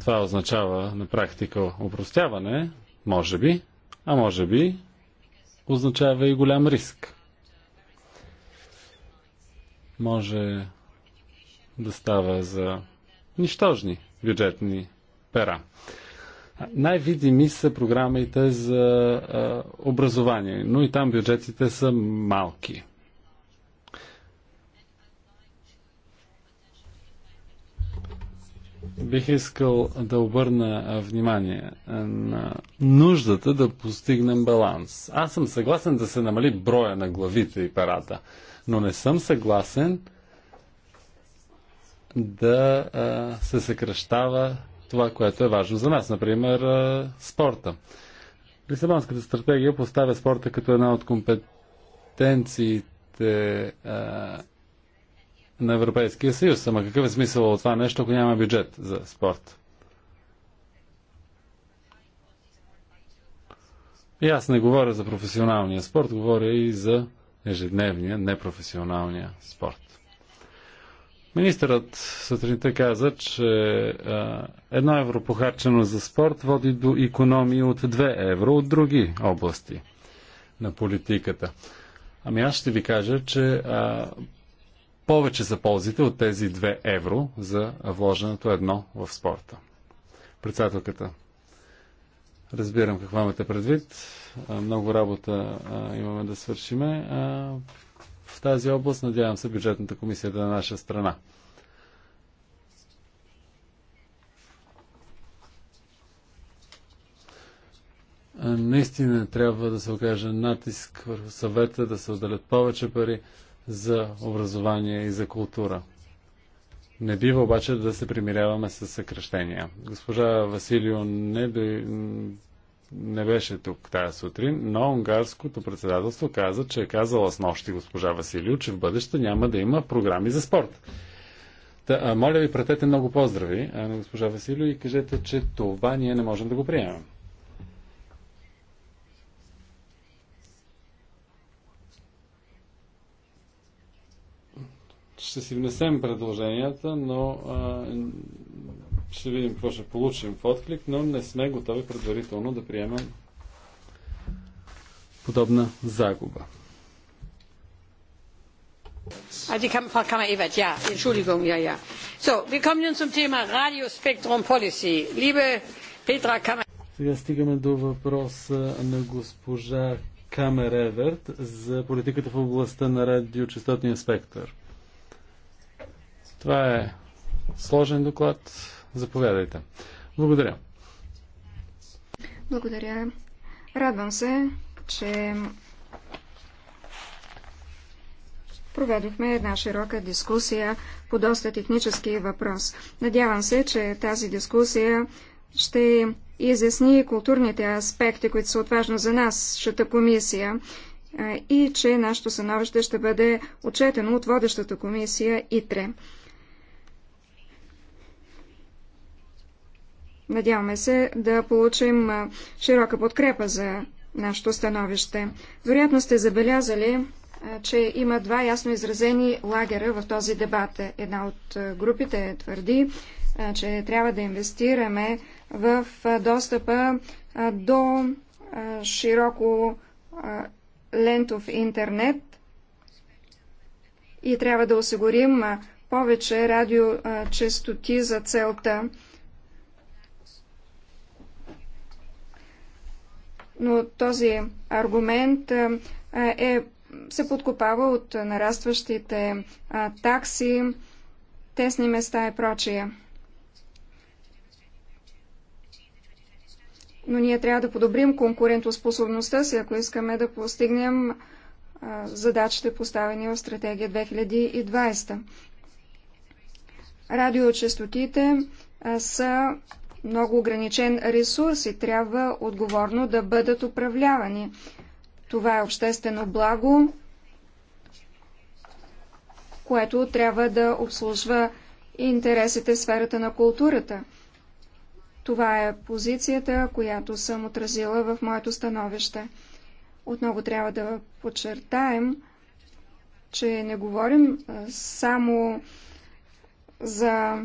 Това означава на практика упростяване, може би, а може би означава и голям риск. Може да става за нищожни бюджетни пера. Най-видими са програмите за а, образование, но и там бюджетите са малки. Бих искал да обърна внимание на нуждата да постигнем баланс. Аз съм съгласен да се намали броя на главите и парата, но не съм съгласен да а, се съкръщава това, което е важно за нас, например а, спорта. Лисабонската стратегия поставя спорта като една от компетенциите а, на Европейския съюз. Ама какъв е смисъл от това нещо, ако няма бюджет за спорт? И аз не говоря за професионалния спорт, говоря и за ежедневния, непрофесионалния спорт. Министърът сутринта каза, че а, едно евро похарчено за спорт води до економии от 2 евро от други области на политиката. Ами аз ще ви кажа, че а, повече за ползите от тези 2 евро за вложеното едно в спорта. Председателката. Разбирам какво имате предвид. Много работа имаме да свършиме в тази област. Надявам се бюджетната комисия да е на наша страна. Наистина трябва да се окаже натиск върху съвета, да се отделят повече пари за образование и за култура. Не бива обаче да се примиряваме с съкръщения. Госпожа Василио не, би, не беше тук тая сутрин, но унгарското председателство каза, че е казала с нощи госпожа Василио, че в бъдеще няма да има програми за спорт. Та, а, моля ви, пратете много поздрави на госпожа Василио и кажете, че това ние не можем да го приемем. Ще си внесем предложенията, но а, ще видим какво ще получим в отклик, но не сме готови предварително да приемем подобна загуба. Ah, die Frau Kammer-Ebert, ja, Entschuldigung, ja, ja. So, wir kommen nun zum Thema Radiospektrum Policy. Liebe Petra Kammer. Сега стигаме до въпроса на госпожа Камер Еверт за политиката в областта на радиочастотния спектър. Това е сложен доклад. Заповядайте. Благодаря. Благодаря. Радвам се, че проведохме една широка дискусия по доста технически въпрос. Надявам се, че тази дискусия ще изясни културните аспекти, които са отважно за нас, шата комисия, и че нашето съновище ще бъде отчетено от водещата комисия ИТРЕ. Надяваме се да получим широка подкрепа за нашето становище. Вероятно сте забелязали, че има два ясно изразени лагера в този дебат. Една от групите твърди, че трябва да инвестираме в достъпа до широко лентов интернет и трябва да осигурим повече радиочестоти за целта. но този аргумент е, се подкопава от нарастващите такси, тесни места и прочие. Но ние трябва да подобрим конкурентоспособността си, ако искаме да постигнем задачите поставени в стратегия 2020. Радиочастотите са много ограничен ресурс и трябва отговорно да бъдат управлявани. Това е обществено благо, което трябва да обслужва интересите в сферата на културата. Това е позицията, която съм отразила в моето становище. Отново трябва да подчертаем, че не говорим само за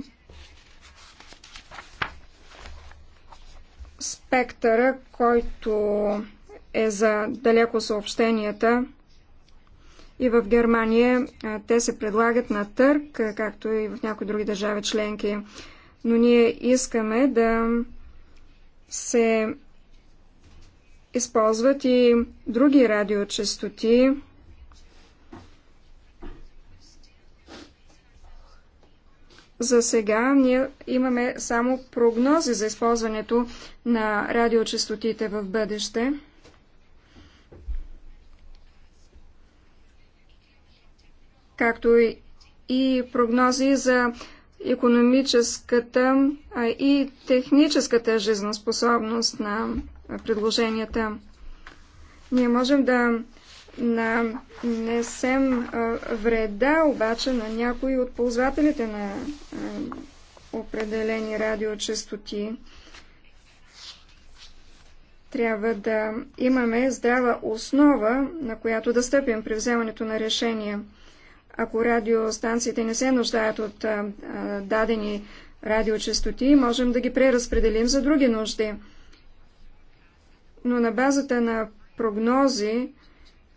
спектъра, който е за далеко съобщенията. И в Германия те се предлагат на търг, както и в някои други държави членки. Но ние искаме да се използват и други радиочастоти, За сега ние имаме само прогнози за използването на радиочастотите в бъдеще. Както и прогнози за економическата и техническата жизнеспособност на предложенията. Ние можем да на несем вреда обаче на някои от ползвателите на определени радиочастоти. Трябва да имаме здрава основа, на която да стъпим при вземането на решения. Ако радиостанциите не се нуждаят от а, дадени радиочастоти, можем да ги преразпределим за други нужди. Но на базата на прогнози,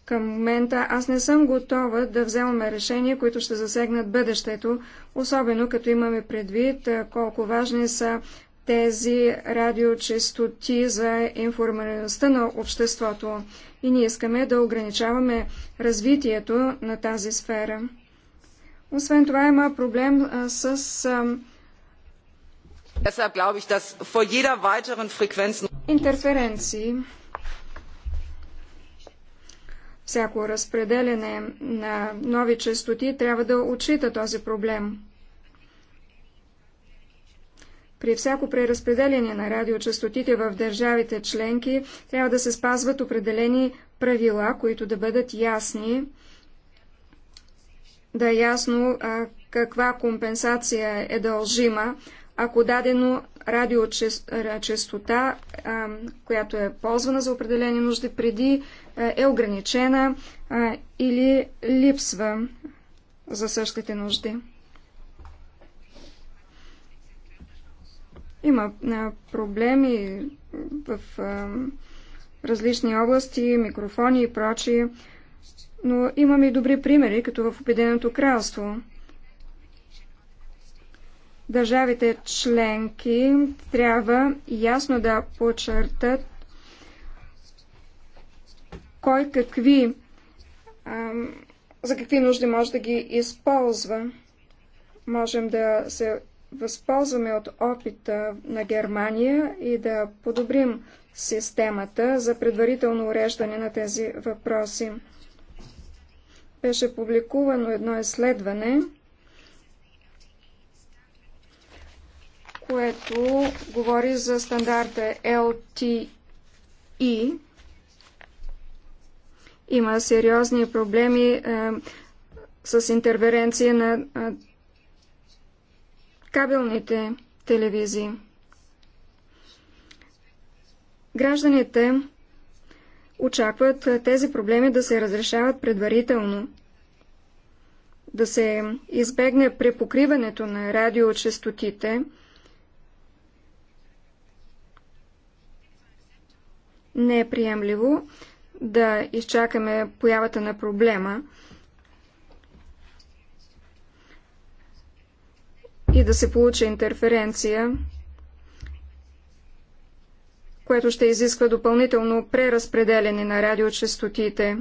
към момента аз не съм готова да вземаме решения, които ще засегнат бъдещето, особено като имаме предвид колко важни са тези радиочистоти за информираността на обществото. И ние искаме да ограничаваме развитието на тази сфера. Освен това има проблем с интерференции. Всяко разпределене на нови частоти трябва да отчита този проблем. При всяко преразпределение на радиочастотите в държавите членки трябва да се спазват определени правила, които да бъдат ясни, да е ясно а, каква компенсация е дължима, ако дадено радиочестота, която е ползвана за определени нужди преди е ограничена или липсва за същите нужди. Има проблеми в различни области, микрофони и прочие, но имаме и добри примери, като в Обединеното кралство. Държавите членки трябва ясно да подчертат кой какви, за какви нужди може да ги използва. Можем да се възползваме от опита на Германия и да подобрим системата за предварително уреждане на тези въпроси. Беше публикувано едно изследване, което говори за стандарта LTE, има сериозни проблеми е, с интерференция на е, кабелните телевизии. Гражданите очакват е, тези проблеми да се разрешават предварително, да се избегне препокриването на радиочастотите, не е приемливо да изчакаме появата на проблема и да се получи интерференция, което ще изисква допълнително преразпределение на радиочастотите.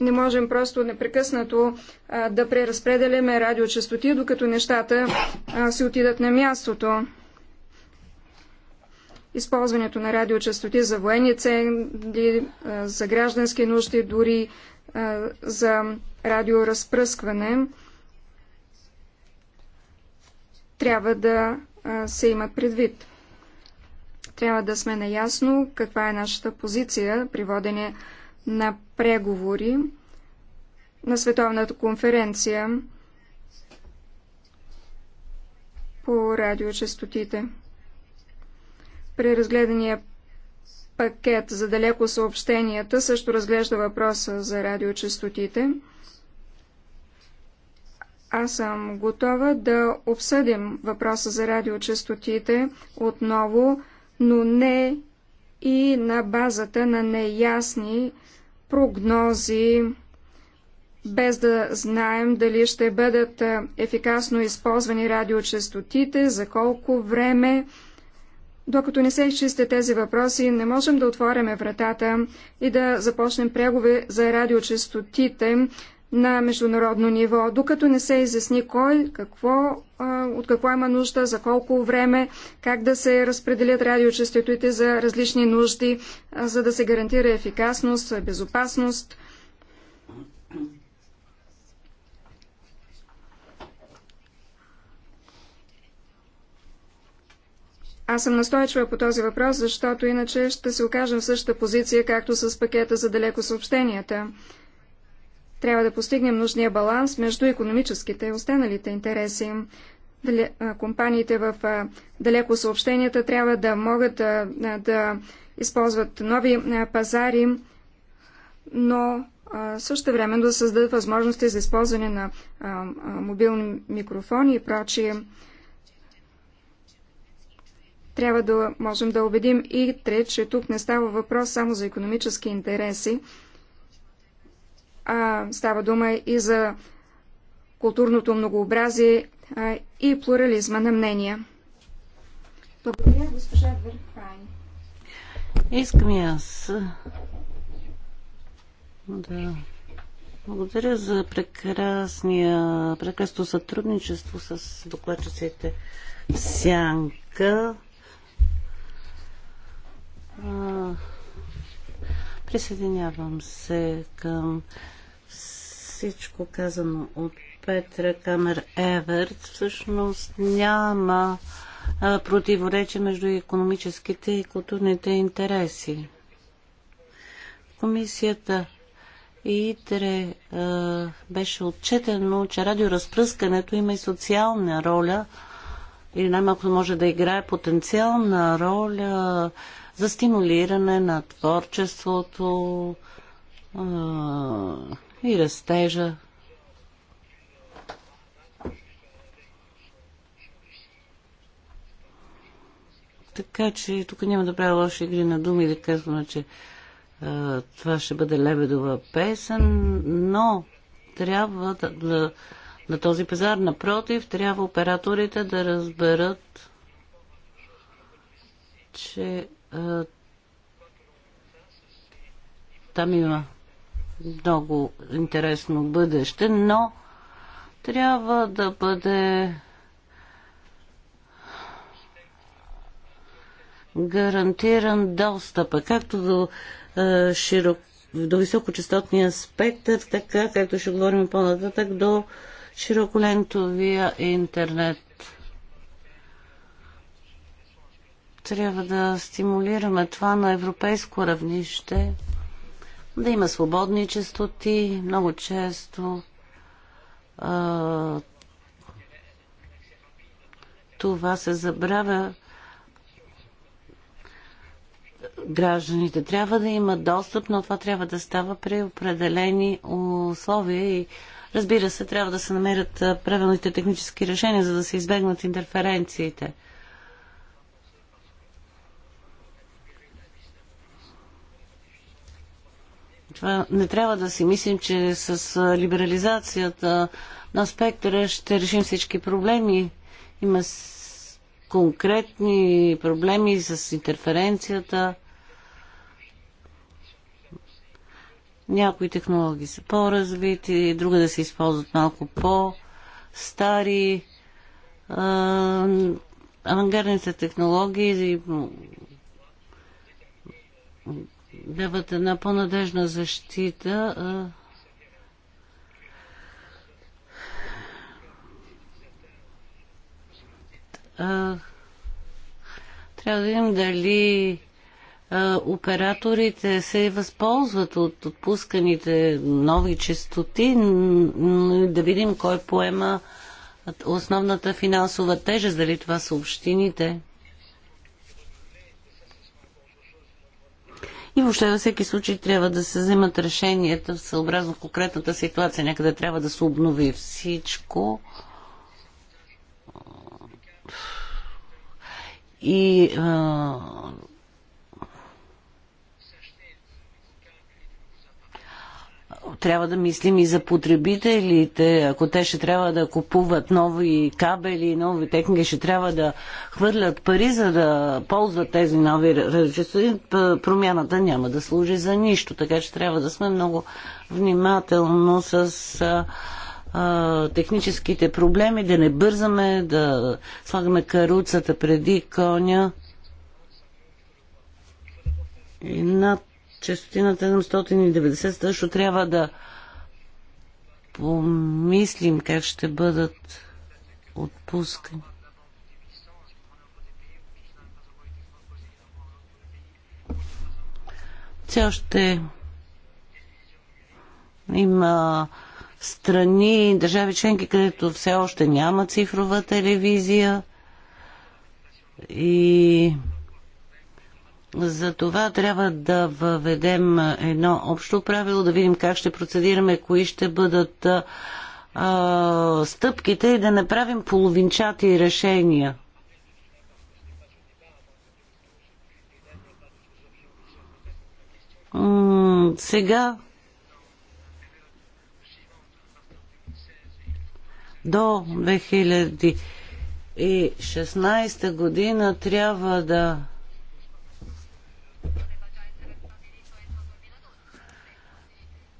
Не можем просто непрекъснато а, да преразпределяме радиочастоти, докато нещата а, си отидат на мястото използването на радиочастоти за военни цели, е, за граждански нужди, дори е, за радиоразпръскване, трябва да е, се имат предвид. Трябва да сме наясно каква е нашата позиция при водене на преговори на Световната конференция по радиочастотите. При разгледания пакет за далеко съобщенията също разглежда въпроса за радиочастотите. Аз съм готова да обсъдим въпроса за радиочастотите отново, но не и на базата на неясни прогнози, без да знаем дали ще бъдат ефикасно използвани радиочастотите, за колко време, докато не се изчистят тези въпроси, не можем да отворяме вратата и да започнем прегове за радиочастотите на международно ниво, докато не се изясни кой, какво, от какво има нужда, за колко време, как да се разпределят радиочастотите за различни нужди, за да се гарантира ефикасност, безопасност. Аз съм настойчива по този въпрос, защото иначе ще се окажем в същата позиция, както с пакета за далеко съобщенията. Трябва да постигнем нужния баланс между економическите и останалите интереси. а, Компаниите в далеко съобщенията трябва да могат да, да използват нови пазари, но също време да създадат възможности за използване на мобилни микрофони и прочие. Трябва да можем да убедим и тре, че тук не става въпрос само за економически интереси, а става дума и за културното многообразие а, и плурализма на мнения. Благодаря, госпожа Верхайн. Искам и аз да благодаря за прекрасния, прекрасно сътрудничество с докладчиците Сянка. Присъединявам се към всичко казано от Петра Камер Еверт. Всъщност няма противоречие между економическите и културните интереси. Комисията ИТРЕ беше отчетено, че радиоразпръскането има и социална роля или най-малко може да играе потенциална роля за стимулиране на творчеството а, и растежа. Така че тук няма да правя лоши игри на думи да казваме, че а, това ще бъде лебедова песен, но трябва да, да на този пазар. Напротив, трябва операторите да разберат, че там има много интересно бъдеще, но трябва да бъде гарантиран достъп, както до, е, широк, до високочастотния спектър, така, както ще говорим по-нататък, до широколентовия интернет. Трябва да стимулираме това на европейско равнище, да има свободни частоти, много често а, това се забравя. Гражданите трябва да имат достъп, но това трябва да става при определени условия и разбира се, трябва да се намерят правилните технически решения, за да се избегнат интерференциите. Това не трябва да си мислим, че с либерализацията на спектъра ще решим всички проблеми. Има конкретни проблеми с интерференцията. Някои технологии са по-развити, друга да се използват малко по-стари. авангарните технологии дават една по-надежна защита. Трябва да видим дали операторите се възползват от отпусканите нови частоти, да видим кой поема основната финансова тежест, дали това са общините. И въобще във всеки случай трябва да се вземат решенията в съобразно конкретната ситуация. Някъде трябва да се обнови всичко. И а, трябва да мислим и за потребителите. Ако те ще трябва да купуват нови кабели, нови техники, ще трябва да хвърлят пари, за да ползват тези нови радиочастоти, промяната няма да служи за нищо. Така че трябва да сме много внимателно с а, а, техническите проблеми, да не бързаме, да слагаме каруцата преди коня. И над Честотина 790 също трябва да помислим как ще бъдат отпускани. Все още има страни, държави членки, където все още няма цифрова телевизия и за това трябва да въведем едно общо правило, да видим как ще процедираме, кои ще бъдат а, стъпките и да направим половинчати решения. сега до 2016 година трябва да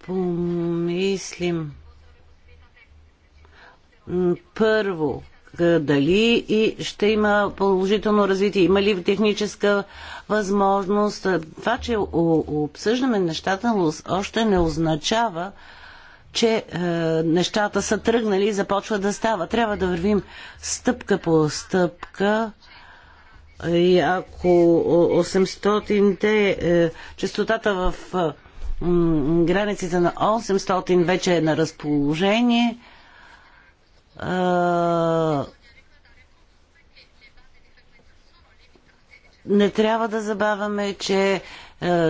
помислим първо дали и ще има положително развитие, има ли техническа възможност. Това, че обсъждаме нещата, още не означава, че е, нещата са тръгнали и започват да става. Трябва да вървим стъпка по стъпка. И ако 800-те, е, частотата в е, границите на 800 вече е на разположение. Не трябва да забавяме, че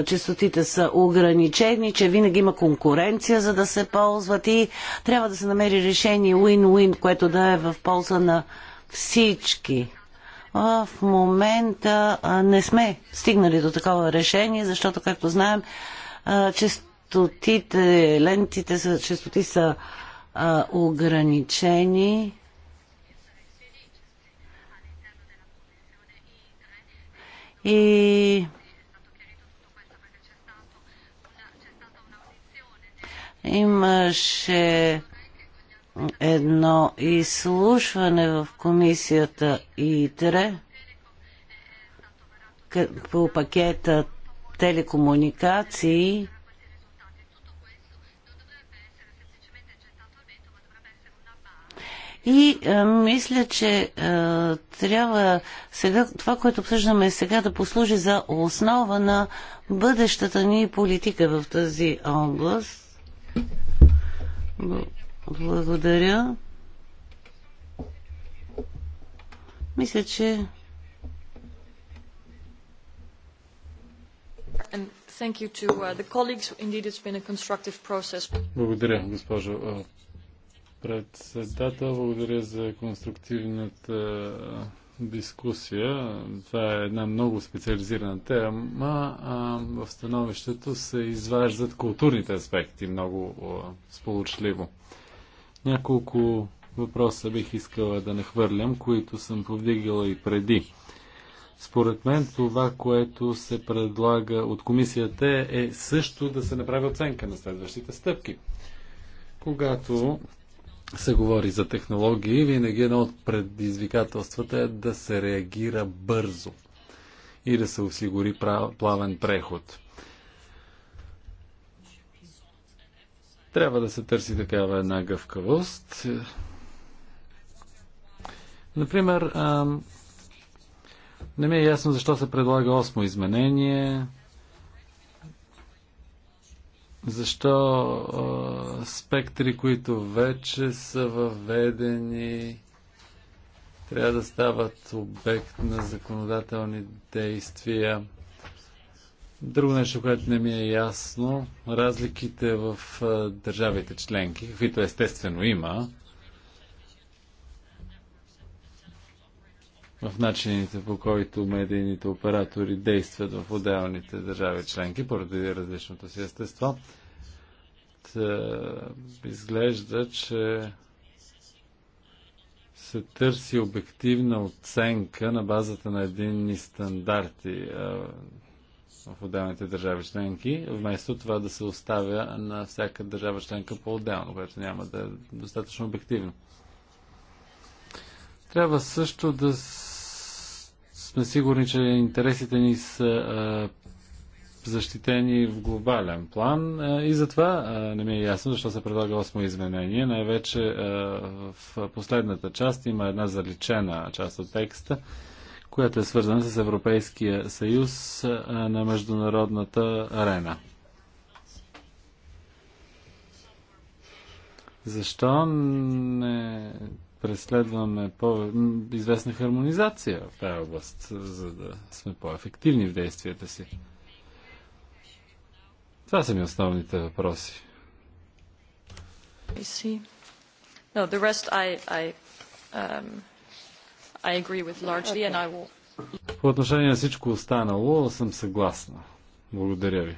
честотите са ограничени, че винаги има конкуренция за да се ползват и трябва да се намери решение win-win, което да е в полза на всички. В момента не сме стигнали до такова решение, защото, както знаем, Честотите, лентите са, честоти са а, ограничени. И имаше едно изслушване в комисията ИТРЕ по пакетът телекомуникации. И а, е, мисля, че а, е, трябва сега, това, което обсъждаме сега, да послужи за основа на бъдещата ни политика в тази област. Благодаря. Мисля, че Thank you to uh, the colleagues. Indeed, it's been a constructive process. Благодаря, госпожо председател. Благодаря за конструктивната дискусия. Това е една много специализирана тема. А в становището се изваждат културните аспекти много сполучливо. Няколко въпроса бих искала да нахвърлям, които съм повдигала и преди според мен това, което се предлага от комисията е също да се направи оценка на следващите стъпки. Когато се говори за технологии, винаги едно от предизвикателствата е да се реагира бързо и да се осигури плавен преход. Трябва да се търси такава една гъвкавост. Например, не ми е ясно защо се предлага осмо изменение. Защо а, спектри, които вече са въведени, трябва да стават обект на законодателни действия. Друго нещо, което не ми е ясно, разликите в а, държавите членки, каквито естествено има, в начините по който медийните оператори действат в отделните държави членки, поради различното си естество. Та, изглежда, че се търси обективна оценка на базата на единни стандарти в отделните държави членки, вместо това да се оставя на всяка държава членка по-отделно, което няма да е достатъчно обективно. Трябва също да сме сигурни, че интересите ни са защитени в глобален план и затова не ми е ясно защо се предлага 8 изменение. Най-вече в последната част има една заличена част от текста, която е свързана с Европейския съюз на международната арена. Защо не преследваме по- известна хармонизация в тази област, за да сме по-ефективни в действията си. Това са ми основните въпроси. No, the rest I, I, um, I agree with largely and I will... По отношение на всичко останало съм съгласна. Благодаря ви.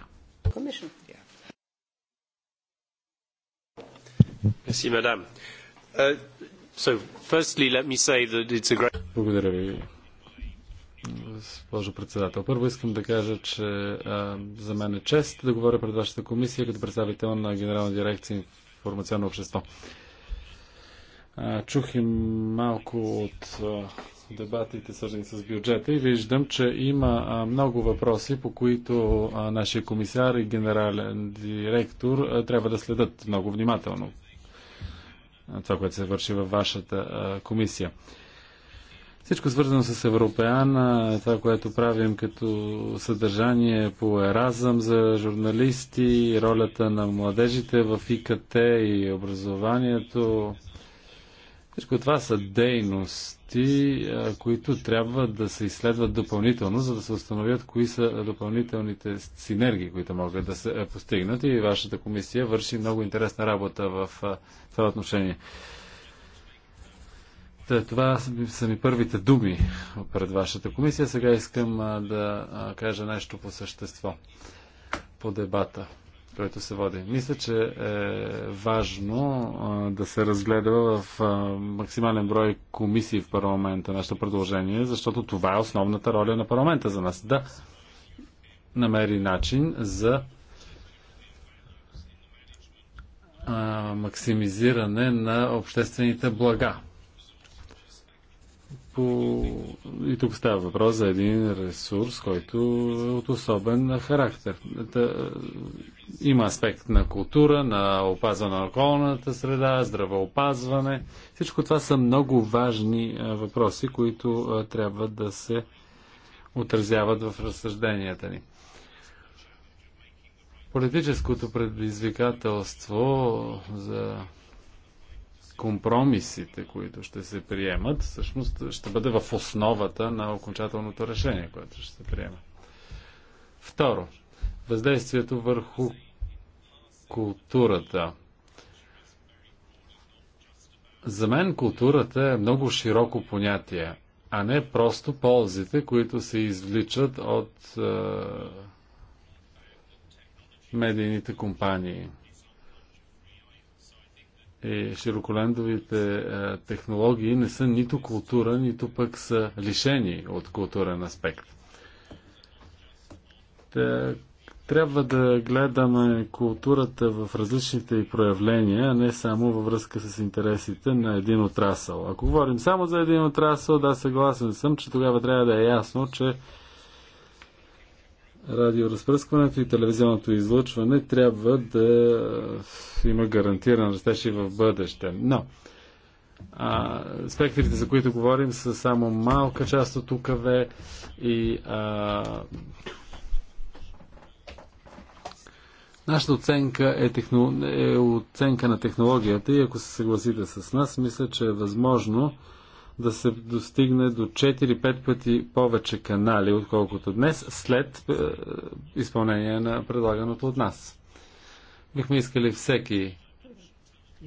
Merci, madame. Euh, благодаря ви, госпожо председател. Първо искам да кажа, че а, за мен е чест да говоря пред вашата комисия като представител на Генерална дирекция информационно общество. А, чух и малко от а, дебатите, свързани с бюджета и виждам, че има а, много въпроси, по които а, нашия комисар и генерален директор а, трябва да следят много внимателно това, което се върши във вашата комисия. Всичко свързано с Европеана, това, което правим като съдържание по еразъм за журналисти, ролята на младежите в ИКТ и образованието, всичко това са дейности, които трябва да се изследват допълнително, за да се установят кои са допълнителните синергии, които могат да се е, постигнат. И вашата комисия върши много интересна работа в това отношение. Това са ми първите думи пред вашата комисия. Сега искам да кажа нещо по същество по дебата който се води. Мисля, че е важно а, да се разгледа в а, максимален брой комисии в парламента нашето предложение, защото това е основната роля на парламента за нас. Да намери начин за а, максимизиране на обществените блага ако и тук става въпрос за един ресурс, който е от особен характер. Та, е, има аспект на култура, на опазване на околната среда, здравеопазване. Всичко това са много важни е, въпроси, които е, трябва да се отразяват в разсъжденията ни. Политическото предизвикателство за компромисите, които ще се приемат, всъщност ще бъде в основата на окончателното решение, което ще се приема. Второ, въздействието върху културата. За мен културата е много широко понятие, а не просто ползите, които се извличат от е, медийните компании и широколендовите е, технологии не са нито култура, нито пък са лишени от културен аспект. трябва да гледаме културата в различните проявления, а не само във връзка с интересите на един отрасъл. Ако говорим само за един отрасъл, да, съгласен съм, че тогава трябва да е ясно, че радиоразпръскването и телевизионното излъчване трябва да е, има гарантиран растеж и в бъдеще. Но а, спектрите, за които говорим, са само малка част от УКВ и а, Нашата оценка е, техно... е оценка на технологията и ако се съгласите с нас, мисля, че е възможно да се достигне до 4-5 пъти повече канали, отколкото днес, след е, изпълнение на предлаганото от нас. Бихме искали всеки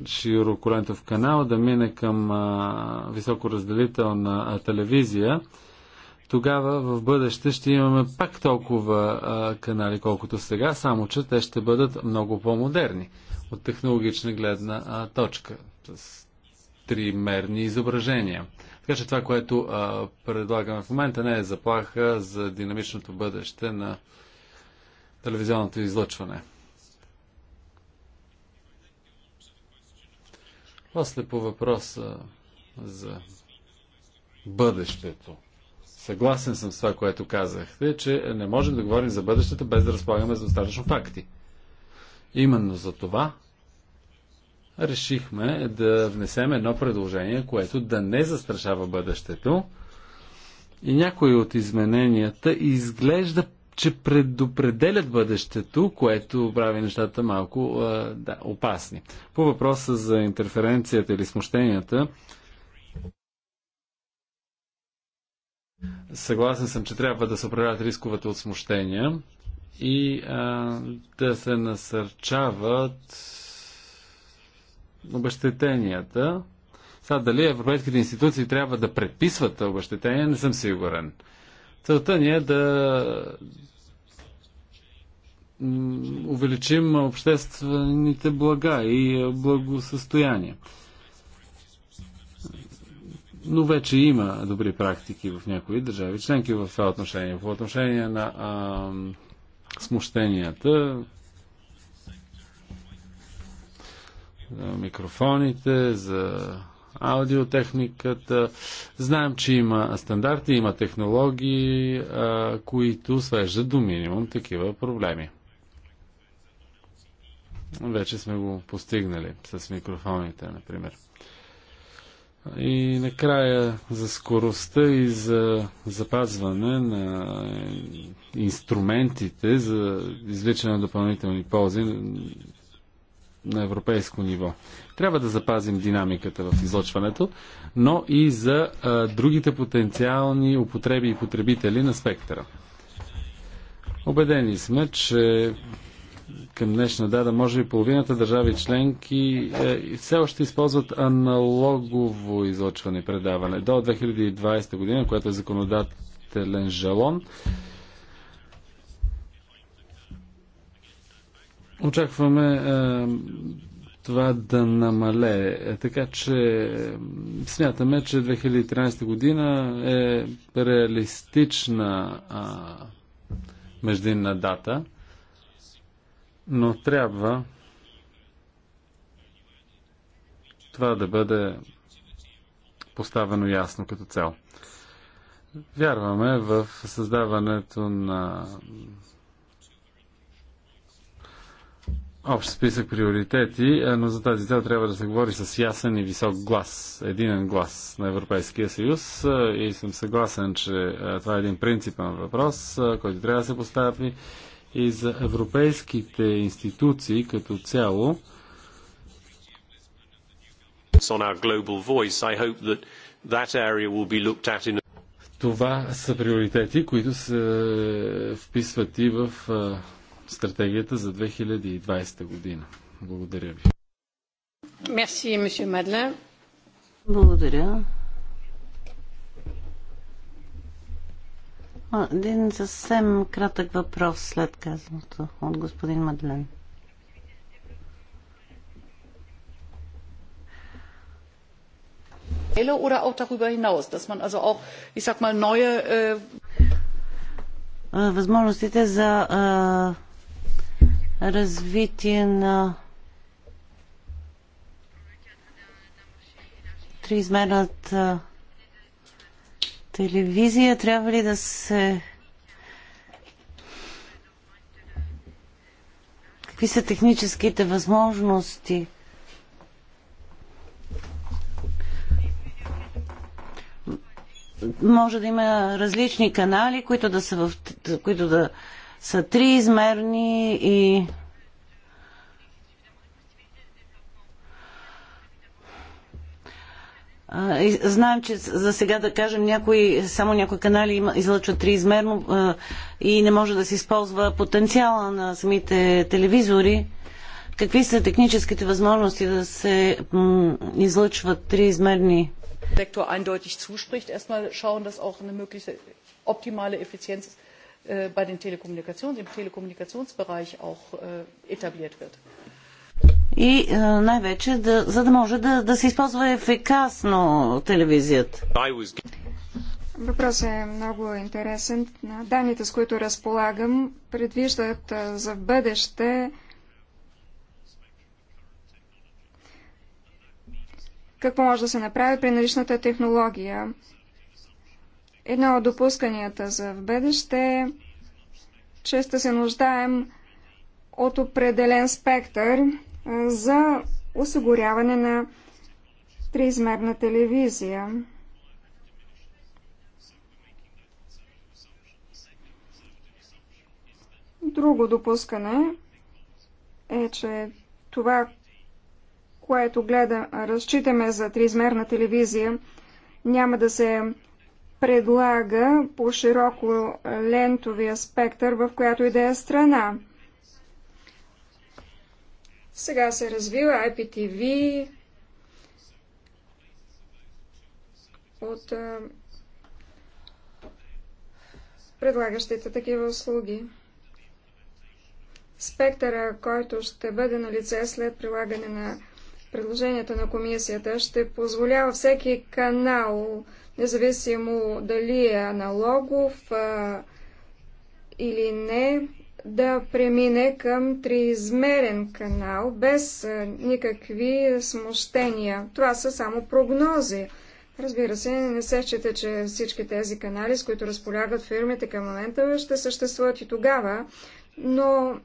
широколентов канал да мине към а, е, високоразделителна а, е, телевизия, тогава в бъдеще ще имаме пак толкова а, канали, колкото сега, само че те ще бъдат много по-модерни от технологична гледна а, точка, с тримерни изображения. Така че това, което а, предлагаме в момента, не е заплаха за динамичното бъдеще на телевизионното излъчване. После по въпроса за бъдещето. Съгласен съм с това, което казахте, че не можем да говорим за бъдещето без да разполагаме за достатъчно факти. Именно за това решихме да внесем едно предложение, което да не застрашава бъдещето. И някои от измененията изглежда, че предопределят бъдещето, което прави нещата малко да, опасни. По въпроса за интерференцията или смущенията, съгласен съм, че трябва да се управляват рисковете от смущения и а, да се насърчават обещетенията. Сега дали европейските институции трябва да предписват обещетения, не съм сигурен. Целта ни е да увеличим обществените блага и благосъстояние. Но вече има добри практики в някои държави членки в това отношение. По отношение на а, смущенията, микрофоните, за аудиотехниката. Знаем, че има стандарти, има технологии, а, които свеждат до минимум такива проблеми. Вече сме го постигнали с микрофоните, например. И накрая за скоростта и за запазване на инструментите за извличане на допълнителни ползи на европейско ниво. Трябва да запазим динамиката в излъчването, но и за а, другите потенциални употреби и потребители на спектъра. Обедени сме, че към днешна дата може и половината държави членки е, все още използват аналогово излъчване и предаване. До 2020 година, което е законодателен жалон, Очакваме е, това да намалее. Така че е, смятаме, че 2013 година е реалистична а, междинна дата, но трябва това да бъде поставено ясно като цел. Вярваме в създаването на общ списък приоритети, е, но за тази цел трябва да се говори с ясен и висок глас, единен глас на Европейския съюз е, и съм съгласен, че е, това е един принципен въпрос, който трябва да се постави и за европейските институции като цяло. Това са приоритети, които се вписват и в стратегията за 2020 година. Благодаря ви. Мерси, месье Мадлен. Благодаря. Един съвсем кратък въпрос след казаното от господин Мадлен. Oder auch darüber hinaus, dass man also auch, ich sag mal, neue. Äh, äh, възможностите за äh, развитие на триизмерната телевизия трябва ли да се Какви са техническите възможности? Може да има различни канали, които да са в които да са триизмерни и Знаем, че за сега да кажем, някои, само някои канали излъчват триизмерно и не може да се използва потенциала на самите телевизори. Какви са техническите възможности да се излъчват триизмерни? Сектор eindeutig zuspricht, erstmal schauen, dass auch eine mögliche оптимална ефициентност Äh, bei den Telekommunikations im Telekommunikationsbereich auch äh, etabliert wird. И uh, най-вече, да, за да може да, да се използва ефикасно телевизията. Was... Въпросът е много интересен. Данните, с които разполагам, предвиждат uh, за бъдеще какво може да се направи при наличната технология. Едно от допусканията за в бъдеще е, че ще се нуждаем от определен спектър за осигуряване на триизмерна телевизия. Друго допускане е, че това, което гледа, разчитаме за триизмерна телевизия, няма да се предлага по широко лентовия спектър, в която и да е страна. Сега се развива IPTV от предлагащите такива услуги. Спектъра, който ще бъде на лице след прилагане на предложенията на комисията, ще позволява всеки канал независимо дали е аналогов а, или не, да премине към триизмерен канал без а, никакви смущения. Това са само прогнози. Разбира се, не се счита, че всички тези канали, с които разполагат фирмите към момента, ще съществуват и тогава, но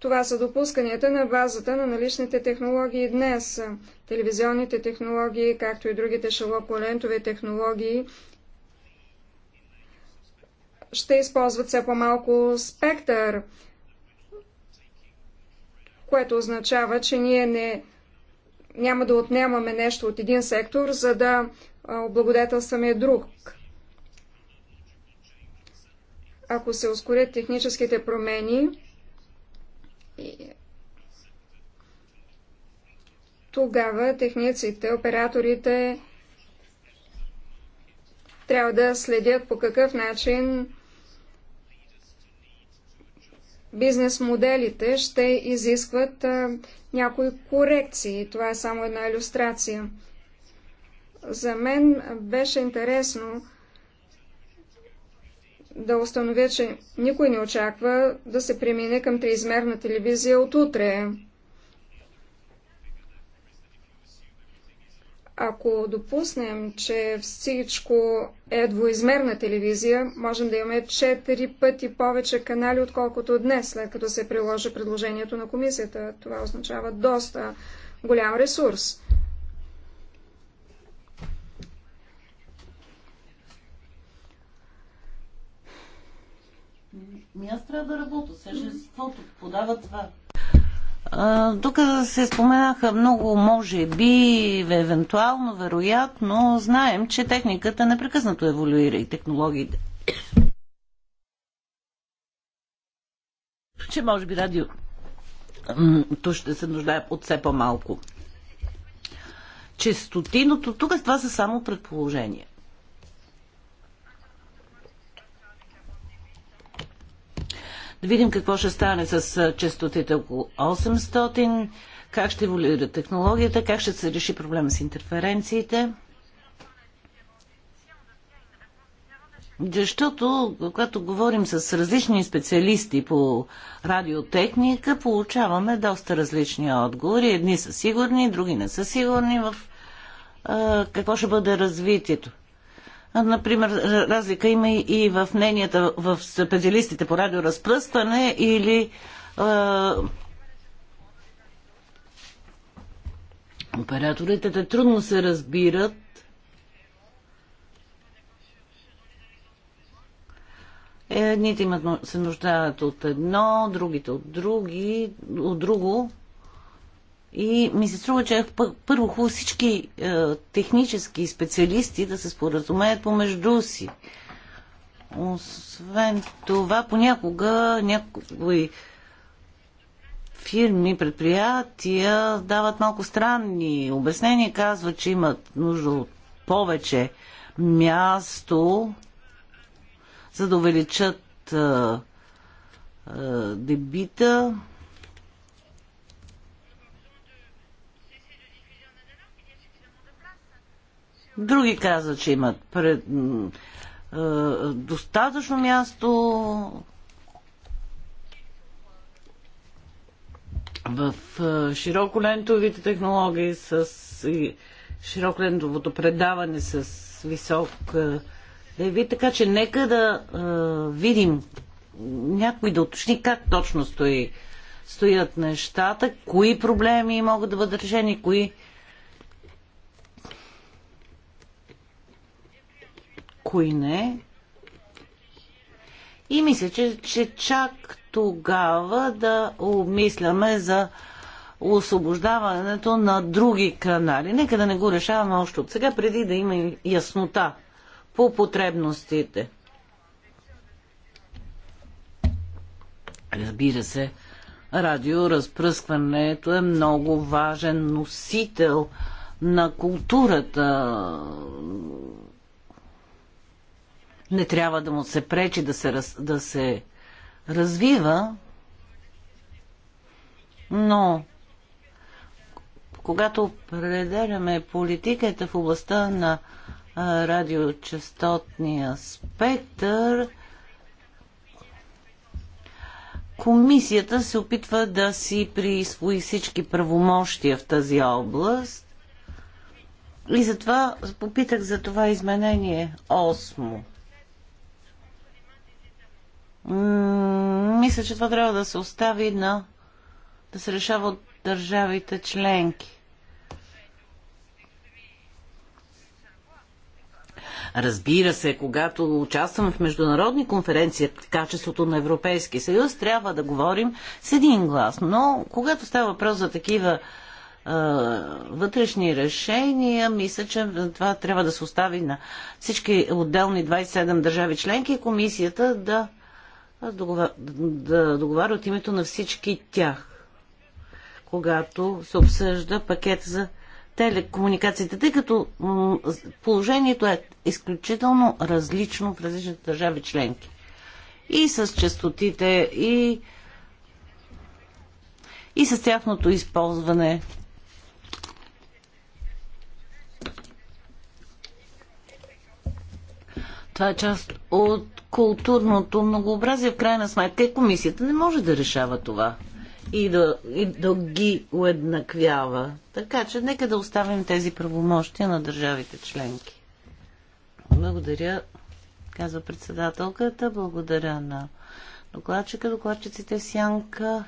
това са допусканията на базата на наличните технологии днес. Телевизионните технологии, както и другите шалополентови технологии, ще използват все по-малко спектър, което означава, че ние не, няма да отнемаме нещо от един сектор, за да облагодетелстваме друг. Ако се ускорят техническите промени, тогава техниците, операторите трябва да следят по какъв начин бизнес моделите ще изискват а, някои корекции. Това е само една иллюстрация. За мен беше интересно да установя, че никой не очаква да се премине към триизмерна телевизия от утре. Ако допуснем, че всичко е двоизмерна телевизия, можем да имаме 4 пъти повече канали, отколкото днес, след като се приложи предложението на комисията. Това означава доста голям ресурс. Ми аз трябва да работя. Съществото подава това. Тук се споменаха много може би, евентуално, вероятно. Знаем, че техниката непрекъснато еволюира и технологиите. Че може би то ще се нуждае от все по-малко. Честотиното, тук това са само предположения. Да видим какво ще стане с частотите около 800, как ще еволюира технологията, как ще се реши проблема с интерференциите. Защото, когато говорим с различни специалисти по радиотехника, получаваме доста различни отговори. Едни са сигурни, други не са сигурни в какво ще бъде развитието. Например, разлика има и в мненията в специалистите по радиоразпръстване или Операторите те трудно се разбират. Е, едните имат, се нуждаят от едно, другите от други, от друго. И ми се струва, че първо хубаво всички е, технически специалисти да се споразумеят помежду си. Освен това, понякога някои фирми, предприятия дават малко странни обяснения, казват, че имат нужда от повече място, за да увеличат е, е, дебита. Други казват, че имат пред, е, достатъчно място в е, широколентовите технологии с и, широколентовото предаване с висок е, ви, така че нека да е, видим някой да уточни как точно стои, стоят нещата, кои проблеми могат да бъдат решени, кои кои не. И мисля, че, че чак тогава да обмисляме за освобождаването на други канали. Нека да не го решаваме още от сега, преди да има яснота по потребностите. Разбира се, радиоразпръскването е много важен носител на културата не трябва да му се пречи да се, раз, да се развива, но когато определяме политиката в областта на радиочастотния спектър, комисията се опитва да си присвои всички правомощия в тази област. И затова попитах за това изменение 8 мисля, че това трябва да се остави на да се решава от държавите членки. Разбира се, когато участваме в международни конференции в качеството на Европейския съюз, трябва да говорим с един глас. Но когато става въпрос за такива е, вътрешни решения, мисля, че това трябва да се остави на всички отделни 27 държави членки и комисията да аз договар... да договаря от името на всички тях, когато се обсъжда пакет за телекомуникациите, тъй като положението е изключително различно в различните държави членки. И с частотите, и, и с тяхното използване Това е част от културното многообразие. В крайна сметка и комисията не може да решава това и да, и да ги уеднаквява. Така че нека да оставим тези правомощия на държавите членки. Благодаря, казва председателката. Благодаря на докладчика, докладчиците Сянка.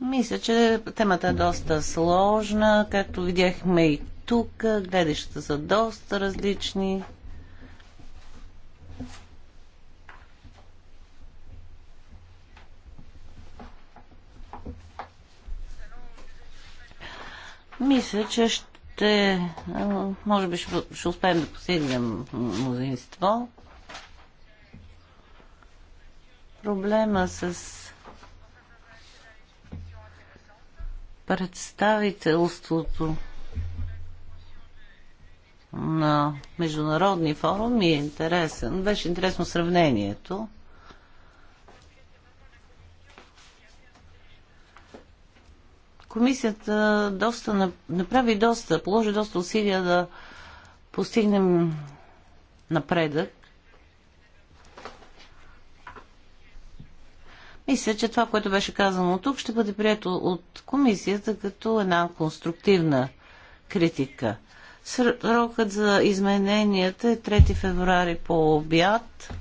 Мисля, че темата е доста сложна. Както видяхме и тук, гледащата са доста различни. Мисля, че ще. Може би ще, ще успеем да постигнем мнозинство. Проблема с представителството на международни форуми е интересен. Беше интересно сравнението. Комисията доста, направи доста, положи доста усилия да постигнем напредък. Мисля, че това, което беше казано тук, ще бъде прието от комисията като една конструктивна критика. Срокът за измененията е 3 февруари по обяд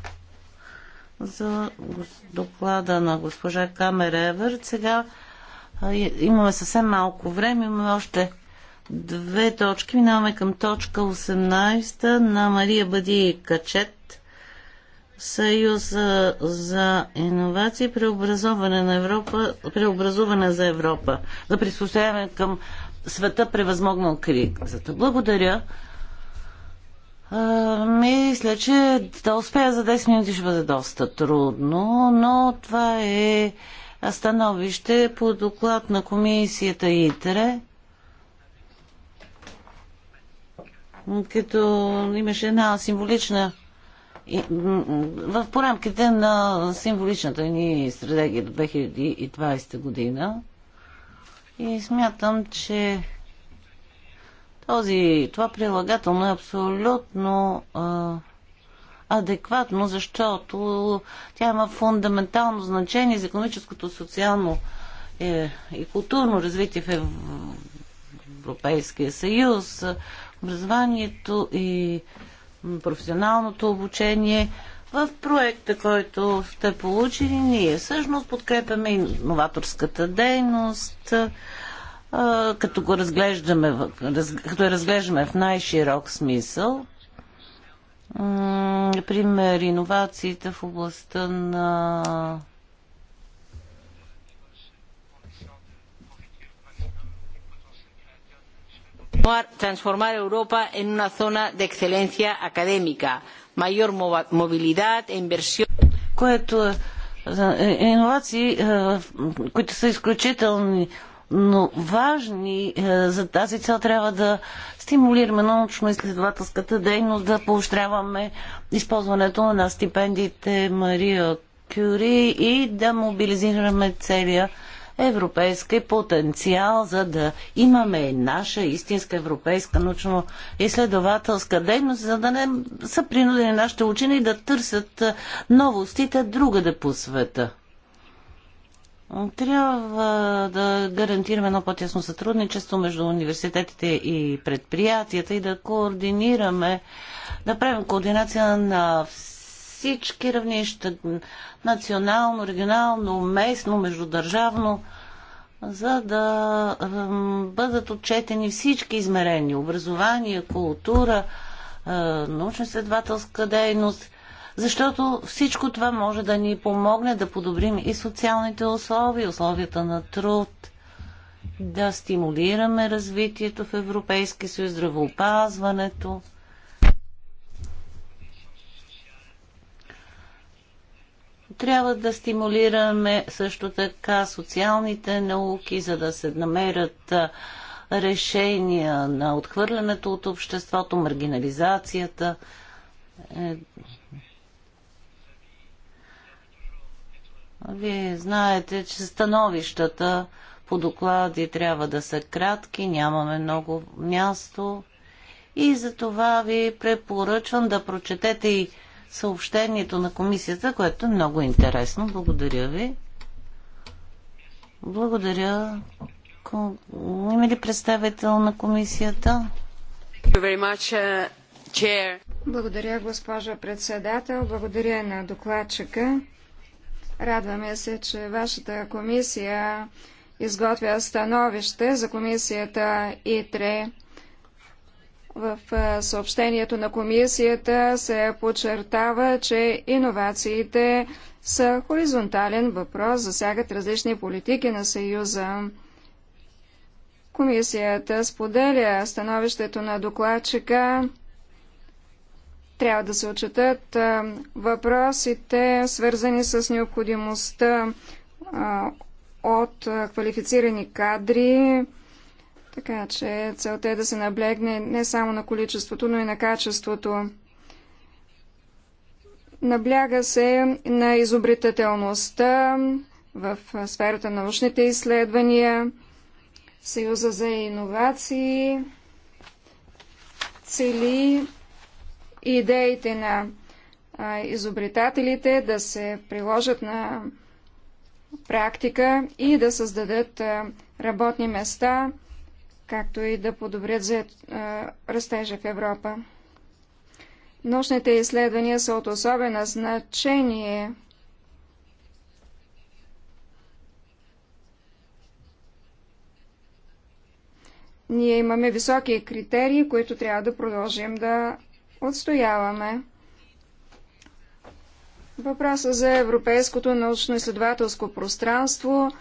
за доклада на госпожа Камера Еверт. Сега Имаме съвсем малко време, имаме още две точки. Минаваме към точка 18 на Мария Бади Качет. Съюза за иновации, преобразуване на Европа, преобразуване за Европа, за приспособяване към света превъзмогнал кризата. Благодаря. А, мисля, че да успея за 10 минути ще бъде доста трудно, но това е становище по доклад на комисията ИТРЕ, като имаше една символична в порамките на символичната ни стратегия до 2020 година. И смятам, че този, това прилагателно е абсолютно а, адекватно, защото тя има фундаментално значение за економическото, социално е, и културно развитие в Европейския съюз, образованието и професионалното обучение. В проекта, който сте получили, ние всъщност подкрепяме новаторската дейност, като го разглеждаме, като я разглеждаме в най-широк смисъл. Например, иновациите в областта на transformar Europa en una zona de excelencia académica, mayor movilidad e inversión. Което е, иновации, които са изключителни но важни е, за тази цел трябва да стимулираме научно-изследователската дейност, да поощряваме използването на стипендиите Мария Кюри и да мобилизираме целия европейски потенциал, за да имаме наша истинска европейска научно-изследователска дейност, за да не са принудени нашите учени да търсят новостите другаде по света. Трябва да гарантираме едно по-тясно сътрудничество между университетите и предприятията и да координираме, да правим координация на всички равнища национално, регионално, местно, междудържавно, за да бъдат отчетени всички измерения образование, култура, е, научно-изследователска дейност – защото всичко това може да ни помогне да подобрим и социалните условия, условията на труд, да стимулираме развитието в Европейски съюз, здравеопазването. Трябва да стимулираме също така социалните науки, за да се намерят решения на отхвърлянето от обществото, маргинализацията. Е, Вие знаете, че становищата по доклади трябва да са кратки, нямаме много място и за това ви препоръчвам да прочетете и съобщението на комисията, което е много интересно. Благодаря ви. Благодаря. Има ли представител на комисията? Uh, Благодаря, госпожа председател. Благодаря на докладчика. Радваме се, че вашата комисия изготвя становище за комисията ИТРЕ. В съобщението на комисията се подчертава, че иновациите са хоризонтален въпрос, засягат различни политики на Съюза. Комисията споделя становището на докладчика трябва да се отчетат въпросите, свързани с необходимостта от квалифицирани кадри, така че целта е да се наблегне не само на количеството, но и на качеството. Набляга се на изобретателността в сферата на научните изследвания, Съюза за иновации, цели и идеите на изобретателите да се приложат на практика и да създадат работни места, както и да подобрят за растежа в Европа. Нощните изследвания са от особено значение. Ние имаме високи критерии, които трябва да продължим да отстояваме. Въпросът за европейското научно-изследователско пространство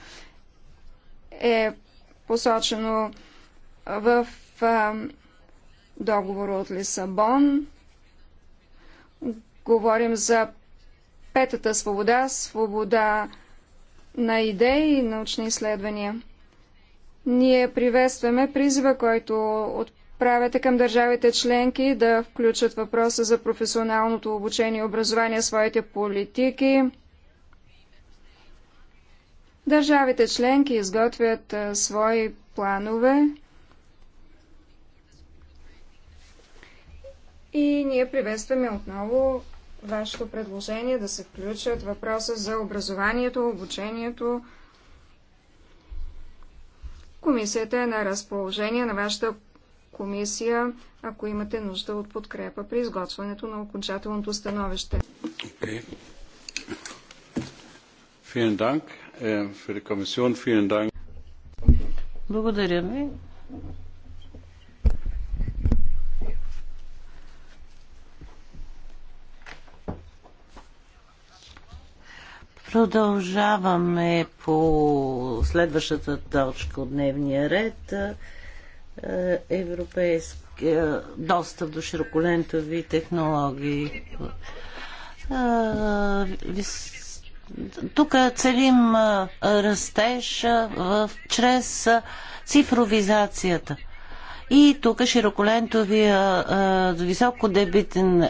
е посочено в договора от Лисабон. Говорим за петата свобода, свобода на идеи и научни изследвания. Ние приветстваме призива, който от правите към държавите членки да включат въпроса за професионалното обучение и образование в своите политики. Държавите членки изготвят а, свои планове и ние приветстваме отново вашето предложение да се включат въпроса за образованието, обучението. Комисията е на разположение на вашата комисия, ако имате нужда от подкрепа при изготвянето на окончателното становище. Äh, Благодаря ви. Продължаваме по следващата точка от дневния ред. Е, европейския е, достъп до широколентови технологии. Тук целим растеж в, чрез цифровизацията. И тук широколентовия високодебитен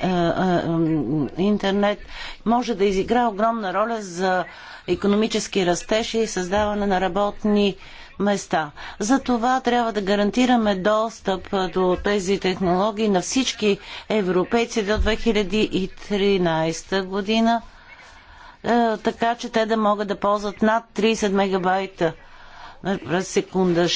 интернет може да изигра огромна роля за економически растеж и създаване на работни места. За това трябва да гарантираме достъп до тези технологии на всички европейци до 2013 година, така че те да могат да ползват над 30 мегабайта през секунда.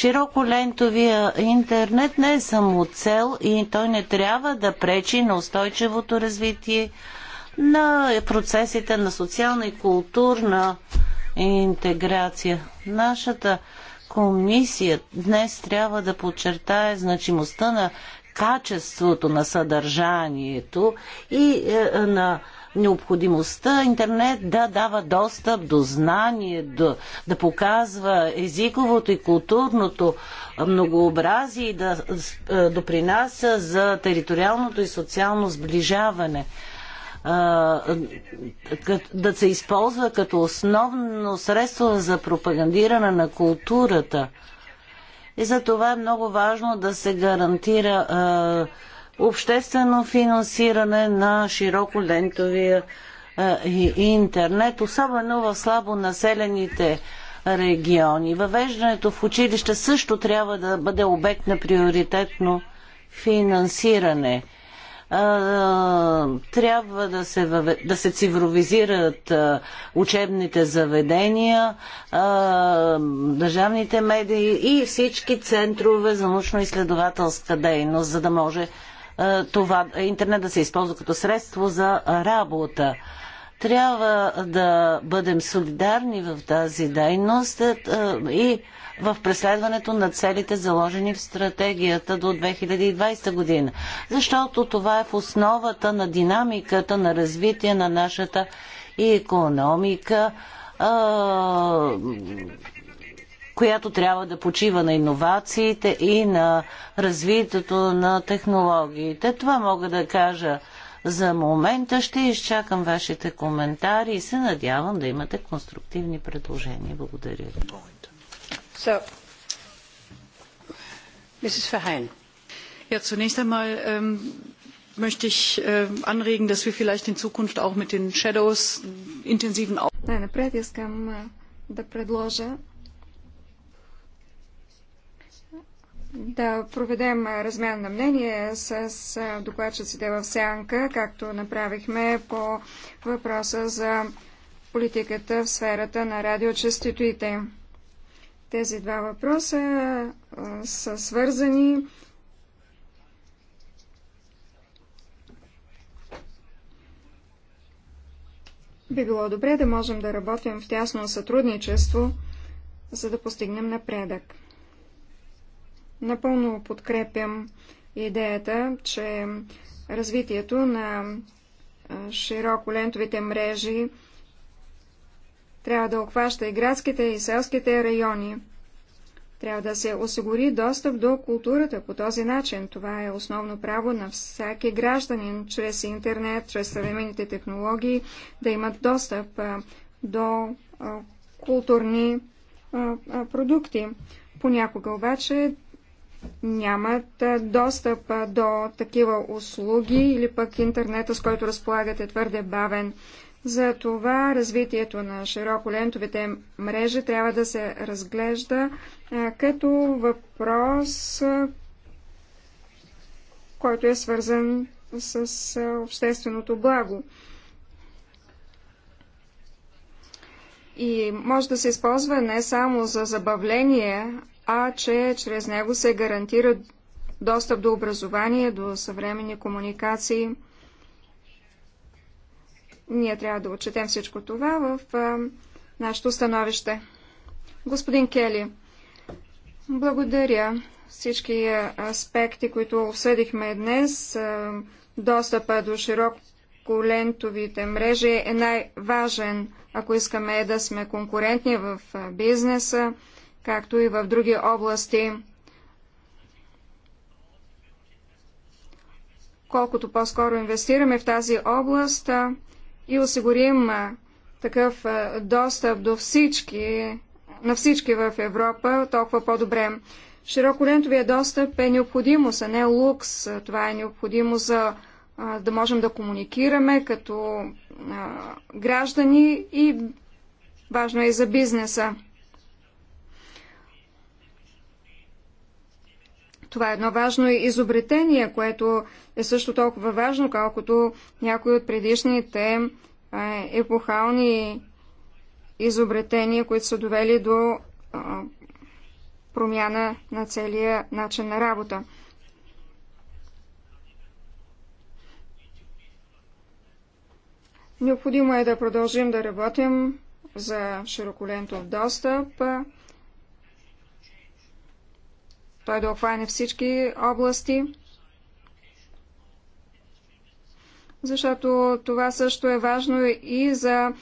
лентовия интернет не е само цел и той не трябва да пречи на устойчивото развитие на процесите на социална и културна интеграция. Нашата комисия днес трябва да подчертае значимостта на качеството на съдържанието и е, е, на необходимостта интернет да дава достъп до знание, да, да показва езиковото и културното многообразие и да е, допринася за териториалното и социално сближаване да се използва като основно средство за пропагандиране на културата. И за това е много важно да се гарантира а, обществено финансиране на и, и интернет, особено в слабо населените региони. Въвеждането в училище също трябва да бъде обект на приоритетно финансиране трябва да се, въве, да се цифровизират учебните заведения, държавните медии и всички центрове за научно-изследователска дейност, за да може това интернет да се използва като средство за работа. Трябва да бъдем солидарни в тази дейност и в преследването на целите заложени в стратегията до 2020 година. Защото това е в основата на динамиката на развитие на нашата економика, която трябва да почива на иновациите и на развитието на технологиите. Това мога да кажа за момента. Ще изчакам вашите коментари и се надявам да имате конструктивни предложения. Благодаря ви. So, Mrs. Verheyen. Ja, zunächst einmal ähm, möchte ich äh, anregen, dass wir vielleicht in Zukunft auch mit den Shadows intensiven Най-напред искам да предложа да проведем размяна на мнение с докладчиците в Сянка, както направихме по въпроса за политиката в сферата на радиочаститоите. Тези два въпроса са свързани. Би било добре да можем да работим в тясно сътрудничество, за да постигнем напредък. Напълно подкрепям идеята, че развитието на широко лентовите мрежи трябва да обхваща и градските, и селските райони. Трябва да се осигури достъп до културата по този начин. Това е основно право на всеки гражданин, чрез интернет, чрез съвременните технологии, да имат достъп до културни продукти. Понякога обаче нямат достъп до такива услуги или пък интернета, с който разполагате е твърде бавен. За това развитието на широколентовите мрежи трябва да се разглежда е, като въпрос, е, който е свързан с е, общественото благо. И може да се използва не само за забавление, а че чрез него се гарантира достъп до образование, до съвременни комуникации – ние трябва да отчетем всичко това в а, нашето становище. Господин Кели, благодаря. Всички аспекти, които обсъдихме днес, достъпа до широко колентовите мрежи е най-важен, ако искаме да сме конкурентни в бизнеса, както и в други области. Колкото по-скоро инвестираме в тази област, и осигурим такъв достъп до всички, на всички в Европа, толкова по-добре. Широколентовия достъп е необходимост, а не лукс. Това е необходимо за да можем да комуникираме като граждани и важно е и за бизнеса. Това е едно важно изобретение, което е също толкова важно, колкото някои от предишните епохални изобретения, които са довели до промяна на целия начин на работа. Необходимо е да продължим да работим за широколентов достъп той е да обхване всички области, защото това също е важно и за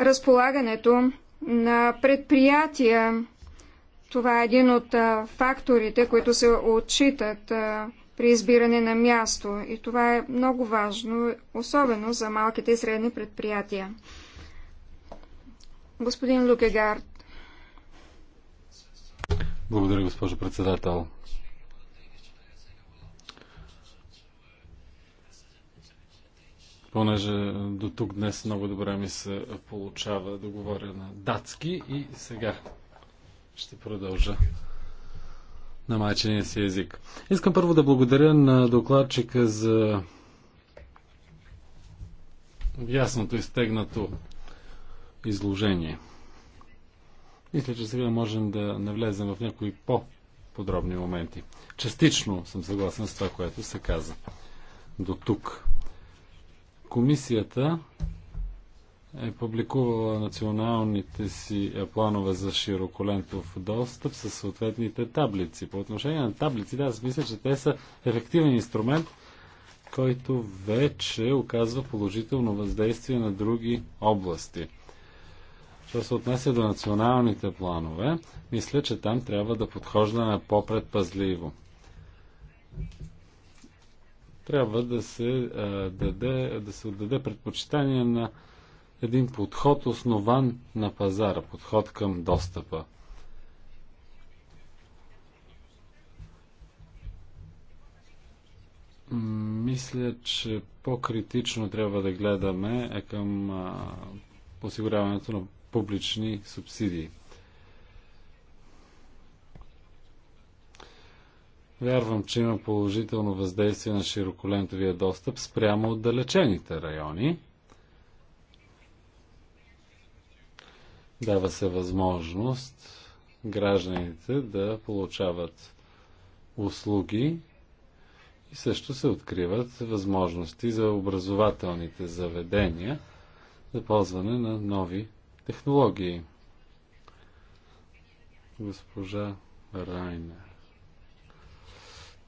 разполагането на предприятия. Това е един от факторите, които се отчитат при избиране на място и това е много важно, особено за малките и средни предприятия. Господин Лукегард, благодаря, госпожо председател. понеже до тук днес много добре ми се получава да говоря на датски и сега ще продължа на майчения си език. Искам първо да благодаря на докладчика за ясното изтегнато изложение – мисля, че сега можем да навлезем в някои по-подробни моменти. Частично съм съгласен с това, което се каза до тук. Комисията е публикувала националните си е, планове за широколентов достъп със съответните таблици. По отношение на да, аз мисля, че те са ефективен инструмент, който вече оказва положително въздействие на други области – Що се отнася до националните планове, мисля, че там трябва да подхождаме по-предпазливо. Трябва да се, а, е, даде, да се отдаде предпочитание на един подход, основан на пазара, подход към достъпа. Мисля, че по-критично трябва да гледаме е към а, осигуряването на публични субсидии. Вярвам, че има положително въздействие на широколентовия достъп спрямо отдалечените райони. Дава се възможност гражданите да получават услуги и също се откриват възможности за образователните заведения за ползване на нови технологии. Госпожа Райна.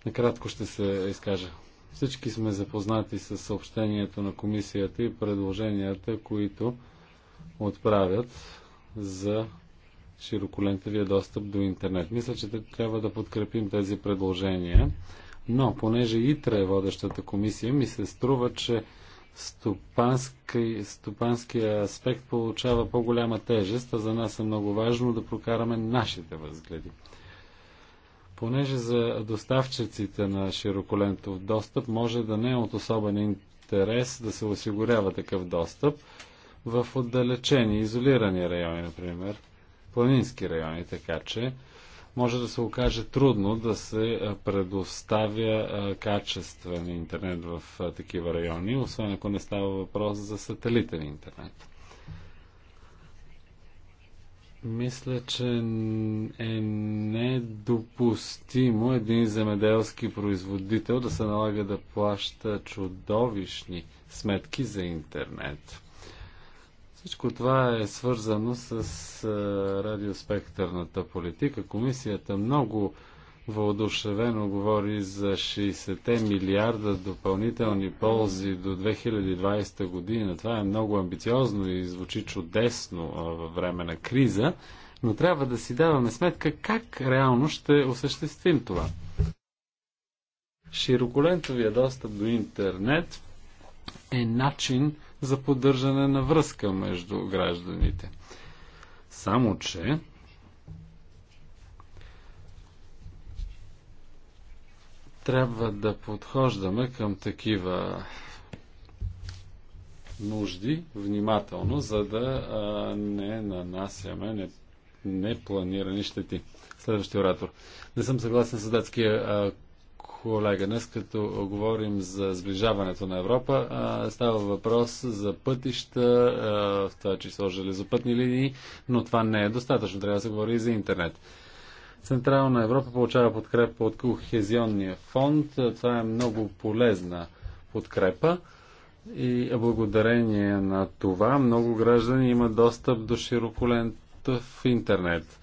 Накратко ще се изкажа. Всички сме запознати с съобщението на комисията и предложенията, които отправят за широколентовия достъп до интернет. Мисля, че трябва да подкрепим тези предложения, но понеже ИТРА е водещата комисия, ми се струва, че стопански, стопанския аспект получава по-голяма тежест, а за нас е много важно да прокараме нашите възгледи. Понеже за доставчиците на широколентов достъп може да не е от особен интерес да се осигурява такъв достъп в отдалечени, изолирани райони, например, планински райони, така че може да се окаже трудно да се предоставя качествен интернет в такива райони, освен ако не става въпрос за сателитен интернет. Мисля, че е недопустимо един земеделски производител да се налага да плаща чудовищни сметки за интернет. Всичко това е свързано с радиоспектърната политика. Комисията много въодушевено говори за 60-те милиарда допълнителни ползи до 2020 година. Това е много амбициозно и звучи чудесно във време на криза, но трябва да си даваме сметка как реално ще осъществим това. Широколентовия достъп до интернет е начин за поддържане на връзка между гражданите. Само, че трябва да подхождаме към такива нужди внимателно, за да а, не нанасяме не, непланирани щети. Следващия оратор. Не съм съгласен с датския а, колега. Днес като говорим за сближаването на Европа, става въпрос за пътища, в това число железопътни линии, но това не е достатъчно. Трябва да се говори и за интернет. Централна Европа получава подкрепа от Кохезионния фонд. Това е много полезна подкрепа. И благодарение на това много граждани имат достъп до широколентов интернет.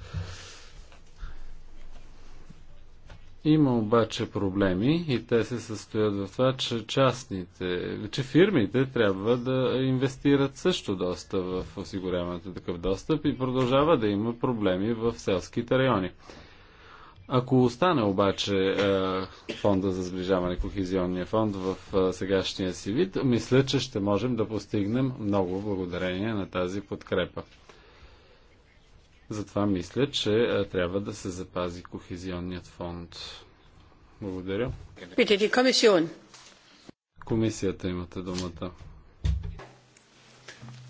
Има обаче проблеми и те се състоят в това, че частните, че фирмите трябва да инвестират също доста в осигуряването такъв достъп и продължава да има проблеми в селските райони. Ако остане обаче фонда за сближаване, кохизионния фонд в сегашния си вид, мисля, че ще можем да постигнем много благодарение на тази подкрепа. Затова мисля, че трябва да се запази кохезионният фонд. Благодаря. Питайте комисион. Комисията имате думата.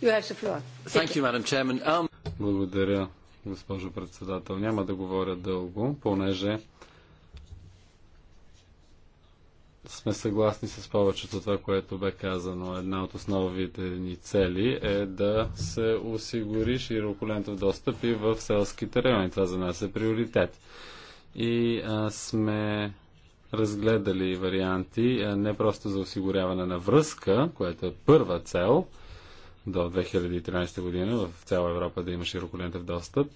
Um, Благодаря, госпожо председател. Няма да говоря дълго, понеже сме съгласни с повечето това, което бе казано. Една от основните ни цели е да се осигури широколентов достъп и в селските райони. Това за нас е приоритет. И а, сме разгледали варианти а, не просто за осигуряване на връзка, което е първа цел до 2013 година в цяла Европа да има широколентов достъп,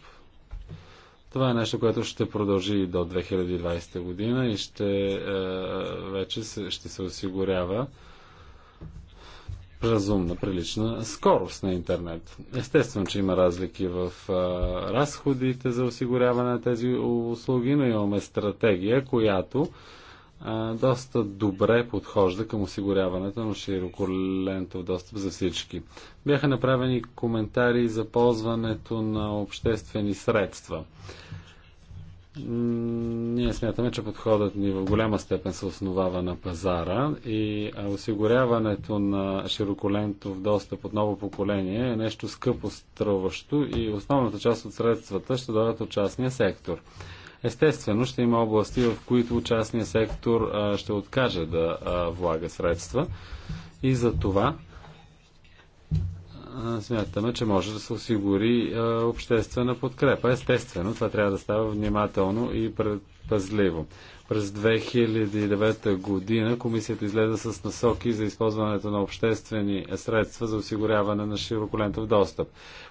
това е нещо, което ще продължи и до 2020 година и ще, е, вече ще се осигурява разумна, прилична скорост на интернет. Естествено, че има разлики в е, разходите за осигуряване на тези услуги, но имаме стратегия, която е, доста добре подхожда към осигуряването на широколентов достъп за всички. Бяха направени коментари за ползването на обществени средства. Ние смятаме, че подходът ни в голяма степен се основава на пазара и осигуряването на широколентов достъп от ново поколение е нещо скъпо струващо и основната част от средствата ще дойдат от частния сектор. Естествено, ще има области, в които частния сектор ще откаже да влага средства и за това смятаме, че може да се осигури обществена подкрепа. Естествено, това трябва да става внимателно и предпазливо. През 2009 година комисията излезе с насоки за използването на обществени средства за осигуряване на широколентов достъп.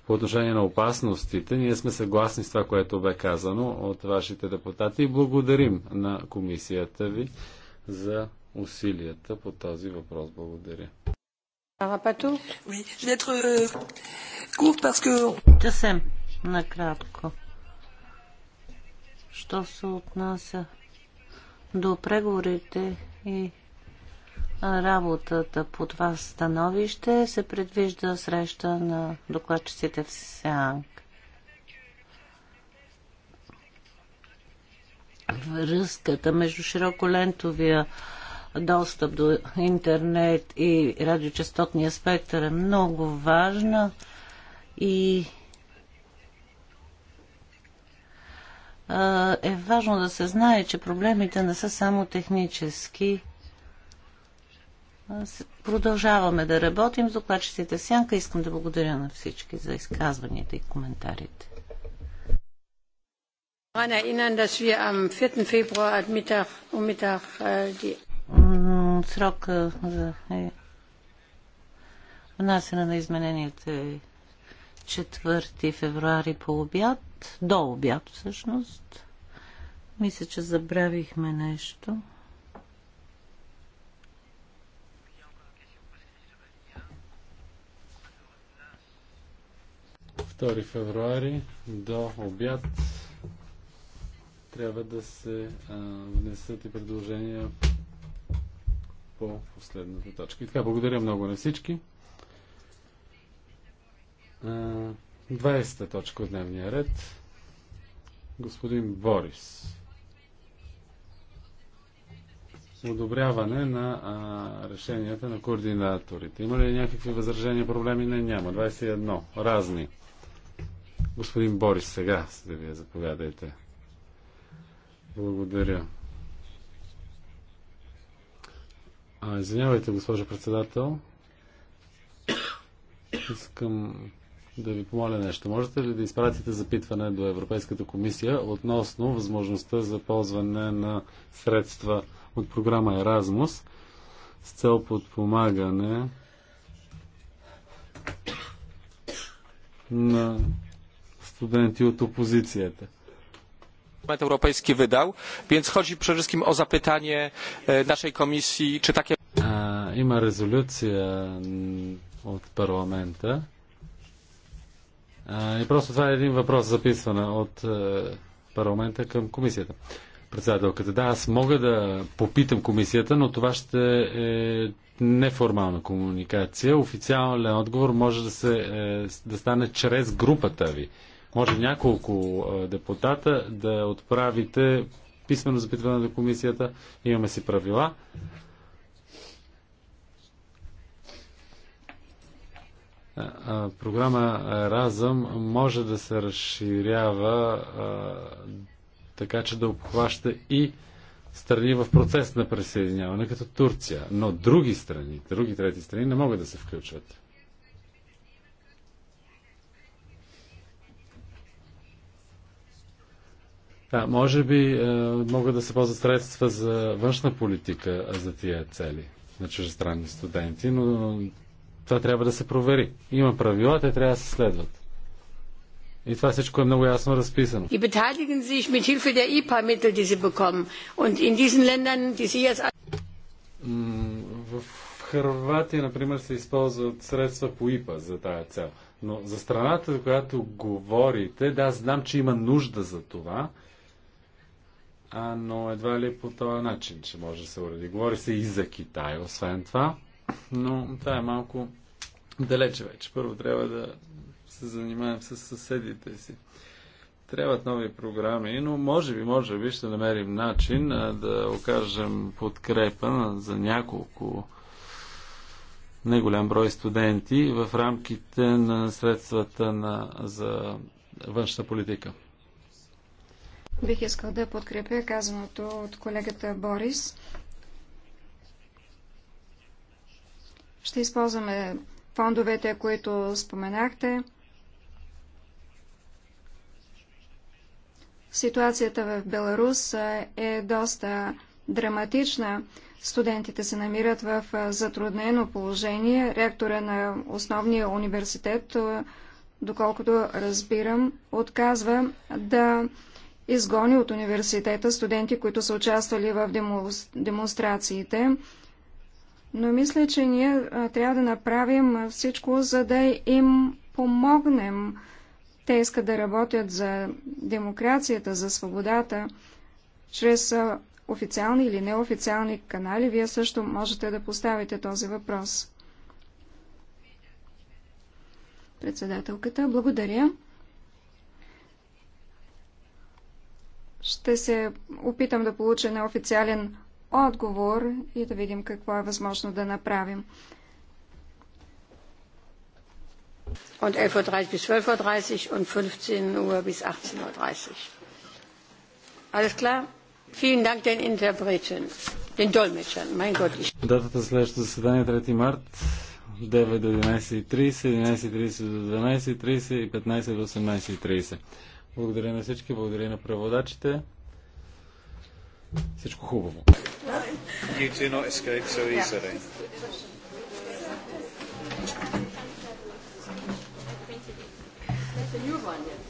По отношение на опасностите, ние сме съгласни с това, което бе казано от вашите депутати и благодарим на комисията ви за усилията по този въпрос. Благодаря. Съвсем euh, накратко. Що се отнася до преговорите и работата под вас становище, се предвижда среща на докладчиците в Сянг. Връзката между широколентовия лентовия достъп до интернет и радиочастотния спектър е много важна и е важно да се знае, че проблемите не са само технически. Продължаваме да работим с докладчиците Сянка. Искам да благодаря на всички за изказванията и коментарите. daran erinnern, dass wir am 4. Februar um Mittag, äh, срока за е, внасяне на измененията е 4 февруари по обяд, до обяд всъщност. Мисля, че забравихме нещо. Втори февруари до обяд трябва да се а, внесат и предложения по последната точка. И така, благодаря много на всички. 20-та точка от дневния ред. Господин Борис. Одобряване на а, решенията на координаторите. Има ли някакви възражения, проблеми? Не, няма. 21. Разни. Господин Борис, сега се да вие заповядайте. Благодаря. А, извинявайте, госпожо председател. Искам да ви помоля нещо. Можете ли да изпратите запитване до Европейската комисия относно възможността за ползване на средства от програма Еразмус с цел подпомагане на студенти от опозицията? Parlament Europejski wydał, więc chodzi przede wszystkim o zapytanie e, naszej komisji, czy takie... Има резолюция от парламента. И просто това е един въпрос записване от парламента към комисията. Председателката, да, аз мога да попитам комисията, но това ще е неформална комуникация. Официален отговор може да, се, е, да стане чрез групата ви може няколко депутата да отправите писмено запитване до комисията. Имаме си правила. Програма Разъм може да се разширява така, че да обхваща и страни в процес на присъединяване, като Турция. Но други страни, други трети страни не могат да се включват. Да, може би е, могат да се ползват средства за външна политика за тия цели на чужестранни студенти, но това трябва да се провери. Има правила, те трябва да се следват. И това всичко е много ясно разписано. И beteiligen sich mit Hilfe der IPA-Mittel, die sie bekommen. Und in diesen Ländern, die sie jetzt... В Харватия, например, се използват средства по ИПА за тая цел. Но за страната, за която говорите, да, знам, че има нужда за това, а, но едва ли по този начин ще може да се уреди. Говори се и за Китай, освен това, но това е малко далече вече. Първо трябва да се занимаем с съседите си. Трябват нови програми, но може би, може би ще намерим начин да окажем подкрепа за няколко неголям брой студенти в рамките на средствата на, за външна политика. Бих искал да подкрепя казаното от колегата Борис. Ще използваме фондовете, които споменахте. Ситуацията в Беларус е доста драматична. Студентите се намират в затруднено положение. Ректора на основния университет, доколкото разбирам, отказва да изгони от университета студенти, които са участвали в демонстрациите. Но мисля, че ние трябва да направим всичко, за да им помогнем. Те искат да работят за демокрацията, за свободата, чрез официални или неофициални канали. Вие също можете да поставите този въпрос. Председателката, благодаря. Ще се опитам да получа неофициален отговор и да видим какво е възможно да направим. Und 11.30 bis 12.30 und 15 Uhr bis 18.30 Alles klar? Vielen Dank den Interpreten, den Dolmetschern. Mein Gott, ich... Датата следващото заседание 3 е март, 9 до 11.30, 11.30 до 12.30 и 15 до 18.30. Благодаря на всички, благодаря на преводачите. Всичко хубаво. You do not escape so easily. new one, yeah.